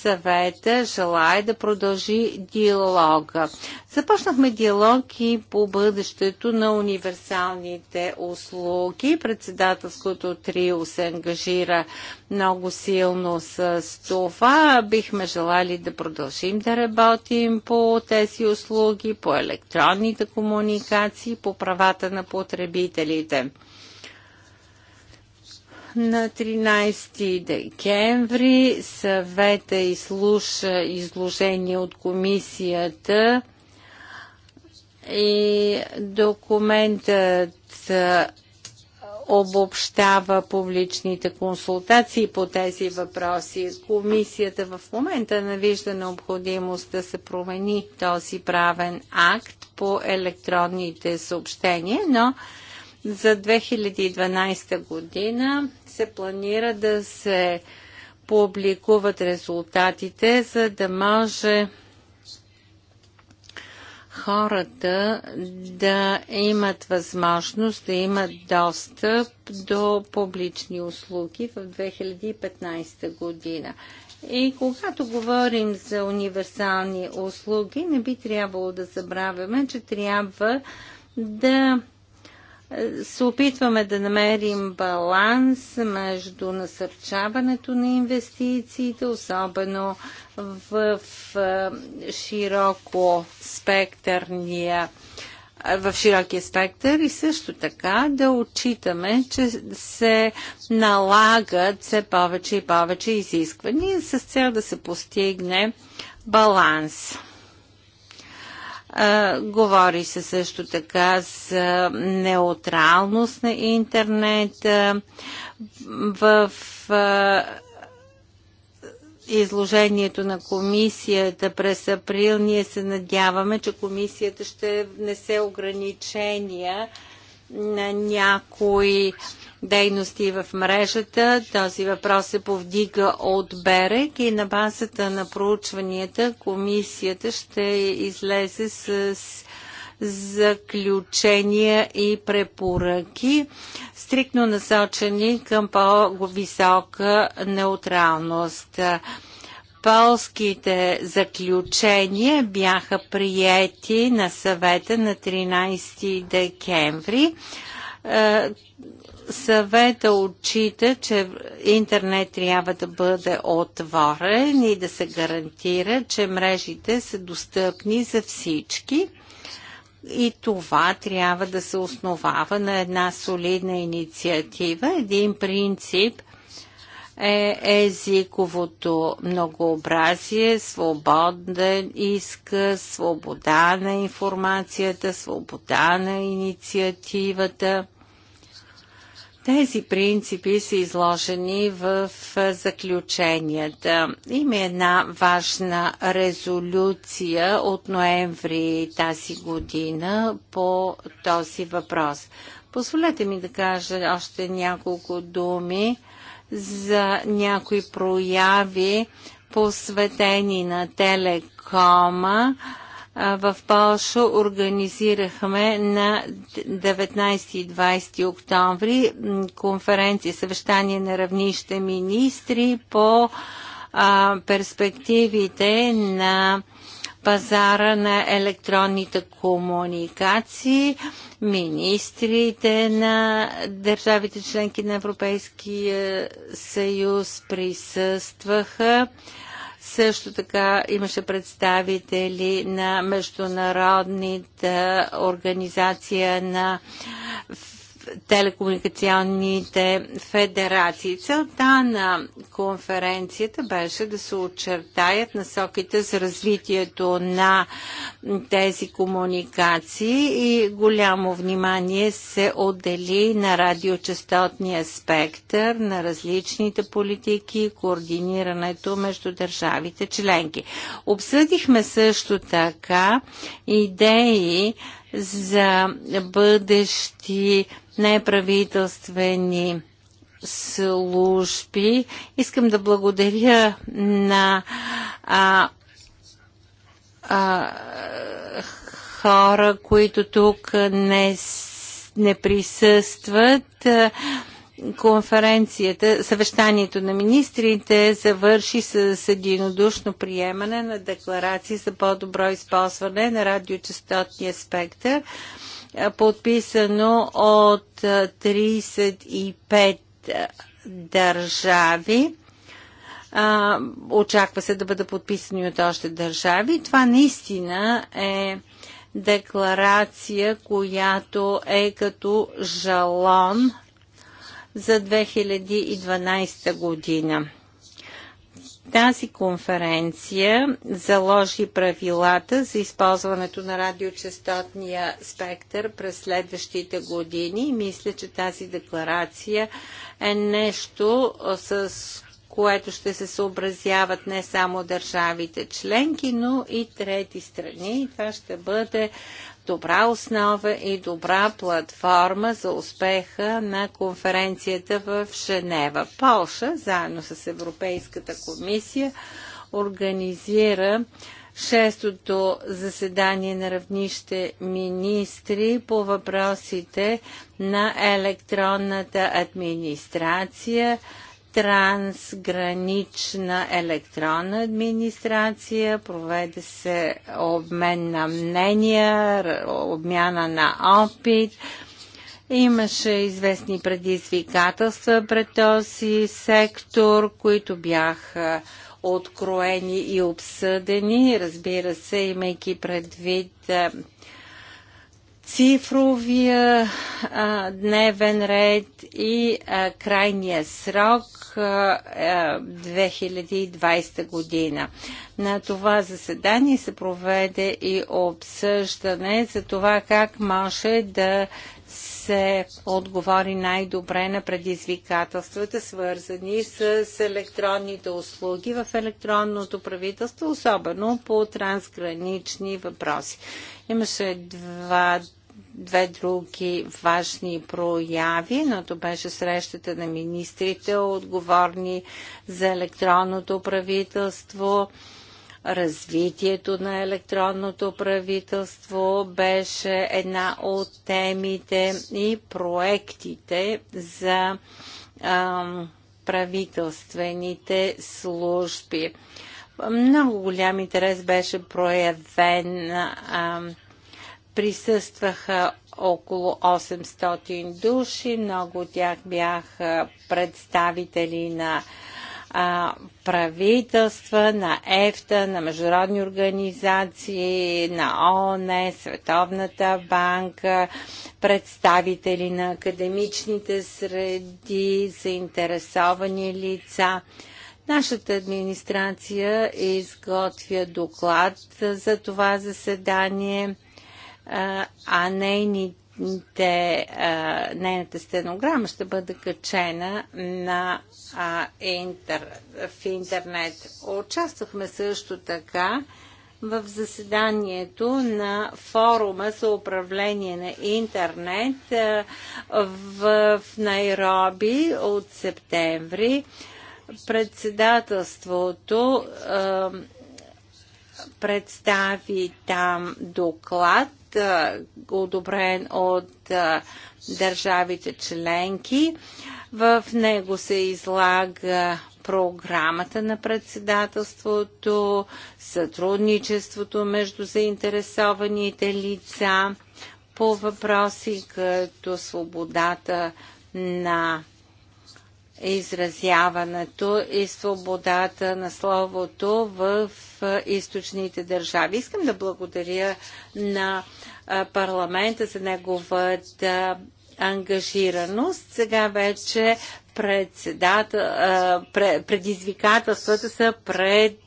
съвета желая да продължи диалога. Започнахме диалог и по бъдещето на универсалните услуги. Председателското трио се ангажира много силно с това. Бихме желали да продължим да работим по тези услуги, по електронните комуникации, по правата на потребителите на 13 декември съвета изслуша изложение от комисията и документът обобщава публичните консултации по тези въпроси. Комисията в момента не вижда необходимост да се промени този правен акт по електронните съобщения, но за 2012 година се планира да се публикуват резултатите, за да може хората да имат възможност да имат достъп до публични услуги в 2015 година. И когато говорим за универсални услуги, не би трябвало да забравяме, че трябва да се опитваме да намерим баланс между насърчаването на инвестициите, особено в, в е, широко спектърния в широкия спектър и също така да отчитаме, че се налагат все повече и повече изисквания с цел да се постигне баланс говори се също така за неутралност на интернет. в изложението на комисията през април ние се надяваме, че комисията ще внесе ограничения на някои дейности в мрежата. Този въпрос се повдига от Берег и на базата на проучванията комисията ще излезе с заключения и препоръки, стрикно насочени към по-висока неутралност полските заключения бяха приети на съвета на 13 декември. Е, съвета отчита, че интернет трябва да бъде отворен и да се гарантира, че мрежите са достъпни за всички. И това трябва да се основава на една солидна инициатива, един принцип – е езиковото многообразие, свободен изказ, свобода на информацията, свобода на инициативата. Тези принципи са изложени в заключенията. Има една важна резолюция от ноември тази година по този въпрос. Позволете ми да кажа още няколко думи за някои прояви, посветени на телекома. В Польша организирахме на 19 и 20 октомври конференция, съвещание на равнище министри по а, перспективите на пазара на електронните комуникации министрите на държавите членки на Европейския съюз присъстваха. Също така имаше представители на международните организация на телекомуникационните федерации. Целта на конференцията беше да се очертаят насоките за развитието на тези комуникации и голямо внимание се отдели на радиочастотния спектър, на различните политики и координирането между държавите членки. Обсъдихме също така идеи за бъдещи неправителствени служби. Искам да благодаря на а, а, хора, които тук не, не присъстват. А, конференцията, съвещанието на министрите завърши с единодушно приемане на декларации за по-добро използване на радиочастотния спектър, подписано от 35 държави. Очаква се да бъде подписани от още държави. Това наистина е декларация, която е като жалон за 2012 година. Тази конференция заложи правилата за използването на радиочастотния спектър през следващите години и мисля, че тази декларация е нещо, с което ще се съобразяват не само държавите членки, но и трети страни. И това ще бъде добра основа и добра платформа за успеха на конференцията в Женева. Полша, заедно с Европейската комисия, организира шестото заседание на равнище министри по въпросите на електронната администрация – трансгранична електронна администрация, проведе се обмен на мнения, обмяна на опит. Имаше известни предизвикателства пред този сектор, които бяха откроени и обсъдени, разбира се, имайки предвид е, цифровия а, дневен ред и а, крайния срок а, 2020 е, година. На това заседание се проведе и обсъждане за това как може да се отговори най-добре на предизвикателствата, свързани с електронните услуги в електронното правителство, особено по трансгранични въпроси. Имаше два две други важни прояви, но то беше срещата на министрите, отговорни за електронното правителство. Развитието на електронното правителство беше една от темите и проектите за ам, правителствените служби. Много голям интерес беше проявен ам, присъстваха около 800 души. Много от тях бяха представители на а, правителства, на ЕФТА, на международни организации, на ООН, Световната банка, представители на академичните среди, заинтересовани лица. Нашата администрация изготвя доклад за това заседание а нейните, нейната стенограма ще бъде качена на интер, в интернет. Участвахме също така в заседанието на форума за управление на интернет в Найроби от септември. Председателството представи там доклад е, одобрен от е, държавите членки. В него се излага програмата на председателството, сътрудничеството между заинтересованите лица по въпроси като свободата на изразяването и свободата на словото в източните държави. Искам да благодаря на парламента за неговата ангажираност. Сега вече предизвикателствата са пред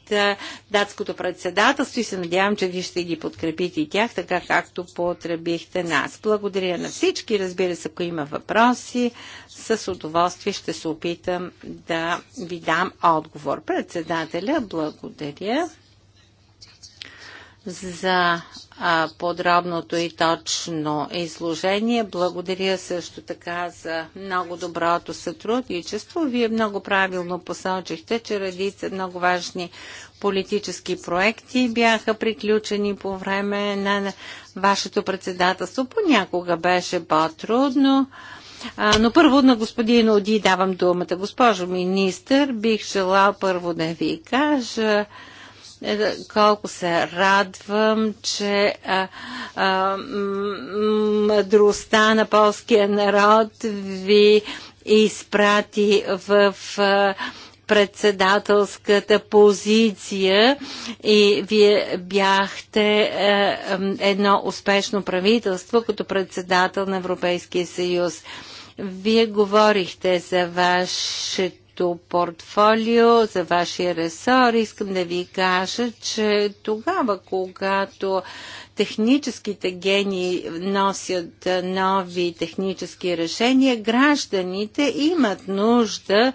датското председателство и се надявам, че вие ще ги подкрепите и тях, така както потребихте нас. Благодаря на всички. Разбира се, ако има въпроси, с удоволствие ще се опитам да ви дам отговор. Председателя, благодаря за подробното и точно изложение. Благодаря също така за много доброто сътрудничество. Вие много правилно посочихте, че редица много важни политически проекти бяха приключени по време на вашето председателство. Понякога беше по-трудно. Но първо на господин Оди давам думата. Госпожо министър, бих желал първо да ви кажа, е, колко се радвам, че а, а, мъдростта на полския народ ви изпрати в а, председателската позиция и вие бяхте а, е, едно успешно правителство като председател на Европейския съюз. Вие говорихте за вашето вашето портфолио, за вашия ресор, искам да ви кажа, че тогава, когато техническите гени носят нови технически решения, гражданите имат нужда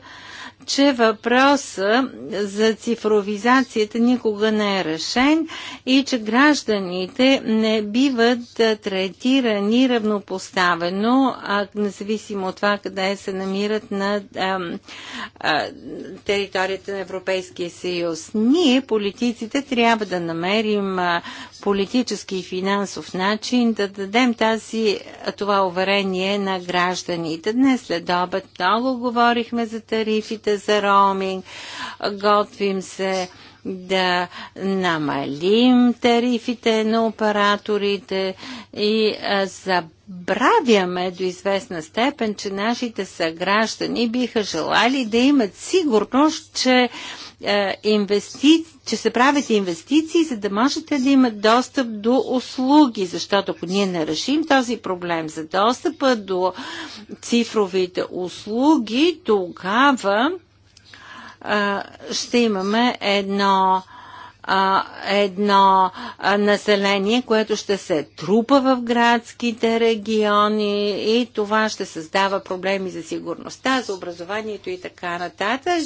че въпроса за цифровизацията никога не е решен и че гражданите не биват третирани равнопоставено, а независимо от това къде се намират на а, а, територията на Европейския съюз. Ние, политиците, трябва да намерим политически и финансов начин да дадем тази, това уверение на гражданите. Днес след обед много говорихме за тарифите, за роуминг, готвим се да намалим тарифите на операторите и забравяме до известна степен, че нашите съграждани биха желали да имат сигурност, че, е, инвести... че се правят инвестиции, за да можете да имат достъп до услуги, защото ако ние не решим този проблем за достъпа до цифровите услуги, тогава ще имаме едно едно население, което ще се трупа в градските региони и това ще създава проблеми за сигурността, за образованието и така нататък.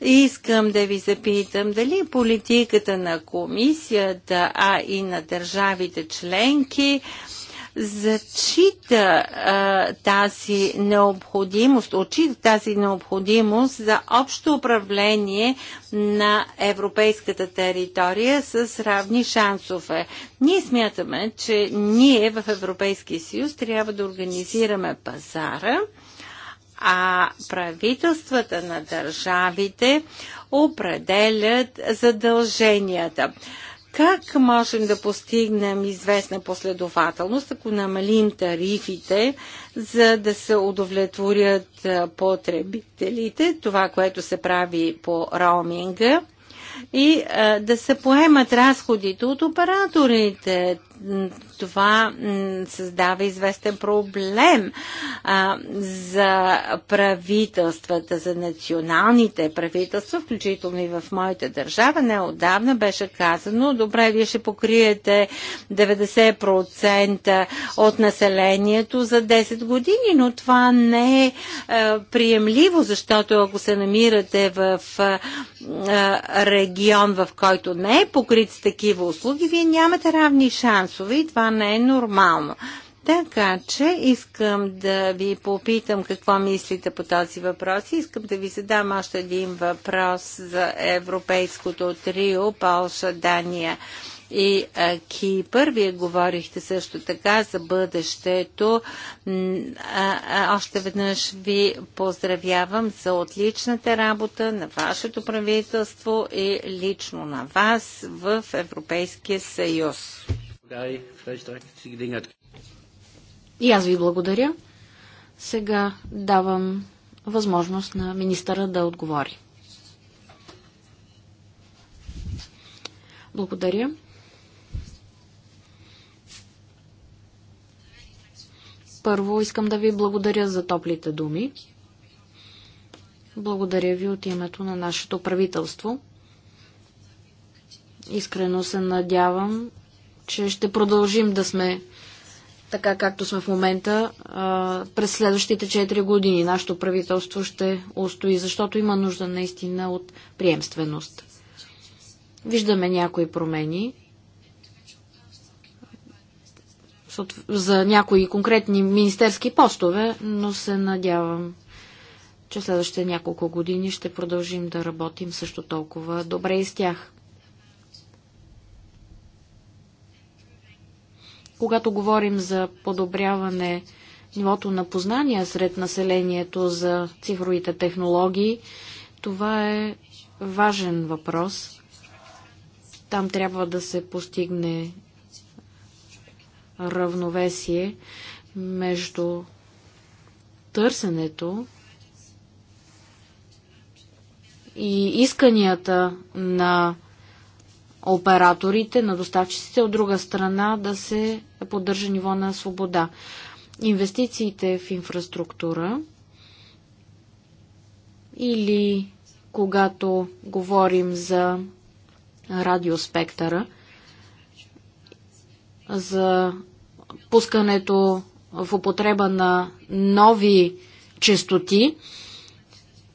Искам да ви запитам дали политиката на комисията, а и на държавите членки, зачита а, тази необходимост, отчита тази необходимост за общо управление на европейската територия с равни шансове. Ние смятаме, че ние в Европейския съюз трябва да организираме пазара, а правителствата на държавите определят задълженията. Как можем да постигнем известна последователност, ако намалим тарифите, за да се удовлетворят потребителите, това, което се прави по роуминга? и а, да се поемат разходите от операторите това създава известен проблем а, за правителствата, за националните правителства, включително и в моята държава. Неодавна беше казано, добре, вие ще покриете 90% от населението за 10 години, но това не е а, приемливо, защото ако се намирате в а, регион, в който не е покрит с такива услуги, вие нямате равни шанси финансове и това не е нормално. Така че искам да ви попитам какво мислите по този въпрос. Искам да ви задам още един въпрос за европейското трио Полша, Дания и Кипър. Вие говорихте също така за бъдещето. още веднъж ви поздравявам за отличната работа на вашето правителство и лично на вас в Европейския съюз. И аз ви благодаря. Сега давам възможност на министъра да отговори. Благодаря. Първо искам да ви благодаря за топлите думи. Благодаря ви от името на нашето правителство. Искрено се надявам, че ще продължим да сме така както сме в момента, а, през следващите 4 години нашето правителство ще устои, защото има нужда наистина от приемственост. Виждаме някои промени за някои конкретни министерски постове, но се надявам, че следващите няколко години ще продължим да работим също толкова добре и с тях. когато говорим за подобряване нивото на познания сред населението за цифровите технологии, това е важен въпрос. Там трябва да се постигне равновесие между търсенето и исканията на операторите, на доставчиците, от друга страна да се поддържа ниво на свобода. Инвестициите в инфраструктура или когато говорим за радиоспектъра, за пускането в употреба на нови частоти,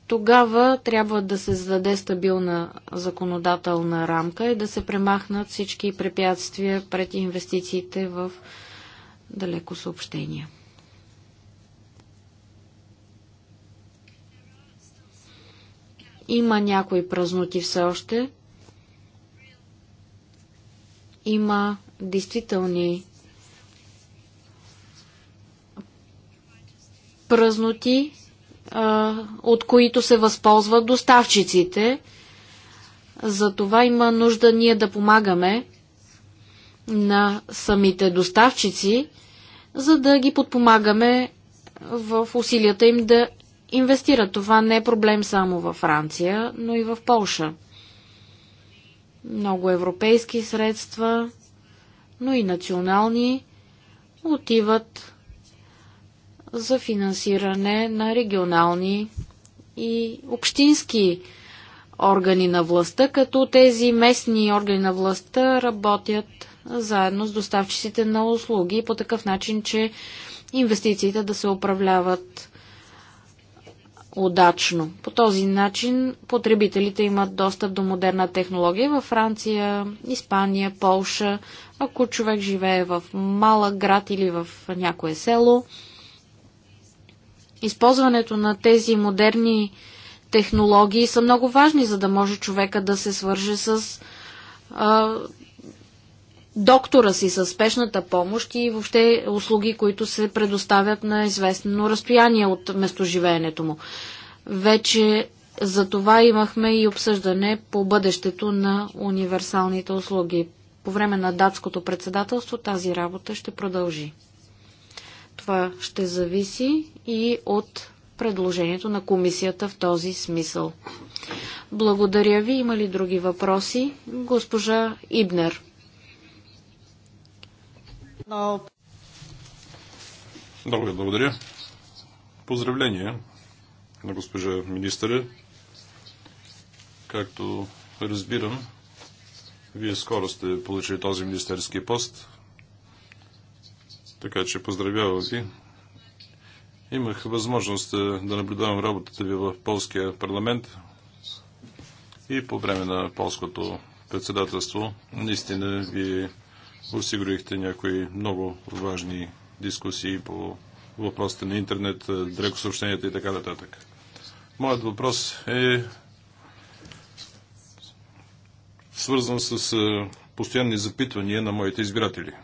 тогава трябва да се зададе стабилна законодателна рамка и да се премахнат всички препятствия пред инвестициите в далеко съобщения. Има някои празноти все още. Има действителни празноти, от които се възползват доставчиците. За това има нужда ние да помагаме на самите доставчици, за да ги подпомагаме в усилията им да инвестират. Това не е проблем само във Франция, но и в Полша. Много европейски средства, но и национални отиват за финансиране на регионални и общински органи на властта, като тези местни органи на властта работят заедно с доставчиците на услуги по такъв начин, че инвестициите да се управляват удачно. По този начин потребителите имат достъп до модерна технология във Франция, Испания, Полша. Ако човек живее в малък град или в някое село, използването на тези модерни технологии са много важни, за да може човека да се свърже с а, доктора си, с спешната помощ и въобще услуги, които се предоставят на известно разстояние от местоживеенето му. Вече за това имахме и обсъждане по бъдещето на универсалните услуги. По време на датското председателство тази работа ще продължи. Това ще зависи и от предложението на комисията в този смисъл. Благодаря ви. Има ли други въпроси? Госпожа Ибнер. Добре благодаря. Поздравления на госпожа министъра. Както разбирам, вие скоро сте получили този министерски пост. Така че поздравявам ви. Имах възможност е, да наблюдавам работата ви в полския парламент и по време на полското председателство. Наистина ви осигурихте някои много важни дискусии по въпросите на интернет, е, дрекосъобщенията и така нататък. Моят въпрос е свързан с е, постоянни запитвания на моите избиратели –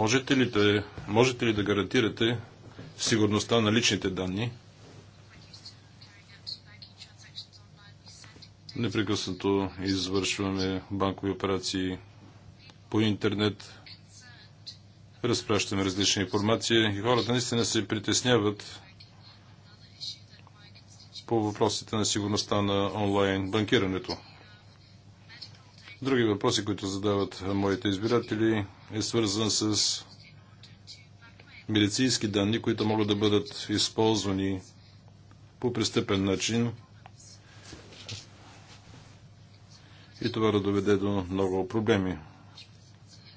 Можете ли, да, можете ли да гарантирате сигурността на личните данни? Непрекъснато извършваме банкови операции по интернет, разпращаме различни информации и хората наистина се притесняват по въпросите на сигурността на онлайн банкирането други въпроси, които задават моите избиратели, е свързан с медицински данни, които могат да бъдат използвани по престъпен начин и това да доведе до много проблеми.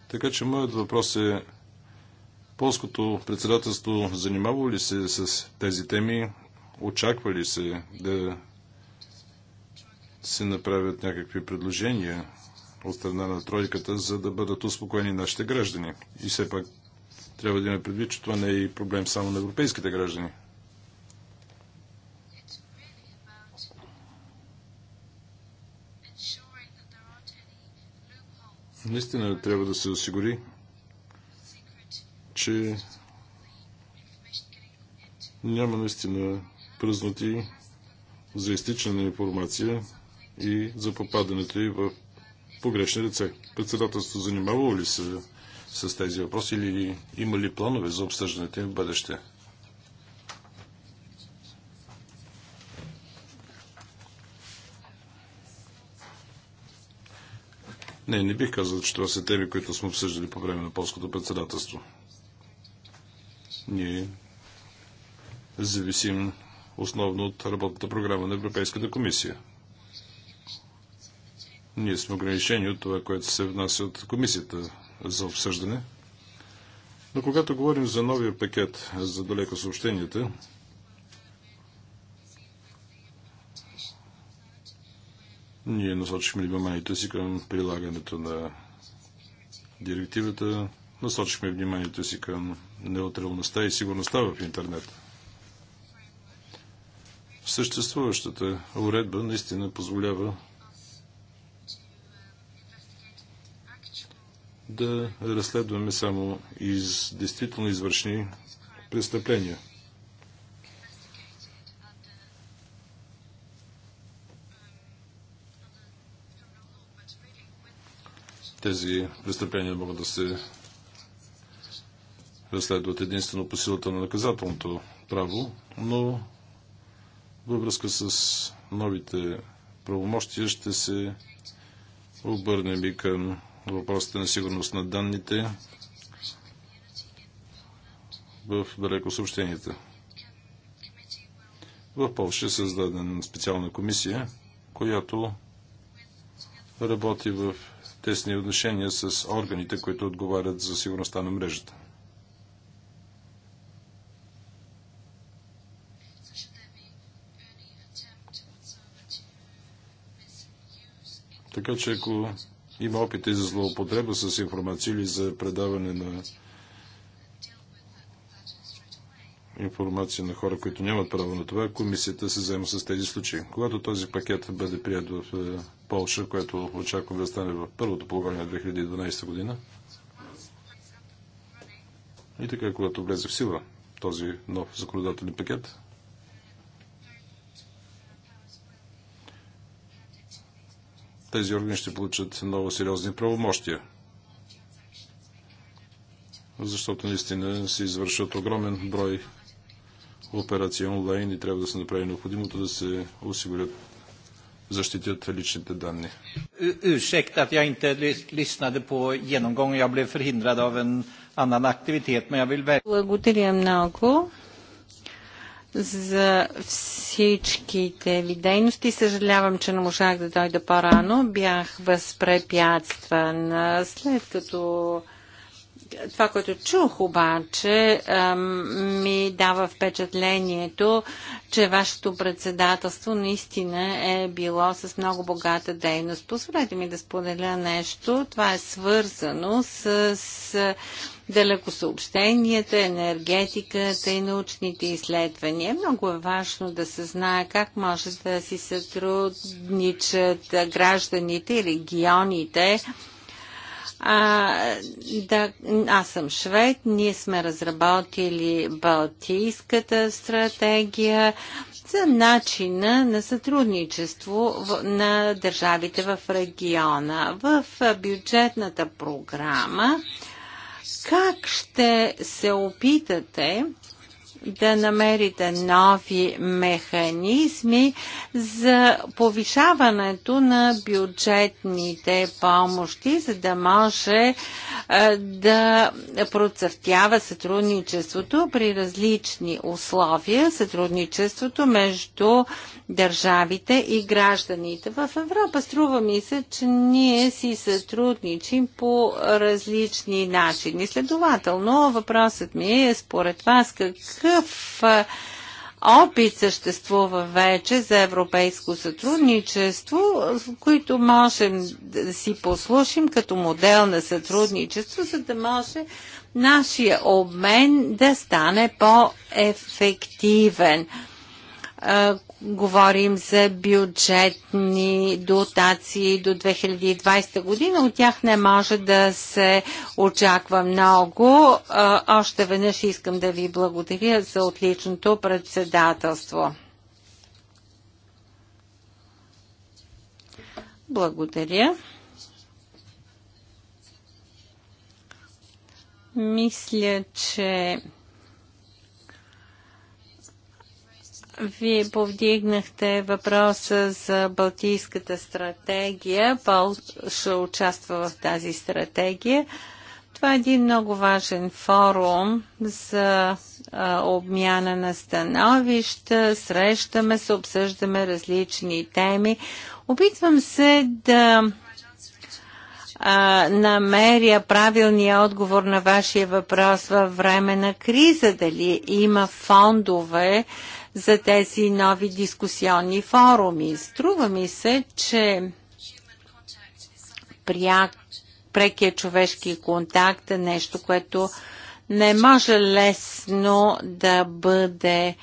Така че моят въпрос е Полското председателство занимава ли се с тези теми? Очаква ли се да се направят някакви предложения от страна на тройката, за да бъдат успокоени нашите граждани. И все пак трябва да имаме предвид, че това не е и проблем само на европейските граждани. Наистина трябва да се осигури, че няма наистина пръзнати за изтичане на информация и за попадането и в погрешни ръце. Председателство занимавало ли се с тези въпроси или има ли планове за обсъждането им в бъдеще? Не, не бих казал, че това са теми, които сме обсъждали по време на полското председателство. Ние зависим основно от работната програма на Европейската комисия. Ние сме ограничени от това, което се внася от комисията за обсъждане. Но когато говорим за новия пакет за далеко съобщенията, ние насочихме вниманието си към прилагането на директивата, насочихме вниманието си към неутралността и сигурността в интернет. Съществуващата уредба наистина позволява да разследваме само из действително извършни престъпления. Тези престъпления могат да се разследват единствено по силата на наказателното право, но във връзка с новите правомощия ще се обърнем и към въпросите на сигурност на данните в далеко съобщенията. В Польша е създадена специална комисия, която работи в тесни отношения с органите, които отговарят за сигурността на мрежата. Така че ако има опити за злоупотреба с информация или за предаване на информация на хора, които нямат право на това, комисията се взема с тези случаи. Когато този пакет бъде прият в е, Полша, което очаквам да стане в първото полугодие на 2012 година, и така, когато влезе в сила този нов законодателен пакет, Тези органи ще получат много сериозни правомощия, защото наистина се извършват огромен брой операции онлайн и трябва да се направи необходимото да се осигурят защитят личните данни. Ursäkta att jag inte lyssnade på genomgången. Jag blev förhindrad av en annan aktivitet, men jag Благодаря много за всичките ви дейности. Съжалявам, че не можах да дойда по-рано. Бях възпрепятствана. След като това, което чух обаче, ми дава впечатлението, че вашето председателство наистина е било с много богата дейност. Позволете ми да споделя нещо. Това е свързано с далекосъобщенията, енергетиката и научните изследвания. Много е важно да се знае как може да си сътрудничат гражданите и регионите а, да, аз съм швед, ние сме разработили Балтийската стратегия за начина на сътрудничество на държавите в региона. В бюджетната програма как ще се опитате да намерите нови механизми за повишаването на бюджетните помощи, за да може да процъфтява сътрудничеството при различни условия, сътрудничеството между държавите и гражданите. В Европа струва ми се, че ние си сътрудничим по различни начини. Следователно, въпросът ми е според вас какъв какъв опит съществува вече за европейско сътрудничество, които можем да си послушим като модел на сътрудничество, за да може нашия обмен да стане по-ефективен говорим за бюджетни дотации до 2020 година. От тях не може да се очаква много. Още веднъж искам да ви благодаря за отличното председателство. Благодаря. Мисля, че Вие повдигнахте въпроса за Балтийската стратегия. Полша участва в тази стратегия. Това е един много важен форум за а, обмяна на становища. Срещаме се, обсъждаме различни теми. Опитвам се да а, намеря правилния отговор на вашия въпрос във време на криза. Дали има фондове, за тези нови дискусионни форуми. Струва ми се, че прекия човешки контакт е нещо, което не може лесно да бъде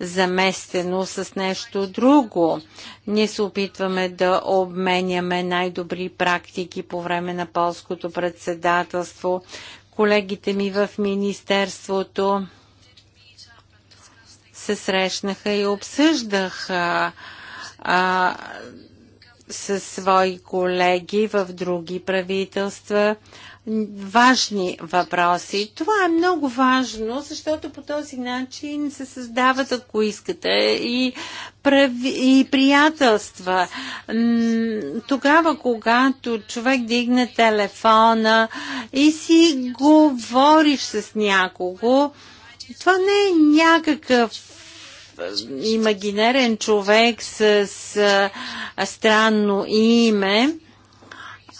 заместено с нещо друго. Ние се опитваме да обменяме най-добри практики по време на полското председателство. Колегите ми в Министерството се срещнаха и обсъждаха а, със свои колеги в други правителства важни въпроси. Това е много важно, защото по този начин се създават, ако искате, и, прави, и приятелства. Тогава, когато човек дигне телефона и си говориш с някого, това не е някакъв имагинерен човек с, с странно име.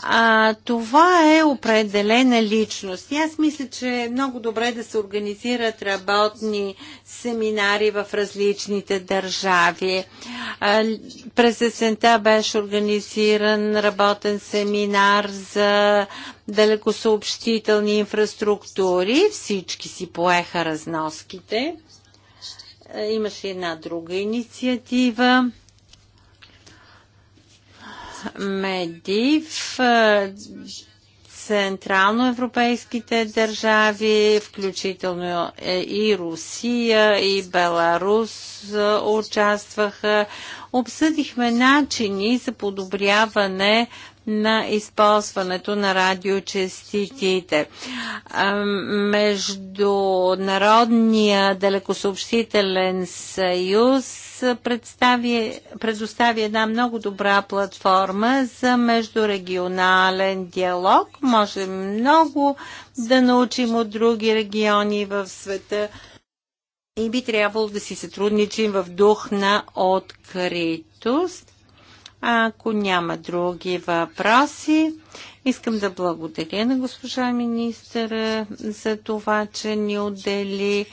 А, това е определена личност. И аз мисля, че е много добре да се организират работни семинари в различните държави. А, през есента беше организиран работен семинар за далекосъобщителни инфраструктури. Всички си поеха разноските. Е, имаше една друга инициатива. Медив, е, централноевропейските държави, включително е и Русия, и Беларус участваха. Обсъдихме начини за подобряване на използването на радиочаститите. Международния далекосъобщителен съюз представи, предостави една много добра платформа за междурегионален диалог. Може много да научим от други региони в света и би трябвало да си сътрудничим в дух на откритост. Ако няма други въпроси, искам да благодаря на госпожа министъра за това, че ни отдели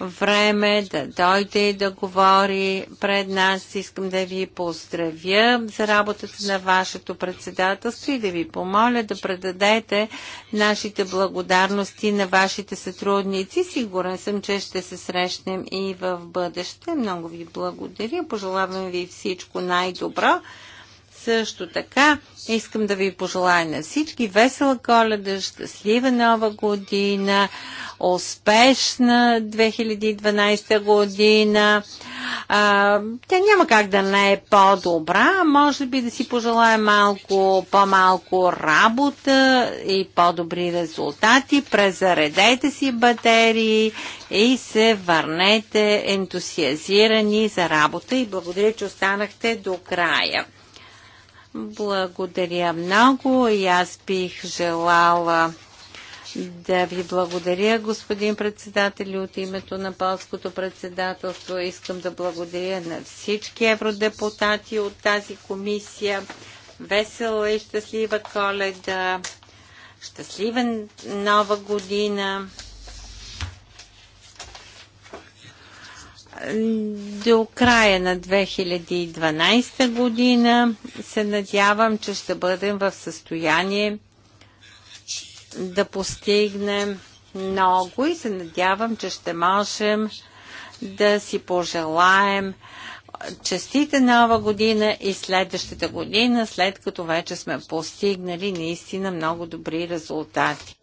време да дойде и да говори пред нас. Искам да ви поздравя за работата на вашето председателство и да ви помоля да предадете нашите благодарности на вашите сътрудници. Сигурен съм, че ще се срещнем и в бъдеще. Много ви благодаря. Пожелавам ви всичко най-добро. Също така искам да ви пожелая на всички весела коледа, щастлива нова година, успешна 2012 година. А, тя няма как да не е по-добра, може би да си пожелая малко, по-малко работа и по-добри резултати. Презаредете си батерии и се върнете ентусиазирани за работа и благодаря, че останахте до края. Благодаря много и аз бих желала да ви благодаря, господин председател, от името на полското председателство. Искам да благодаря на всички евродепутати от тази комисия. Весела и щастлива коледа, щастлива нова година. до края на 2012 година се надявам, че ще бъдем в състояние да постигнем много и се надявам, че ще можем да си пожелаем честите нова година и следващата година, след като вече сме постигнали наистина много добри резултати.